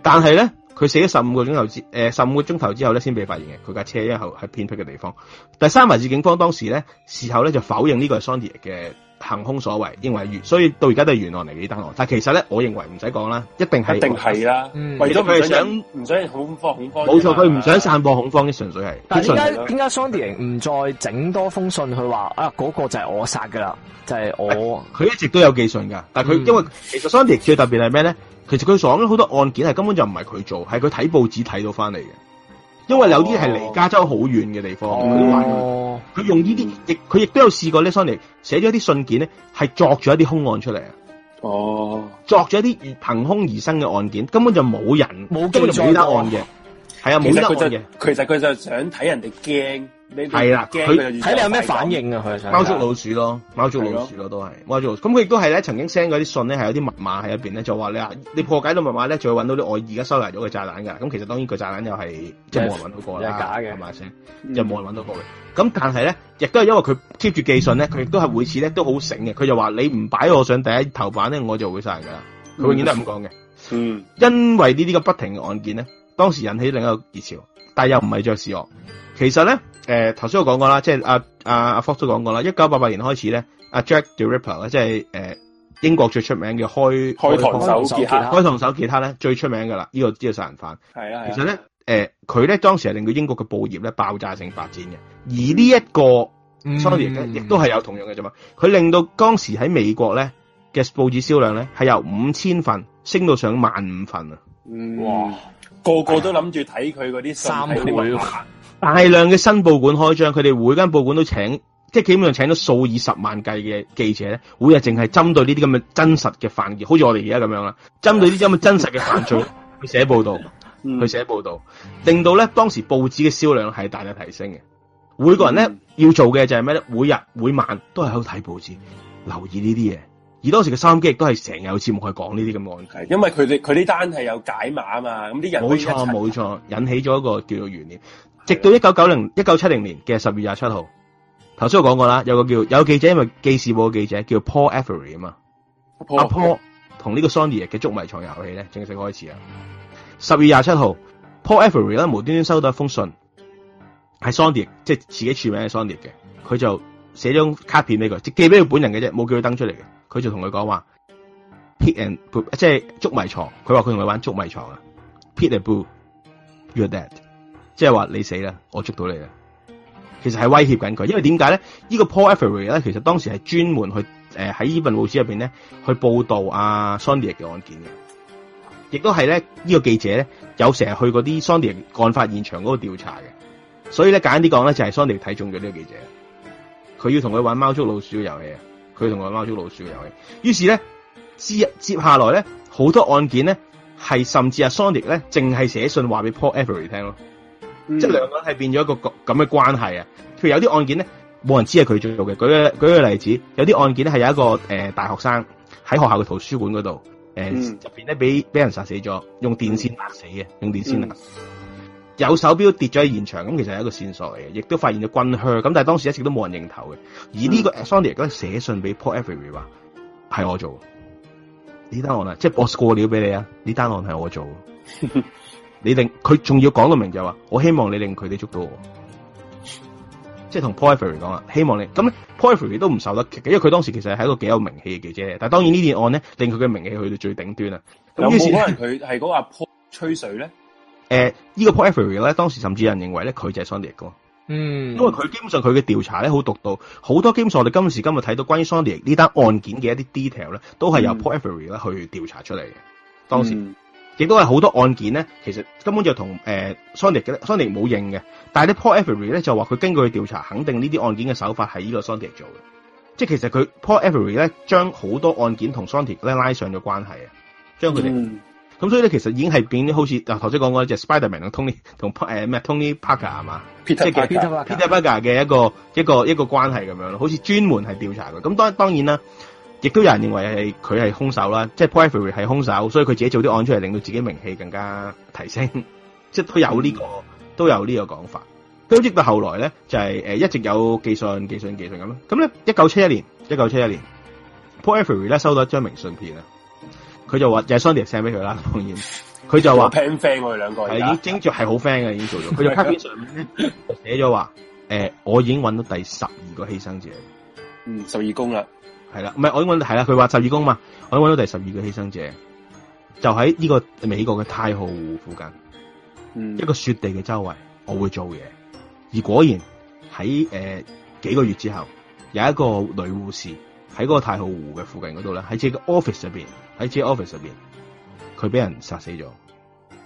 但係咧，佢死咗十五個鐘頭之，誒十五個鐘頭之後咧，先被發現嘅。佢架車因為喺偏僻嘅地方。第三維治警方當時咧，事後咧就否認呢個係 Sonny 嘅行兇所為，認為原所以到而家都係原來嚟嘅。但係其實咧，我認為唔使講啦，一定係一定係啦。為咗佢、嗯、想唔、嗯、想恐慌，恐慌冇錯，佢唔想散播恐慌，純粹係。但係點解點解 Sandy 唔再整多封信？佢話啊，嗰、嗰個就係我殺噶啦，就係、係、我。佢一直都有寄信噶，但係佢、嗯、因為其實 Sandy 最特別係咩咧？其實佢講咗好多案件係根本就唔係佢做，係佢睇報紙睇到翻嚟嘅。因為有啲係離加州好遠嘅地方，佢佢、哦、用呢啲，亦佢亦都有試過。Sony 寫咗一啲信件咧，係作咗一啲兇案出嚟。哦，作咗一啲憑空而生嘅案件，根本就冇人，沒根本就冇得案嘅，係啊，冇得案，其實佢就係想睇人哋驚。係啦，佢睇你，你有咩反應啊！佢貓捉老鼠咯，貓捉老鼠咯，都係貓捉老鼠。咁佢亦都係咧，曾經 send 嗰啲信咧，係有啲密碼喺入邊咧，就話你啊，你破解到密碼咧，就會揾到啲我而家收埋咗嘅炸彈噶。咁其實當然佢炸彈又係是即係冇人揾到個嘅，係假嘅，係咪先？又冇人揾到個。咁但係咧，亦都係因為佢 keep 住寄信咧，佢亦都係每次咧都好醒嘅。佢就話：你唔擺我上第一頭版咧，我就會殺人㗎。佢永遠都係咁講嘅。嗯，因為呢啲咁不停嘅案件咧，當時引起另一個熱潮，但係又唔係爵士樂哦。其實咧。誒，頭先、呃、我講過啦，即係阿阿阿 Fox 都講過啦，一九八八年開始咧，阿、啊、Jack the Ripper 即係誒、呃、英國最出名嘅開開膛手傑克，開膛手傑克咧最出名噶啦，呢、這個知道殺人犯。係啊，其實咧，誒佢咧當時係令到英國嘅報業咧爆炸性發展嘅，而呢一個 story 亦都係有同樣嘅啫嘛。佢令到當時喺美國咧嘅報紙銷量咧係由五千份升到上萬五份啊！嗯、哇，個個都諗住睇佢嗰啲三大量嘅新報館開張，佢哋每間報館都請，即係基本上請咗數以十萬計嘅記者咧，每日淨係針對呢啲咁嘅真實嘅犯案，好似我哋而家咁樣啦，針對呢啲咁嘅真實嘅犯罪去寫報道，嗯、去寫報道，令到咧當時報紙嘅銷量係大大提升嘅。每個人咧、嗯、要做嘅就係咩咧？每日每晚都係喺度睇報紙，留意呢啲嘢。而當時嘅收音機亦都係成日有節目去講呢啲咁嘅案例，因為佢哋佢呢單係有解碼啊嘛，咁啲人冇錯冇錯，引起咗一個叫做懸念。直到一九九零一九七零年嘅十月廿七號，頭先我講過啦，有個叫有個記者，因為《記事報》嘅記者叫 Paul Avery 啊嘛，阿 Paul 同呢、啊、個 Sony 嘅捉迷藏遊戲咧正式開始啊！十月廿七號，Paul Avery 咧無端端收到一封信，係 Sony 即係自己署名係 Sony 嘅，佢就寫張卡片俾佢，即係寄俾佢本人嘅啫，冇叫佢登出嚟嘅。佢就同佢講話，Peek-a-boo 即係捉迷藏，佢話佢同佢玩捉迷藏啊，Peek-a-boo，you're dead 即係話你死啦，我捉到你啦。其實係威脅緊佢，因為點解呢？呢、這個 Paul Avery 呢，其實當時係專門去誒喺呢份報紙入面呢去報導阿、啊、Sondy 嘅案件嘅，亦都係呢、這個記者呢，有成日去嗰啲 Sondy 案發現場嗰個調查嘅，所以呢，簡單啲講呢，就係、是、Sondy 睇中咗呢個記者，佢要同佢玩貓捉老鼠嘅遊戲啊！佢同佢玩貓捉老鼠嘅遊戲，於是呢，接下來呢，好多案件呢，係甚至阿 Sondy 呢，淨係寫信話俾 Paul Avery 聽咯。嗯、即係兩個係變咗一個咁嘅關係啊！譬如有啲案件咧，冇人知係佢做做嘅。舉個舉個例子，有啲案件咧係有一個誒、呃、大學生喺學校嘅圖書館嗰度，誒入邊咧俾俾人殺死咗，用電線勒死嘅，用電線啊，嗯、有手錶跌咗喺現場，咁其實係一個線索嚟嘅，亦都發現咗軍靴，咁但係當時一直都冇人認頭嘅。而呢個 s o n y 嗰個寫信俾 Paul Avery 話係我做的，呢單案啊，即係我過料俾你啊，呢單案係我做。 你令佢仲要講到明就話，我希望你令佢哋捉到我，即係同 Poverty 講啦，希望你咁 Poverty 都唔受得氣嘅，因為佢當時其實係喺一個幾有名氣嘅記者。但係當然件呢件案咧令佢嘅名氣去到最頂端啦。咁於是可能佢係嗰個阿 Po 吹水咧。誒、呃，這個、呢個 Poverty 咧，當時甚至有人認為咧，佢就係 Sonny 嘅。嗯。因為佢基本上佢嘅調查咧，好獨到好多，基本上我哋今時今日睇到關於 Sonny 呢單案件嘅一啲 detail 咧，都係由 Poverty 咧去調查出嚟嘅。當時、嗯。嗯亦都係好多案件咧，其實根本就同、呃、Sonic 嘅 Sonic 冇認嘅，但係啲 Paul Avery 咧就話佢根據調查肯定呢啲案件嘅手法係呢個 Sonic 做嘅，即係其實佢 Paul Avery 咧將好多案件同 Sonic 咧拉上咗關係啊，將佢哋咁，所以咧其實已經係變好似啊頭先講過嗰隻 Spiderman 同 Tony 同咩 Tony Parker 係嘛，即 e 嘅 Peter Parker 嘅一個 一個一個一個關係咁樣咯，好似專門係調查嘅，咁當當然啦。亦都有人認為係佢係兇手啦，即係 Paul Avery 係兇手，所以佢自己做啲案出嚟，令到自己名氣更加提升，即係都有呢個、嗯、都有呢個講法。都直到後來咧，就係誒一直有寄信、寄信、寄信咁咯。咁咧一九七一年，一九七一年 Paul Avery 咧收到一張明信片啊，佢就話就係 Sandy send 俾佢啦，當然佢就話 pen friend 我哋兩個係已經做係好 friend 嘅，已經做咗。佢就卡片上面 寫咗話誒，我已經揾到第十二個犧牲者，嗯，十二公啦。係啦，唔係我我係啦，佢話十二宮嘛，我揾到第十二個犧牲者，就喺呢個美國嘅太浩湖附近，嗯、一個雪地嘅周圍，我會做嘢。而果然喺誒、呃、幾個月之後，有一個女護士喺嗰個太浩湖嘅附近嗰度咧，喺自己 office 入邊，喺自己 office 入邊，佢俾人殺死咗，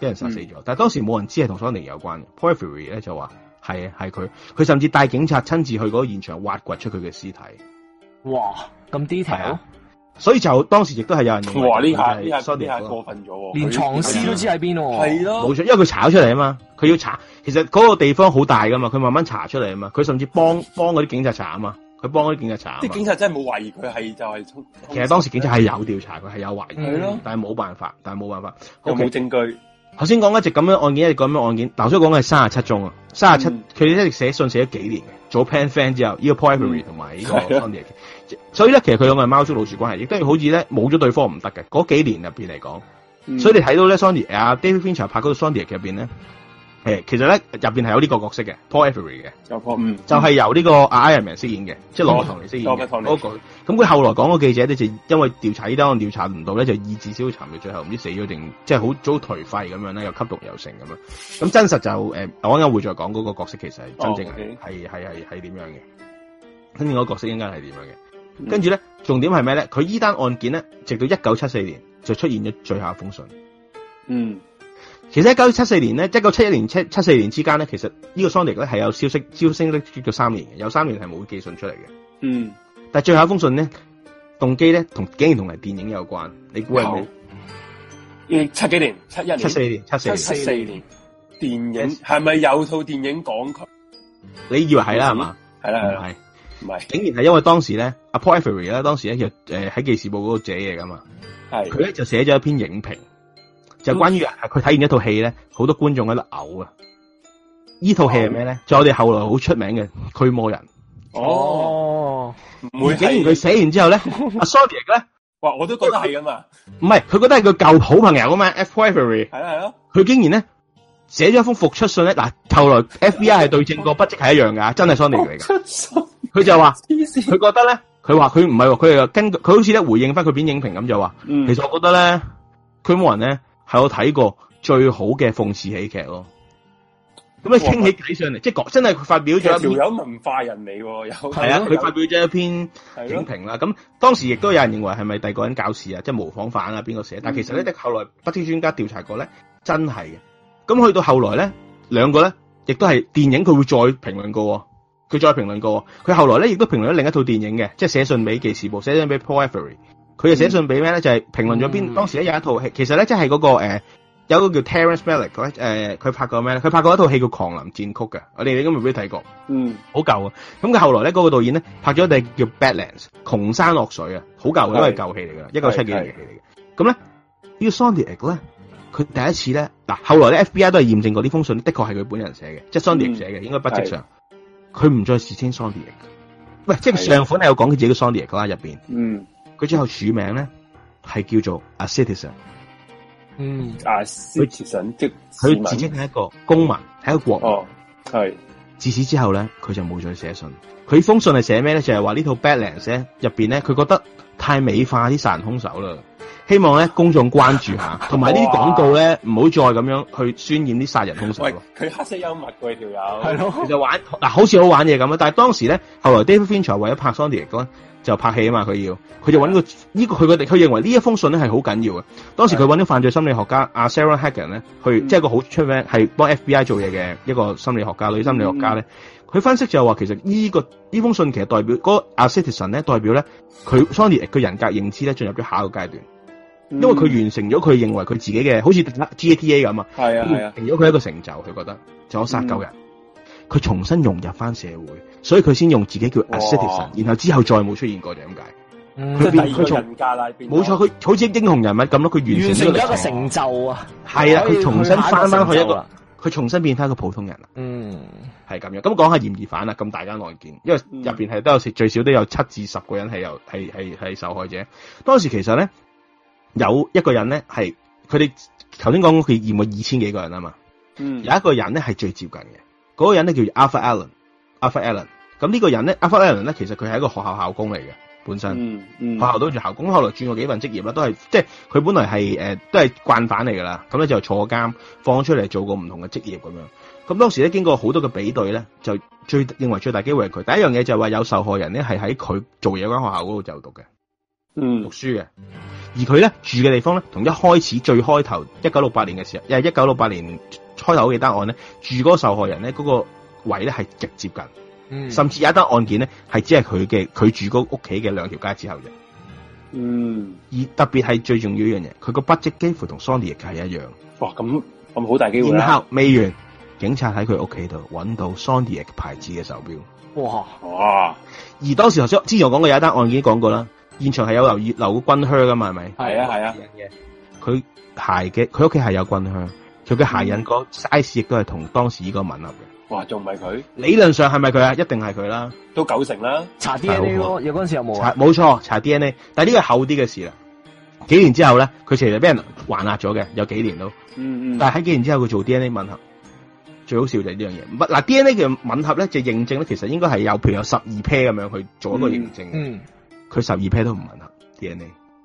俾人殺死咗。嗯、但係當時冇人知係同桑尼有關嘅，Porphyry 咧就話係係佢，佢甚至帶警察親自去嗰個現場挖掘出佢嘅屍體。哇！咁 detail，所以就當時亦都係有人話呢下呢下呢下過分咗，連藏屍都知喺邊咯。係咯，冇錯，因為佢查出嚟啊嘛，佢要查。其實嗰個地方好大噶嘛，佢慢慢查出嚟啊嘛。佢甚至幫幫嗰啲警察查啊嘛，佢幫嗰啲警察查。啲警察真係冇懷疑佢係就係。其實當時警察係有調查，佢係有懷疑，係咯，但係冇辦法，但係冇辦法，又冇證據。頭先講一直咁樣案件，一直咁樣案件。嗱，我想講係三十七宗啊，三十七，佢一直寫信寫咗幾年做 pen friend 之後，呢個 p o i m a r y 同埋呢個 c 所以咧，其實佢兩個係貓捉老鼠關係，亦都要好似咧冇咗對方唔得嘅。嗰幾年入邊嚟講，嗯、所以你睇到咧，Sonia 啊，David Fincher 拍嗰套 Sonia 入邊咧，誒，其實咧入邊係有呢個角色嘅，Paul Avery 嘅，po 就係由呢個 Ironman 飾演嘅，嗯、即係羅伯唐尼飾演。羅咁佢後來講個記者咧，就因為調查呢單案調查唔到咧，就意志消沉，最後唔知死咗定即係好早頹廢咁樣咧，又吸毒又成咁樣。咁真實就誒，我啱啱會再講嗰個角色其實係真正係係係係點樣嘅，跟住嗰個角色應該係點樣嘅。跟住咧，重點係咩咧？佢依單案件咧，直到一九七四年就出現咗最後一封信。嗯，其1974 1974，其實一九七四年咧，一九七一年、七七四年之間咧，其實呢個桑迪咧係有消息，消息咧叫咗三年嘅。有三年係冇寄信出嚟嘅。嗯，但係最後一封信咧，動機咧同竟然同埋電影有關，你估係咪？一七幾年，七一年、七四年、七四年、七、七四年，電影係咪 Yes. 有套電影講佢？你以為係啦，係嘛？係啦，係啦，係。唔係，竟然係因為當時咧，阿 Poyer 咧，當時咧就誒喺《記事報》嗰度寫嘢噶嘛，係佢咧就寫咗一篇影評，就關於佢睇完一套戲咧，好多觀眾喺度嘔啊！呢套戲係咩咧？就我哋後來好出名嘅《驅魔人》哦。唔會，竟然佢寫完之後咧，阿 Sonia 咧，哇，我都覺得係噶嘛，唔係佢覺得係個舊好朋友啊嘛，Foyer 係啊，係啊。佢竟然咧寫咗一封覆出信咧，嗱，後來 FBI 係對證過，筆跡係一樣噶，真係 Sonia 嚟嘅。佢就話，佢覺得咧，佢話佢唔係喎，佢根、哦、跟佢好似咧回應翻佢片影評咁就話，嗯、其實我覺得咧，呢《驅魔人》咧係我睇過最好嘅諷刺喜劇咯、哦。咁你傾起偈上嚟哇，即係真係佢發表咗一篇文化人嚟，有係啊，佢發表咗一篇影評啦。咁的當時亦都有人認為係咪第二個人搞事啊，即係模仿犯啊，邊個寫？但係其實咧，後後來筆跡專家調查過咧，真係嘅。咁去到後來咧，兩個咧亦都係電影佢會再評論過、哦。佢再評論過，佢後來咧亦都評論咗另一套電影嘅，即係寫信俾《紀事報》，寫信俾 Paul Avery。佢就寫信俾咩咧？就係評論咗邊當時咧有一套戲，其實咧即係嗰個、呃、有個叫 Terrence Malick、呃、佢拍過咩咧？佢拍過一套戲叫《狂林戰曲》嘅。我哋你咁未必睇過，嗯，好舊啊。咁佢後，後來咧嗰、嗰個導演咧拍咗第叫 bad lands, 窮《Badlands》窮山落水啊，好舊都係舊戲嚟㗎啦，一九七幾年嘅戲嚟嘅。咁咧呢個 Zodiac 咧，佢第一次咧嗱，後來咧 F.B.I 都係驗證過呢封信的確係佢本人寫嘅，對即係 Zodiac 寫嘅，應該不正常。佢唔再自稱 sony 喂，即係上款係有講佢自己嘅桑迪嘅話入邊，佢、嗯、之後署名咧係叫做阿 citizen 嗯，阿 citizen，佢自稱即係佢自稱係一個公民，係、嗯、一個國，係、哦。自此之後咧，佢就冇再寫信。佢封信係寫咩咧？就係、是、話呢套《Badlands》咧入面，咧，佢覺得太美化啲殺人兇手啦，希望咧公眾關注下，同埋呢啲廣告咧唔好再咁樣去渲染啲殺人兇手。佢黑色幽默嘅條友，咯、這個， 其實玩嗱好似好玩嘢咁樣，但係當時咧，後來 David Fincher 為咗拍《Zodiac》咧。就拍戲啊嘛，佢要，佢就揾個呢個佢個，佢、嗯這個、認為呢一封信咧係好緊要嘅。當時佢揾啲犯罪心理學家阿的、啊、Sarah Hagen 咧，去、嗯、即係個好出名，係幫 FBI 做嘢嘅一個心理學家、女心理學家咧。佢、嗯、分析就話，其實呢、這個呢封信其實代表嗰個 Citizen 咧，代表咧佢 Sonny 佢人格認知咧進入咗下一個階段，嗯、因為佢完成咗佢認為佢自己嘅，好似 GATA 咁啊。係啊係啊，完咗佢一個成就，佢覺得，就我殺夠人，佢、嗯、重新融入翻社會。所以佢先用自己叫 a citizen, 哇然後之後再冇出現過就咁解。佢、這個嗯、變佢從冇錯，佢好似英雄人物咁咯。佢完成咗一個成就啊！係啊，佢以重新翻翻去一個，佢重新變翻一個普通人啊。嗯，係咁樣。咁講下嫌疑犯啊，咁大件案件，因為入邊係都有最少都有七至十個人係由係係係受害者。當時其實咧有一個人咧係，佢哋頭先講佢嫌過二千幾個人啊嘛。有一個人咧係、嗯、最接近嘅，嗰、那個人咧叫做 Arthur Allen，Arthur Allen。咁呢個人咧，阿弗雷倫咧，其實佢係一個學校校工嚟嘅本身。嗯嗯、學校都做校工，後來轉過幾份職業啦，都係即係佢本來係誒、呃、都係慣犯嚟㗎啦。咁咧就坐監放出嚟，做過唔同嘅職業咁樣。咁當時咧經過好多嘅比對咧，就最認為最大機會係佢，第一樣嘢就係話有受害人咧係喺佢做嘢嗰間學校嗰度就讀嘅，嗯，讀書嘅。而佢咧住嘅地方咧，同一開始最開頭一九六八年嘅時候，又係一九六八年開頭嗰幾單案咧住嗰個受害人咧嗰、嗰個位咧係直接近。嗯、甚至有一單案件咧，係只係佢嘅佢住嗰屋企嘅兩條街之後嘅。嗯。而特別係最重要的一樣嘢，佢個筆跡幾乎同 Zodiac 亦係一樣。哇！咁咁好大機會呢。然後未完，警察喺佢屋企度揾到 Zodiac 嘅、嗯找到嗯、牌子嘅手錶。哇！啊、而當時頭先之前我講過有一單案件講過啦，現場係有留意留軍靴㗎嘛？係咪？係啊係啊。佢、啊啊、鞋嘅佢屋企係有軍靴，佢嘅鞋印個 size 亦都係同當時呢個吻合嘅。哇，仲唔係佢？理論上係咪佢啊？一定係佢啦，都九成啦。查 D N A 咯，有嗰陣時有冇查？冇錯，查 D N A，但呢個係厚啲嘅事啦。幾年之後咧，佢其實俾人還壓咗嘅，有幾年都。嗯嗯。嗯但係喺幾年之後，佢做 D N A 吻合，最好笑就係、啊、呢樣嘢。唔係，嗱 D N A 嘅吻合咧，就認證咧，其實應該係有，譬如有十二 pair 咁樣去做一個認證嗯。嗯。佢十二 pair 都唔吻合 D N A。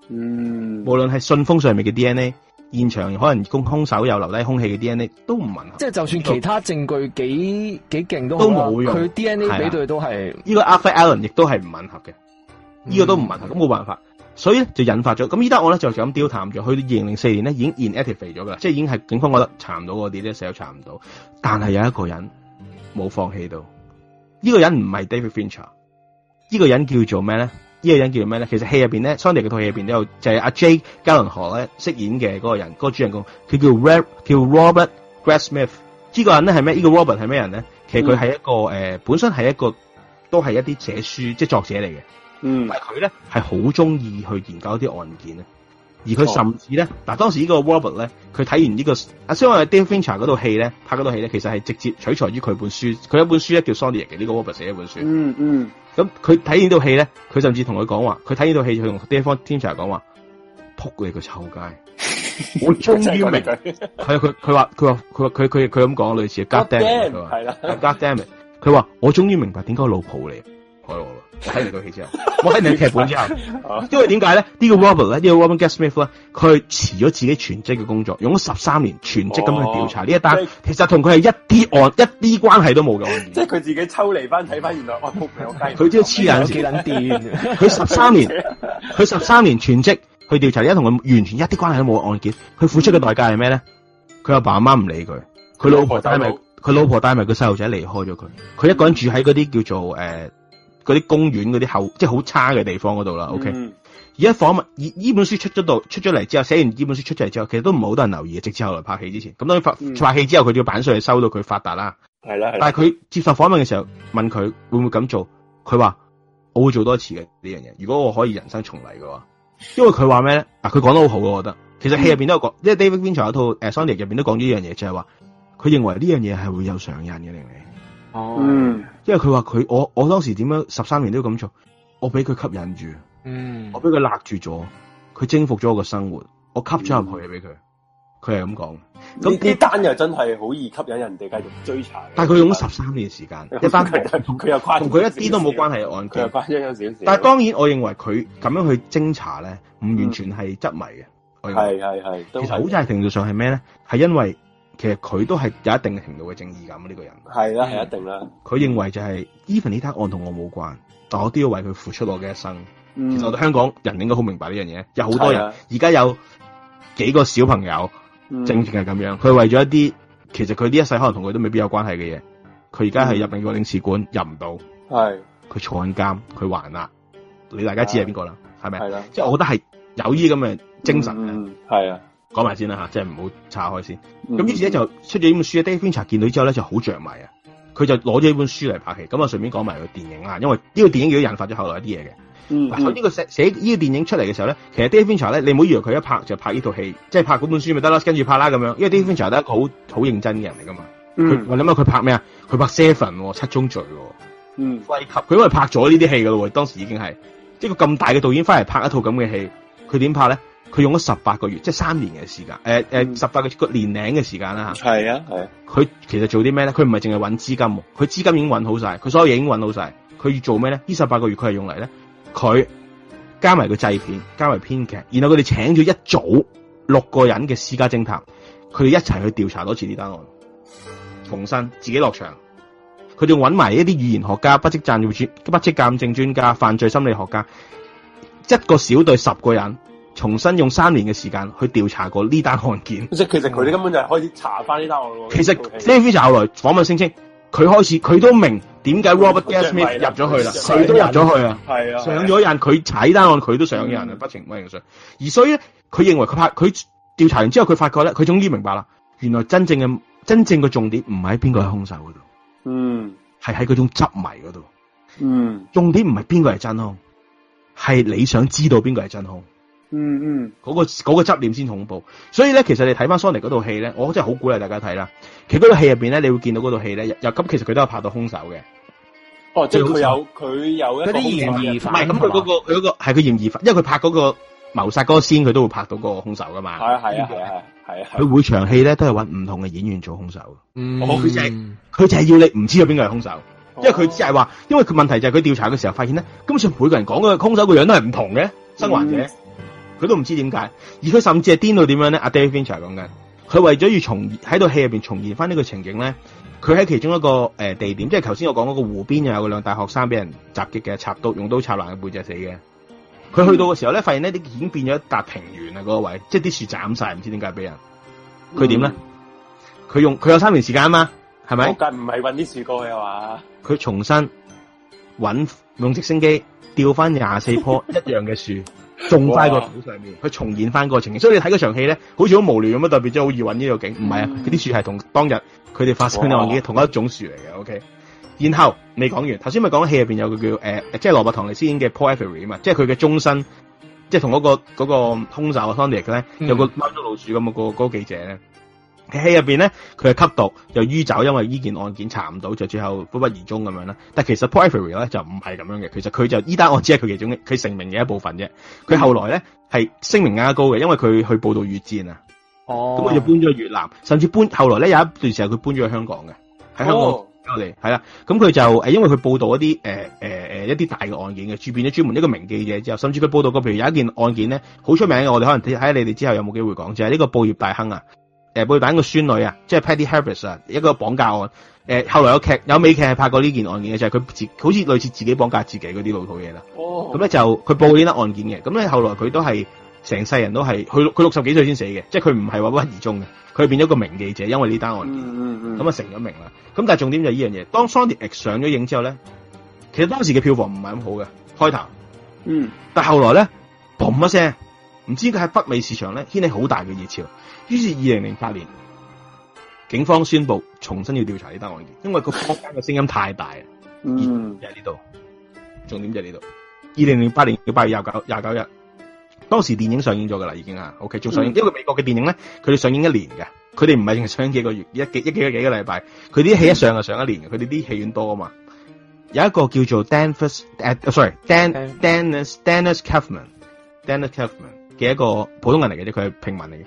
嗯。無論係信封上面嘅 D N A。現場可能公兇手又留低空氣嘅 D N A 都唔吻合，即係就算其他證據幾幾勁都都冇用，佢 D N A 的比對都係呢個阿 l 艾倫亦都係唔吻合嘅，呢、嗯、個都唔吻合，咁冇辦法，所以咧就引發咗。咁依家我咧就咁刁探咗，佢二零零四年咧已經 i n a c t i v e 咗噶啦，即係已經係警方覺得查唔到嗰啲咧，死都查唔到。但係有一個人冇放棄到，呢、這個人唔係 David Fincher，呢個人叫做咩咧？呢個人叫咩咧？其實戲入邊咧，Zodiac 嗰套戲入邊都有，就係、是、阿 J 加倫河咧飾演嘅嗰個人，嗰、那個主人公，佢叫 Rap 叫 Robert Graysmith。呢、這個人咧係咩？呢、這個 Robert 係咩人咧？其實佢係一個誒、嗯呃，本身係一個都係一啲寫書即係作者嚟嘅。嗯，但係佢咧係好中意去研究一啲案件他、哦、啊。而佢甚至咧，嗱當時呢個 Robert 咧，佢睇完、這個啊、相當於那戲呢個阿雖然係 David Fincher 嗰套戲咧拍嗰套戲咧，其實係直接取材於佢本書。佢一本書咧叫 Zodiac 嘅，呢、這個 Robert 寫一本書。嗯嗯。嗯咁佢睇呢套戲咧，佢甚至同佢講話，佢睇呢套戲就用第三方天材講話，仆你個臭街， 我終於明白，係啊， 佢佢話佢話佢話佢佢佢咁講類似，God damn，係啦，God damn，佢話我終於明白點解我老婆嚟，開睇完套戲之後，我睇完劇本之後，因為點解咧？呢個 Robert 咧，呢個 Robert Graysmith 咧，佢辭咗自己全職嘅工作，用咗十三年全職咁去調查呢一單，其實同佢係一啲案一啲關係都冇嘅案件。即係佢自己抽離翻，睇翻原來佢真係黐緊線，幾撚癲啊！佢十三年，佢十三年全職去調查，而家同佢完全一啲關係都冇嘅案件。佢付出嘅代價係咩咧？佢阿爸阿媽唔理佢，佢老婆帶埋佢老婆帶埋個細路仔離開咗佢，佢一個人住喺嗰啲叫做誒。嗰啲公園嗰啲後，即係好差嘅地方嗰度啦，OK、嗯。而家訪問，而呢本書出咗度出咗嚟之後，寫完呢本書出咗嚟之後，其實都唔係好多人留意嘅，直至後來拍戲之前。咁到佢拍戲之後，佢要版稅收到佢發達啦。係啦。但係佢接受訪問嘅時候問佢會唔會咁做，佢話：我會做多次嘅呢樣嘢。如果我可以人生重嚟嘅話，因為佢話咩咧？嗱、啊，佢講得好好嘅，我覺得。其實戲入邊都有講，即係、嗯、David Fincher 有套《誒、呃、Sonny》入邊都講呢樣嘢，就係話佢認為呢樣嘢係會有上癮嘅嚟。你哦，因為佢話佢我我當時點樣十三年都要咁做，我俾佢吸引住，嗯，我俾佢勒住咗，佢征服咗我個生活，我吸咗入去俾佢，佢係咁講，咁啲單又真係好易吸引人哋繼續追查。但係佢用咗十三年時間，一單佢又關，同佢一啲都冇關係嘅案，佢係誇張咗少少。但係當然我認為佢咁樣去偵查咧，唔完全係執迷嘅，係係係，其實好在程度上係咩咧？係因為。其實佢都係有一定程度嘅正義感呢、呢個人係啦，係一定啦。佢認為就係 even 呢單案同我冇關，但我都要為佢付出我嘅一生。嗯、其實我哋香港人應該好明白呢樣嘢，有好多人而家的有幾個小朋友，嗯、正正係咁樣。佢為咗一啲其實佢呢一世可能同佢都未必有關係嘅嘢，佢而家係入緊個領事館入唔到，係佢、嗯、坐緊監，佢還啦。你大家知係邊個啦？係咪？係啦。即係我覺得係有呢啲咁嘅精神嘅，係啊、嗯。講埋先啦吓，即係唔好拆開先。咁於、mm hmm. 是咧就出咗呢本書 David Fincher 見到之後咧就好着迷啊。佢就攞咗呢本書嚟拍戲。咁啊，順便講埋個電影啦，因為呢個電影亦都引發咗後來一啲嘢嘅。呢、mm hmm. 啊、個寫呢、這個電影出嚟嘅時候咧，其實 David Fincher 咧，你唔好以為佢一拍就拍呢套戲，即、就、係、是、拍嗰本書咪得啦，跟住拍啦咁樣。因為 David Fincher 係一個好好認真嘅人嚟噶嘛。我諗下佢拍咩啊？佢拍 Seven 七宗罪、啊。嗯、mm。貴、hmm. 佢因為拍咗呢啲戲噶喎，當時已經係一個咁大嘅導演，翻嚟拍一套咁嘅戲，佢點拍咧？佢用咗十八個月，即係三年嘅時間。誒、呃、誒，十八個月，個年零嘅時間啦嚇。係啊、嗯，係啊。佢其實做啲咩咧？佢唔係淨係揾資金，佢資金已經揾好晒，佢所有嘢已經揾好晒。佢要做咩咧？呢十八個月佢係用嚟咧，佢加埋個製片，加埋編劇，然後佢哋請咗一組六個人嘅私家偵探，佢哋一齊去調查多次呢單案。重新自己落場，佢仲揾埋一啲語言學家、筆跡鑑證筆跡鑑證專家、犯罪心理學家，一個小隊十個人。重新用三年嘅時間去調查過呢單案件，即係其實佢哋根本就係開始查翻呢單案咯。嗯、其實 Nevy Okay .就後來訪問聲稱，佢開始佢都明點解 Robert Gasman 入咗去啦，佢都入咗去啊，上咗人佢踩單案，佢都上咗人啊，嗯、不情不願嘅上。而所以咧，佢認為佢拍佢調查完之後，佢發覺咧，佢終於明白啦，原來真正嘅真正嘅重點唔係喺邊個係凶手嗰度，嗯，係喺嗰種執迷嗰度，嗯，重點唔係邊個係真兇，係你想知道邊個係真兇。嗯嗯，嗰、嗯那個嗰、那個執念先恐怖，所以咧，其實你睇翻 Sony 嗰套戲咧，我真係好鼓勵大家睇啦。其實嗰套戲入邊咧，你會見到嗰套戲咧，又咁其實佢都有拍到凶手嘅。哦，即係佢有佢手有一啲嫌疑犯，唔係咁佢嗰個佢個係佢嫌疑犯，因為佢拍嗰個謀殺嗰個先，佢都會拍到個凶手噶嘛。係啊係啊，係啊，佢、啊啊、每場戲咧都係搵唔同嘅演員做凶手。嗯，佢就係、是、佢就係要你唔知道邊個係凶手、嗯因，因為佢只係話，因為佢問題就係佢調查嘅時候發現咧，基本上每個人講嘅凶手個樣都係唔同嘅生還者。佢都唔知點解，而佢甚至係癲到點樣咧？阿 David Fincher 講緊，佢為咗要重喺度戲入邊重現翻呢個情景咧，佢喺其中一個誒、呃、地點，即係頭先我講嗰個湖邊，又有兩大學生俾人襲擊嘅，插刀用刀插爛個背脊死嘅。佢去到嘅時候咧，發現呢啲已經變咗一笪平原啊，嗰個位，即係啲樹斬晒，唔知點解俾人。佢點咧？佢、嗯、用佢有三年時間啊嘛，係咪？唔係搵啲樹過去啊？佢重新搵用直升機吊翻廿四棵一樣嘅樹。 種喺個土上面，佢哇重現翻個情景，所以你睇嗰場戲咧，好似好無聊咁啊！特別真係好易搵呢個景。唔係啊，啲樹係同當日佢哋發生嘅案件同一種樹嚟嘅。哇 o、okay? K，然後未講完，頭先咪講咗戲入邊有個叫誒，即係羅伯唐尼先演嘅 Poverty 啊嘛，即係佢嘅終身，即係同嗰個嗰、那個通 t o n d y 咧，嗯、有個貓捉老鼠咁嘅、那個嗰幾、那個、記者咧。佢喺入邊咧，佢係吸毒又於走，因為呢件案件查唔到，就最後鬱鬱而終咁樣啦。但其實 Poirier 咧就唔係咁樣嘅，其實佢就依單案只係佢其中佢成名嘅一部分啫。佢後來咧係聲名更高嘅，因為佢去報道越戰啊，哦，咁佢就搬咗去越南，甚至搬後來咧有一段時候佢搬咗去香港嘅，喺香港過嚟係啦。咁佢、oh. 就誒因為佢報道一啲誒誒誒一啲大嘅案件嘅，轉變咗專門一個名記者之後，甚至佢報道個譬如有一件案件咧好出名嘅，我哋可能睇下你哋之後有冇機會講，就係呢個報業大亨啊！誒貝蒂個孫女啊，即係 p a d d y Hearst 啊，一個綁架案。誒、呃、後來有劇有美劇係拍過呢件案件嘅，就係、是、佢自好似類似自己綁架自己嗰啲老套嘢啦。哦。咁咧就佢報呢單案件嘅，咁咧後來佢都係成世人都係佢佢六十幾歲先死嘅，即係佢唔係為屈而中嘅，佢變咗個名記者，因為呢單案件。咁啊、嗯嗯、成咗名啦。咁但係重點就係呢樣嘢，當 Sondy X 上咗映之後咧，其實當時嘅票房唔係咁好嘅開頭。嗯。但係後來咧，砰一聲，唔知佢喺北美市場咧掀起好大嘅熱潮。於是二零零八年，警方宣布重新要調查呢單案件，因為個坊間嘅聲音太大啦。嗯，就喺呢度，重點就喺呢度。二零零八年嘅八月廿九廿九日，當時電影上映咗噶啦，已經啊。OK，仲上映，嗯、因為美國嘅電影咧，佢哋上映一年嘅，佢哋唔係淨係上映幾個月，一幾一幾個幾個禮拜，佢啲戲一上就上一年嘅，佢哋啲戲院多啊嘛。有一個叫做 Danfus 誒 Dan, uh, sorry, Dan, Dennis, Dennis Kaufman, Dennis Kaufman 嘅一個普通人嚟嘅啫，佢係平民嚟嘅。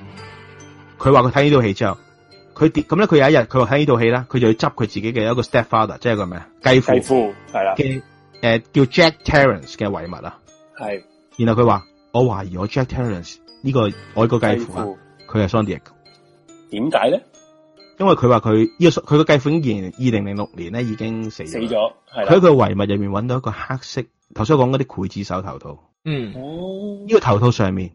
佢話佢睇呢套戲之後，佢咁咧。佢有一日，佢話睇呢套戲啦，佢就要執佢自己嘅一個 stepfather，即係個咩？繼父係啦誒叫 Jack Terence 嘅遺物啦。係的。然後佢話：我懷疑我 Jack Terence 呢、這個我、這個繼父，佢係 Zodiac 嘅。點解咧？他為呢因為佢話佢呢個佢個繼父喺二零零六年咧已經死了死咗，喺佢嘅遺物入面搵到一個黑色頭先講嗰啲劊子手頭套。嗯，呢、哦、個頭套上面。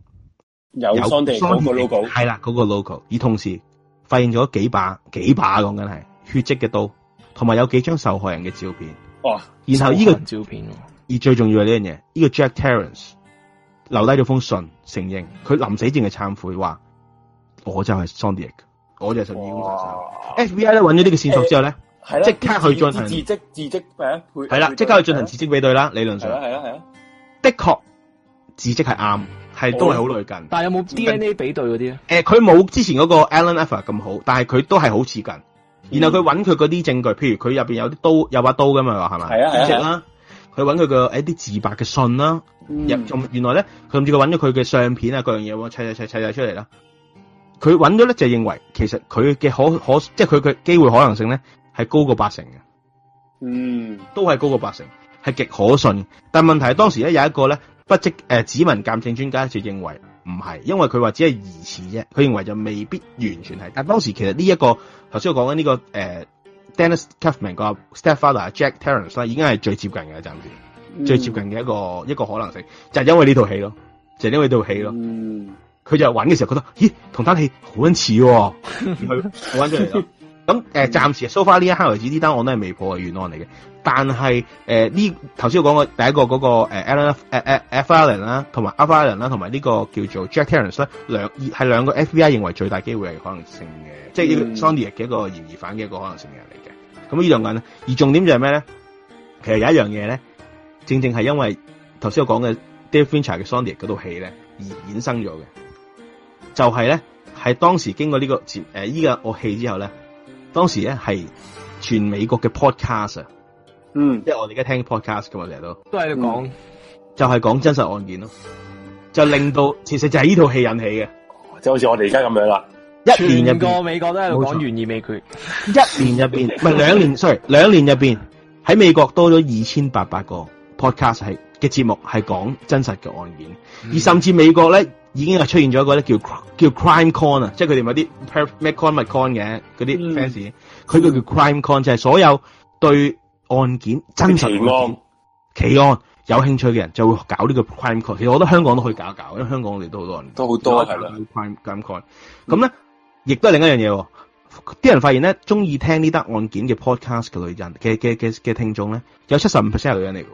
有 Zodiac 個 logo，係啦，嗰個 logo，而同時發現咗幾把、幾把講緊係血跡嘅刀，同埋有幾張受害人嘅照片。哇！然後呢個照片，而最重要係呢樣嘢，呢個 Jack Terence 留低咗封信，承認佢臨死前嘅懺悔，話我就係 Zodiac，我就係十二宮殺手。FBI 咧揾咗呢個線索之後咧，係啦，即刻去進行字跡、字跡咩？係啦，即刻去進行字跡比對啦。理論上係啦，係啦，的確字跡係啱。係都係好累近，但係有冇 DNA 比對嗰啲咧？誒，佢冇之前嗰個 Alan Ever 咁好，但係佢都係好似近。然後佢揾佢嗰啲證據，譬如佢入邊有啲刀，有把刀噶嘛，係咪？係啊，只啦。佢揾佢個一啲自白嘅信啦，亦仲原來咧，佢甚至佢揾咗佢嘅相片啊，各樣嘢咁樣砌砌曬出嚟啦。佢揾咗咧就認為，其實佢嘅可可即係佢嘅機會可能性咧係高過八成嘅。嗯，都係高過八成，係極可信。但係問題係當時咧有一個咧。不即誒、呃，指紋鑑證專家就認為唔係，因為佢話只係疑似啫。佢認為就未必完全係。但當時其實呢、這、一個頭先我講緊呢、這個誒、呃、Dennis Kaufman 個 stepfather Jack Terence 已經係最接近嘅暫時，最接近嘅一個一個可能性，嗯、就係因為呢套戲咯，就係、是、因為呢套戲咯。嗯，佢就揾嘅時候覺得，咦，同單戲好相似喎、哦，而佢揾出嚟啦。 咁、呃嗯、暫時 so far 呢一刻為止，呢單案都係未破嘅懸案嚟嘅。但係呢頭先我講嘅第一個嗰、嗰個 Alan、呃啊、F Allen 啦、啊，同埋 UpAllen 啦，同埋呢個叫做 Jack Terence、啊、兩係兩個 FBI 認為最大機會係可能性嘅，即係呢 Zodiac 嘅一個嫌疑犯嘅一個可能性嘅人嚟嘅。咁呢兩個人咧，嗯、而重點就係咩咧？其實有一樣嘢咧，正正係因為頭先我講嘅 David Fincher 嘅 Zodiac 嗰套戲咧而衍生咗嘅，就係咧係當時經過呢、呢個依、呃呢個、樂器之後咧。當時咧係全美國嘅 podcast，嗯，即係我哋而家聽 podcast 嘅話，成日都都係講，就係講真實案件咯，就令到其實就係呢套戲引起嘅，就好似我哋而家咁樣啦。一年入邊個美國都係講懸而未決，一年入邊唔係兩年，sorry，兩年入邊喺美國多咗二千八百個 podcast 係嘅節目係講真實嘅案件，嗯、而甚至美國咧。已經係出現咗一個咧叫叫 crime con 啊，con，嗯、con，即係佢哋咪啲咩 con 乜 con 嘅嗰啲 fans，佢個叫 crime con 就係所有對案件真實案件、奇案、安有興趣嘅人就會搞呢個 crime con。其實我覺得香港都可以搞一搞，因為香港我哋都好多人都好多係啦 crime crime con。咁咧、嗯，亦都係另一樣嘢，啲人發現咧，中意聽呢單案件嘅 podcast 嘅女人嘅嘅嘅嘅聽眾咧，有七十五 percent 係女人嚟嘅，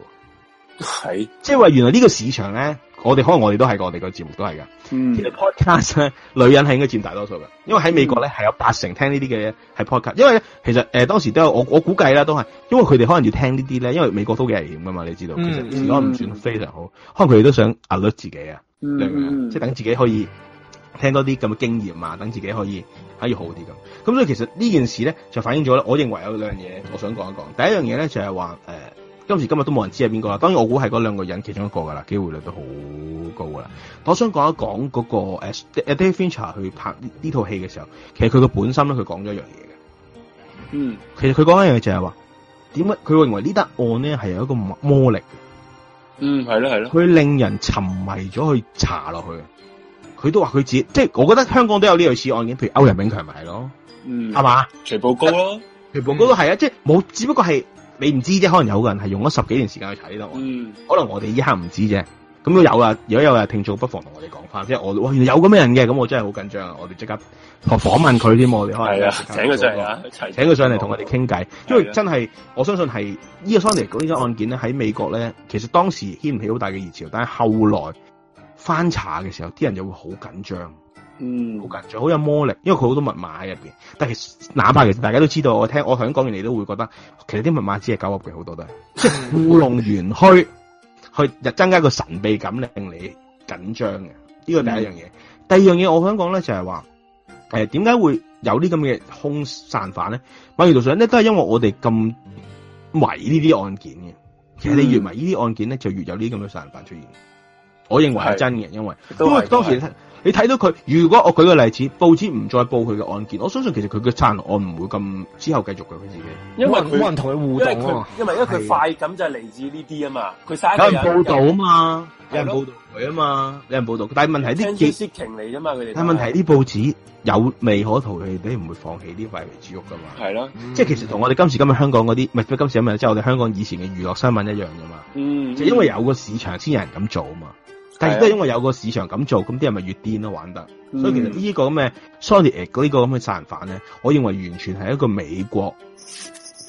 係的即係話原來呢個市場咧。我哋可能我哋都係我哋個節目都係噶。嗯、其實 podcast 呢，女人係應該佔大多數嘅，因為喺美國咧係、嗯、有八成聽呢啲嘅係 podcast。Podcast, 因為呢其實誒、呃、當時都有我我估計啦，都係因為佢哋可能要聽呢啲咧，因為美國都幾危險噶嘛，你知道、嗯、其實治安唔算非常好。嗯、可能佢哋都想 alert 自己啊，嗯、即係等自己可以聽多啲咁嘅經驗啊，等自己可以可以好啲咁。咁所以其實呢件事咧就反映咗我認為有兩樣嘢，我想講一講。第一樣嘢咧就係、是、話今時今日都冇人知係邊個喇。當然我估係嗰兩個人其中一個㗎喇，機會率都好高㗎喇。我想講一講嗰、那個誒，David Fincher 去拍呢套戲嘅時候，其實佢個本心咧，佢講咗一樣嘢嘅。嗯，其實佢講一樣嘢就係、是、話，點解佢認為呢單案呢係有一個魔力嘅？嗯，係咯，係咯。佢令人沉迷咗去查落去，佢都話佢自己，即係我覺得香港都有呢類似案件，譬如歐陽炳強咪係咯，嗯，係嘛吧？徐步高咯，徐步高都係啊，嗯、即冇，只不過係。你唔知啫，可能有個人係用咗十幾年時間去睇呢度，可能我哋以下唔知啫。咁都有啦，如果有嘅聽眾，不妨同我哋講翻，即係我哇，原來有咁嘅人嘅，咁我真係好緊張啊！我哋即刻訪問佢添，我哋可能係啊，請佢上啊，請佢上嚟同我哋傾偈，因為真係我相信係呢個 Sony 呢個案件咧喺美國咧，其實當時掀唔起好大嘅熱潮，但係後來翻查嘅時候，啲人就會好緊張。嗯，好緊張，好有魔力，因為佢好多密碼喺入邊。但其實哪怕其實大家都知道，我聽我頭先講完你都會覺得，其實啲密碼只係狗噏嘅，好多都係，即係糊弄完去，去日增加個神秘感令你緊張嘅。呢個第一樣嘢，嗯、第二樣嘢我想講咧就係、是、話，誒、呃，點解會有啲咁嘅空散犯咧？萬源道上咧都係因為我哋咁迷呢啲案件嘅，嗯、其實你越迷呢啲案件咧，就越有呢啲咁嘅散犯出現。我認為係真嘅，是因為是因為當時。你睇到佢，如果我舉個例子，報紙唔再報佢嘅案件，我相信其實佢嘅撐我唔會咁之後繼續嘅佢自己，因為冇人同佢互動、啊、因，為因為因為佢快感就係嚟自呢啲啊嘛，佢有人，人報導啊嘛，有的人報導佢啊嘛，有的人報導。但係問題啲情嚟啫嘛，佢哋。但係問題啲報紙有未可圖佢哋唔會放棄呢塊豬肉噶嘛。係咯的，嗯、即係其實同我哋今時今日香港嗰啲，唔係今時今日，即係我哋香港以前嘅娛樂新聞一樣噶嘛。嗯，就因為有個市場先有人咁做啊嘛。但亦都係因為有個市場咁做，咁啲人咪越癲咯，玩得。嗯、所以其實呢個咁嘅 Sony 誒，呢個咁嘅殺人犯咧，我認為完全係一個美國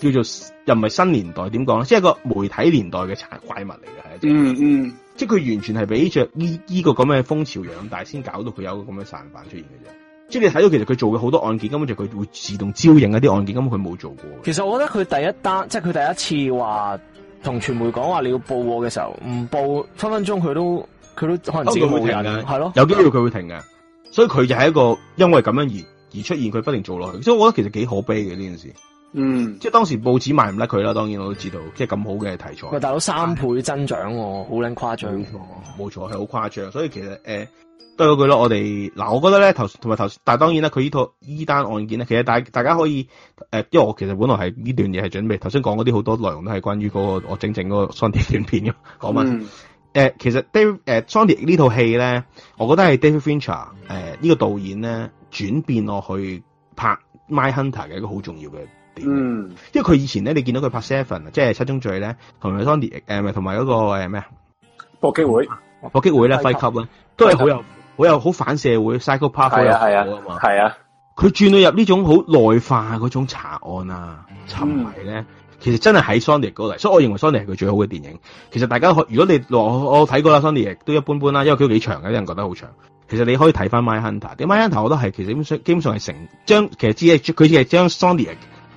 叫做又唔係新年代點講咧，即係、就是、一個媒體年代嘅怪物嚟嘅。嗯嗯，就是、嗯即係佢完全係俾着呢呢個咁嘅、這個、風潮養大，先搞到佢有個咁嘅殺人犯出現嘅啫。即係你睇到其實佢做嘅好多案件，根本就佢會自動招認一啲案件，根本佢冇做過。其實我覺得佢第一單，即係佢第一次話同傳媒講話你要報我嘅時候，唔報分分鐘佢都。佢都可能自己冇人、哦、會停嘅，係咯，有機會佢會停嘅，所以佢就係一個因為咁樣而而出現佢不停做落去，所以我覺得其實幾可悲嘅呢件事。嗯，即係當時報紙賣唔甩佢啦，當然我都知道，即係咁好嘅題材。佢大佬三倍增長、哦，好撚、嗯、誇張、喎。冇、嗯、錯，冇錯，係好誇張。所以其實誒、呃，對嗰句咯，我哋嗱，我覺得咧頭同埋頭，但係當然啦，佢呢套依單案件咧，其實大大家可以誒、呃，因為我其實本來係呢段嘢係準備頭先講嗰啲好多內容都係關於嗰、嗰個我整整嗰個雙鐵短片嘅講文。嗯誒、呃，其實 David 誒 Zodiac 呢套戲咧，我覺得係 David Fincher 誒、呃、呢、這個導演咧轉變落去拍 Mindhunter 嘅一個好重要嘅點。嗯，因為佢以前咧，你見到佢拍 Seven，即係七宗罪咧，同埋 Zodiac 誒，同埋嗰個誒咩搏擊會，搏擊、啊、會咧，Fight Club 啦，都係好有好 Fight 有好反社會，psychopath 啊，係啊的，係啊，佢轉到入呢種好內化嗰種查案啊，沉迷咧。嗯其實真係喺《Sonic》嗰度，所以我認為《Sonic》係佢最好嘅電影。其實大家可，如果你我我睇過啦，《Sonic》都一般般啦，因為佢幾長嘅，啲人覺得好長。其實你可以睇翻《Mindhunter》，《Mindhunter》我都係，其實基本上係成將，其實只係佢只係將《Sonic》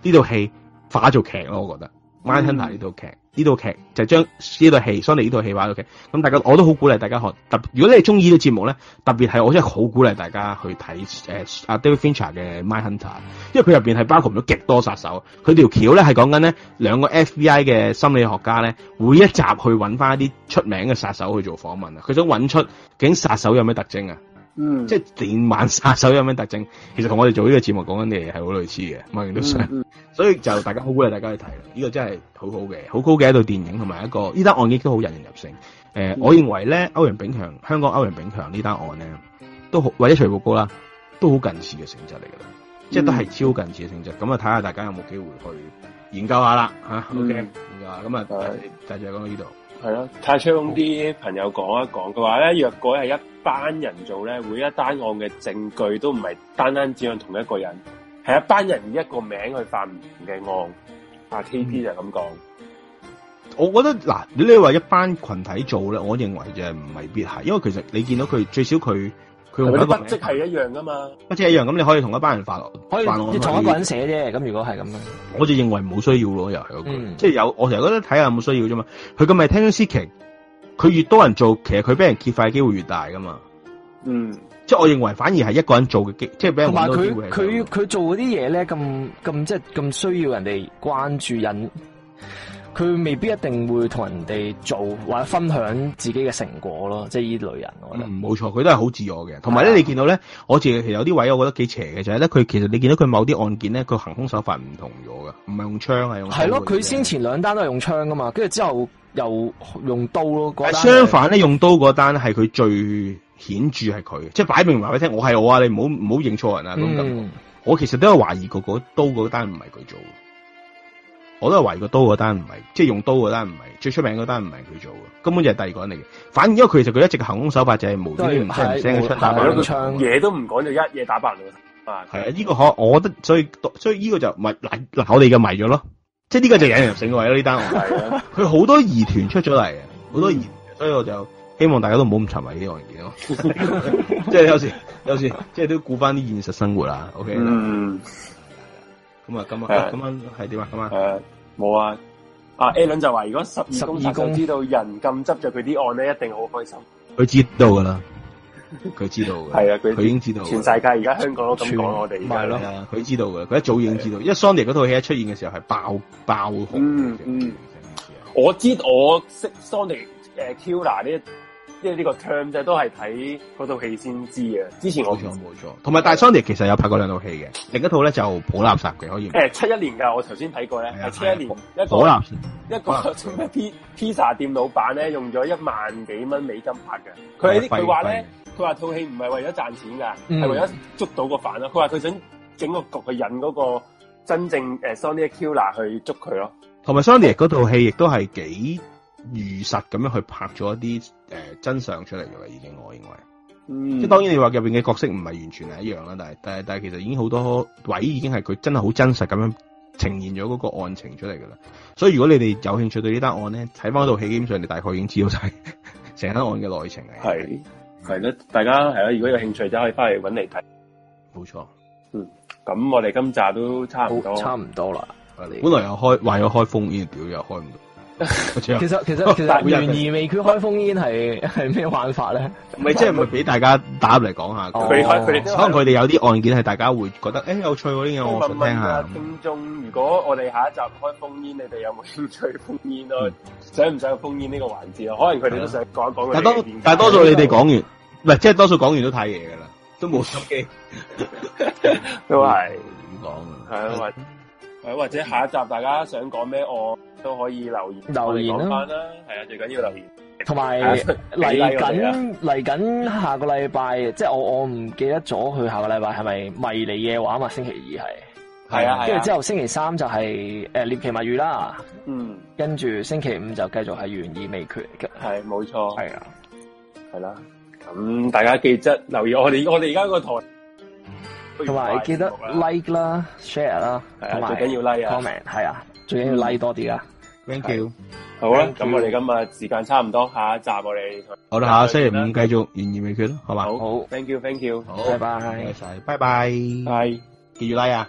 呢套戲化做劇咯，我覺得。《Mindhunter》呢套劇，呢套、嗯、劇就係、將呢套戲，所以呢套戲話 OK。咁大家我都好鼓勵大家學。特如果你係中意呢個節目咧，特別係我真係好鼓勵大家去睇誒阿 David Fincher 嘅《Mindhunter》，因為佢入邊係包含咗極多殺手。佢條橋咧係講緊咧兩個 FBI 嘅心理學家咧，每一集去揾翻一啲出名嘅殺手去做訪問啊。佢想揾出究竟殺手有咩特徵啊。嗯，即係電玩殺手有咩特徵？其實同我哋做呢個節目講緊嘅嘢係好類似嘅，嗯嗯、所以就大家好鼓勵大家去睇啦。呢、這個真係好好嘅，好高嘅一套電影，同埋一個呢單案件都好引人入勝。誒、呃，嗯、我認為咧，歐陽炳強，香港歐陽炳強呢單案咧，都好或者徐步高啦，都好近似嘅性質嚟噶啦，嗯、即係都係超近似嘅性質。咁啊，睇下大家有冇機會去研究下啦吓。O K，咁啊，大家講到呢度。係咯，泰昌啲朋友講一講，佢話咧，若果係一班人做咧，每一單案嘅證據都唔係單單只向同一個人，係一班人以一個名去犯嘅案。阿 KP、嗯、就咁講，我覺得嗱，如果你你話一班群體做咧，我認為就係唔係必係，因為其實你見到佢最少佢。佢用一個筆跡係一樣噶嘛？筆跡一樣咁，你可以同一班人發落，可以同一個人寫啫。咁如果係咁樣，我就認為冇需要咯。又係，即係、嗯、有我成日覺得睇下冇需要啫嘛。佢咁咪聽書旗，佢越多人做，其實佢俾人揭發嘅機會越大噶嘛。嗯，即係我認為反而係一個人做嘅、就是、機會，即係同埋佢佢佢做嗰啲嘢咧，咁咁即係咁需要人哋關注人。.佢未必一定會同人哋做或者分享自己嘅成果咯，即係呢類人。我覺得，冇錯，佢都係好自我嘅。同埋咧，是的 你見到咧，我自己其實有啲位，我覺得幾邪嘅就係咧，佢其實你見到佢某啲案件咧，佢行凶手法唔同咗㗎，唔係用槍係用刀，係咯，佢先前兩單都係用槍噶嘛，跟住之後又用刀咯。相反咧，用刀嗰單係佢最顯著係佢，即係擺明話俾你聽，我係我啊，你唔好唔好認錯人啊咁、嗯、我其實都有懷疑、嗰個刀嗰單唔係佢做。我都係圍個刀個單唔係，即係用刀個單唔係最出名個單唔係佢做嘅，根本就係第二個人嚟嘅。反而因為佢其實佢一直嘅行兇手法就係無端端唔聲唔聲咁出打。佢唱嘢都唔講就一嘢打八你啊！係啊，呢個可，我覺得所以，所以依個就唔係嗱，我哋嘅迷咗咯。即係呢個就引人勝嘅位呢 單。佢、啊、好、啊、多疑團出咗嚟，好 多疑。所以我就希望大家都唔好咁沉迷呢啲案件咯。即係有時有時即係都顧翻啲現實生活啦。OK 但。嗯咁啊，咁啊，咁啊，係點啊？咁啊，冇啊！阿 Alan 就話：如果十二宮十二宮知道人咁執着佢啲案咧，一定好開心。佢知道噶啦，佢知道。係 啊，佢佢已經知道。全世界而家香港都咁講，我哋係咯，佢、啊啊、知道嘅。佢一早已經知道，啊、因為 Sony 嗰套戲出現嘅時候係爆爆紅。嗯嗯，我知我識 Sony 誒、呃、t n a 呢？即係呢個 term 就都係睇嗰套戲先知嘅。之前我冇錯，同埋但 Zodiac 其實有拍過兩套戲嘅，另一套咧就好垃圾嘅，可以。誒七一年㗎，我頭先睇過咧，係七一年一個一個咩 P Pizza 店老闆咧，用咗一萬幾蚊美金拍嘅。佢喺呢佢話咧，佢話套戲唔係為咗賺錢㗎，係為咗捉到個犯咯。佢話佢想整個局去引嗰個真正誒 Zodiac Killer 去捉佢咯。同埋 Zodiac 嗰套戲亦都係幾。如實咁樣去拍咗一啲誒真相出嚟嘅啦，已經我認為，嗯、即係當然你話入邊嘅角色唔係完全係一樣啦，但係但係但係其實已經好多位已經係佢真係好真實咁樣呈現咗嗰個案情出嚟噶啦，所以如果你哋有興趣對呢單案咧睇翻套戲，基本上你大概已經知道晒成單案嘅內情嚟。係係咧，大家係啦，如果有興趣就可以翻嚟搵嚟睇。冇錯。嗯，咁我哋今集都差唔多，差唔多啦。本來又開，話要開烽煙表又開唔到。 其實其實其實懸疑未決開封煙係係咩玩法咧？未即係唔係俾大家打入嚟講下佢？哦、他們可能佢哋有啲案件係大家會覺得誒、欸、有趣嗰啲嘢，我想聽一下。問問聽眾，如果我哋下一集開封煙，你哋有冇興趣封煙啊？嗯、想唔想封煙呢個環節啊？嗯、可能佢哋都想講一講。但多但多數你哋講完，唔係即係多數講完都太夜噶啦，都冇心機， 都係點講啊？係啊，或係或者下一集大家想講咩我。都可以留言留言啦，係啊，最緊要留言。同埋嚟緊嚟緊下個禮拜，即係我我唔記得咗，佢下個禮拜係咪迷你嘅話啊嘛？星期二係係啊，跟住之後星期三就係誒獵奇物語啦，嗯，跟住星期五就繼續係懸疑未決嚟噶，係冇錯，係啊，係啦，咁大家記得留意我哋我哋而家個台，同埋記得 like 啦，share 啦，同埋最緊要 like comment，係啊，最緊要 like 多啲啊。Thank you，好啦，咁我哋今日時間差唔多，下一集我哋，我哋下星期五繼續懸疑未決咯，好嘛？好，Thank you，Thank you，好，拜拜，唔該晒，拜拜，拜，記住嚟啊。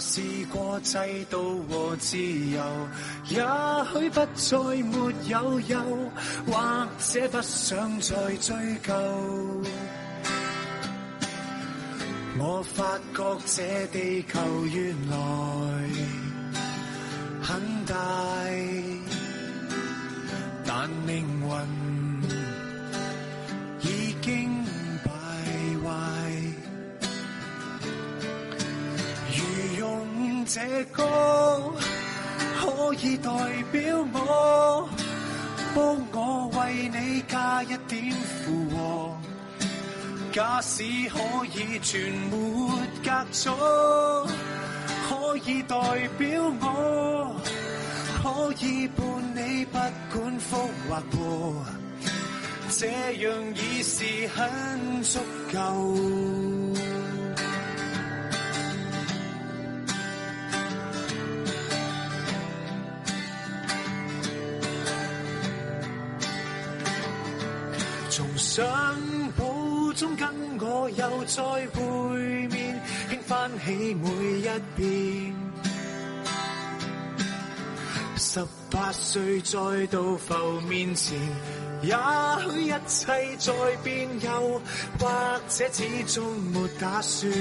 試過制度和自由，也許不再沒有憂，或者不想再追究。我發覺這地球原來很大，但靈魂。這歌可以代表我，幫我為你加一點負荷。假使可以全沒隔阻，可以代表我，可以伴你不管福或禍，這樣已是很足夠。相簿中跟我又再會面，輕翻起每一邊。十八歲再度浮面前，也許一切再變又或者始終沒打算。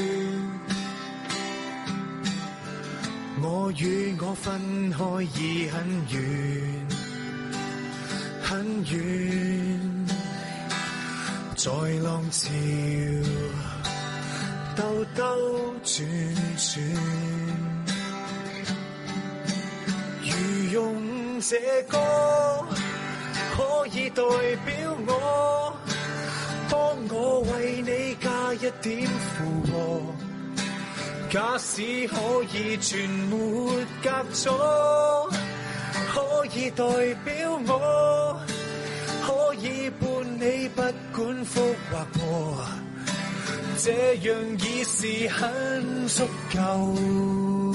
我與我分開已很遠，很遠。在浪潮兜兜轉轉，如用這歌可以代表我，幫我為你加一點負荷。假使可以全沒隔阻，可以代表我。可以伴你，不管福或禍，這樣已是很足夠。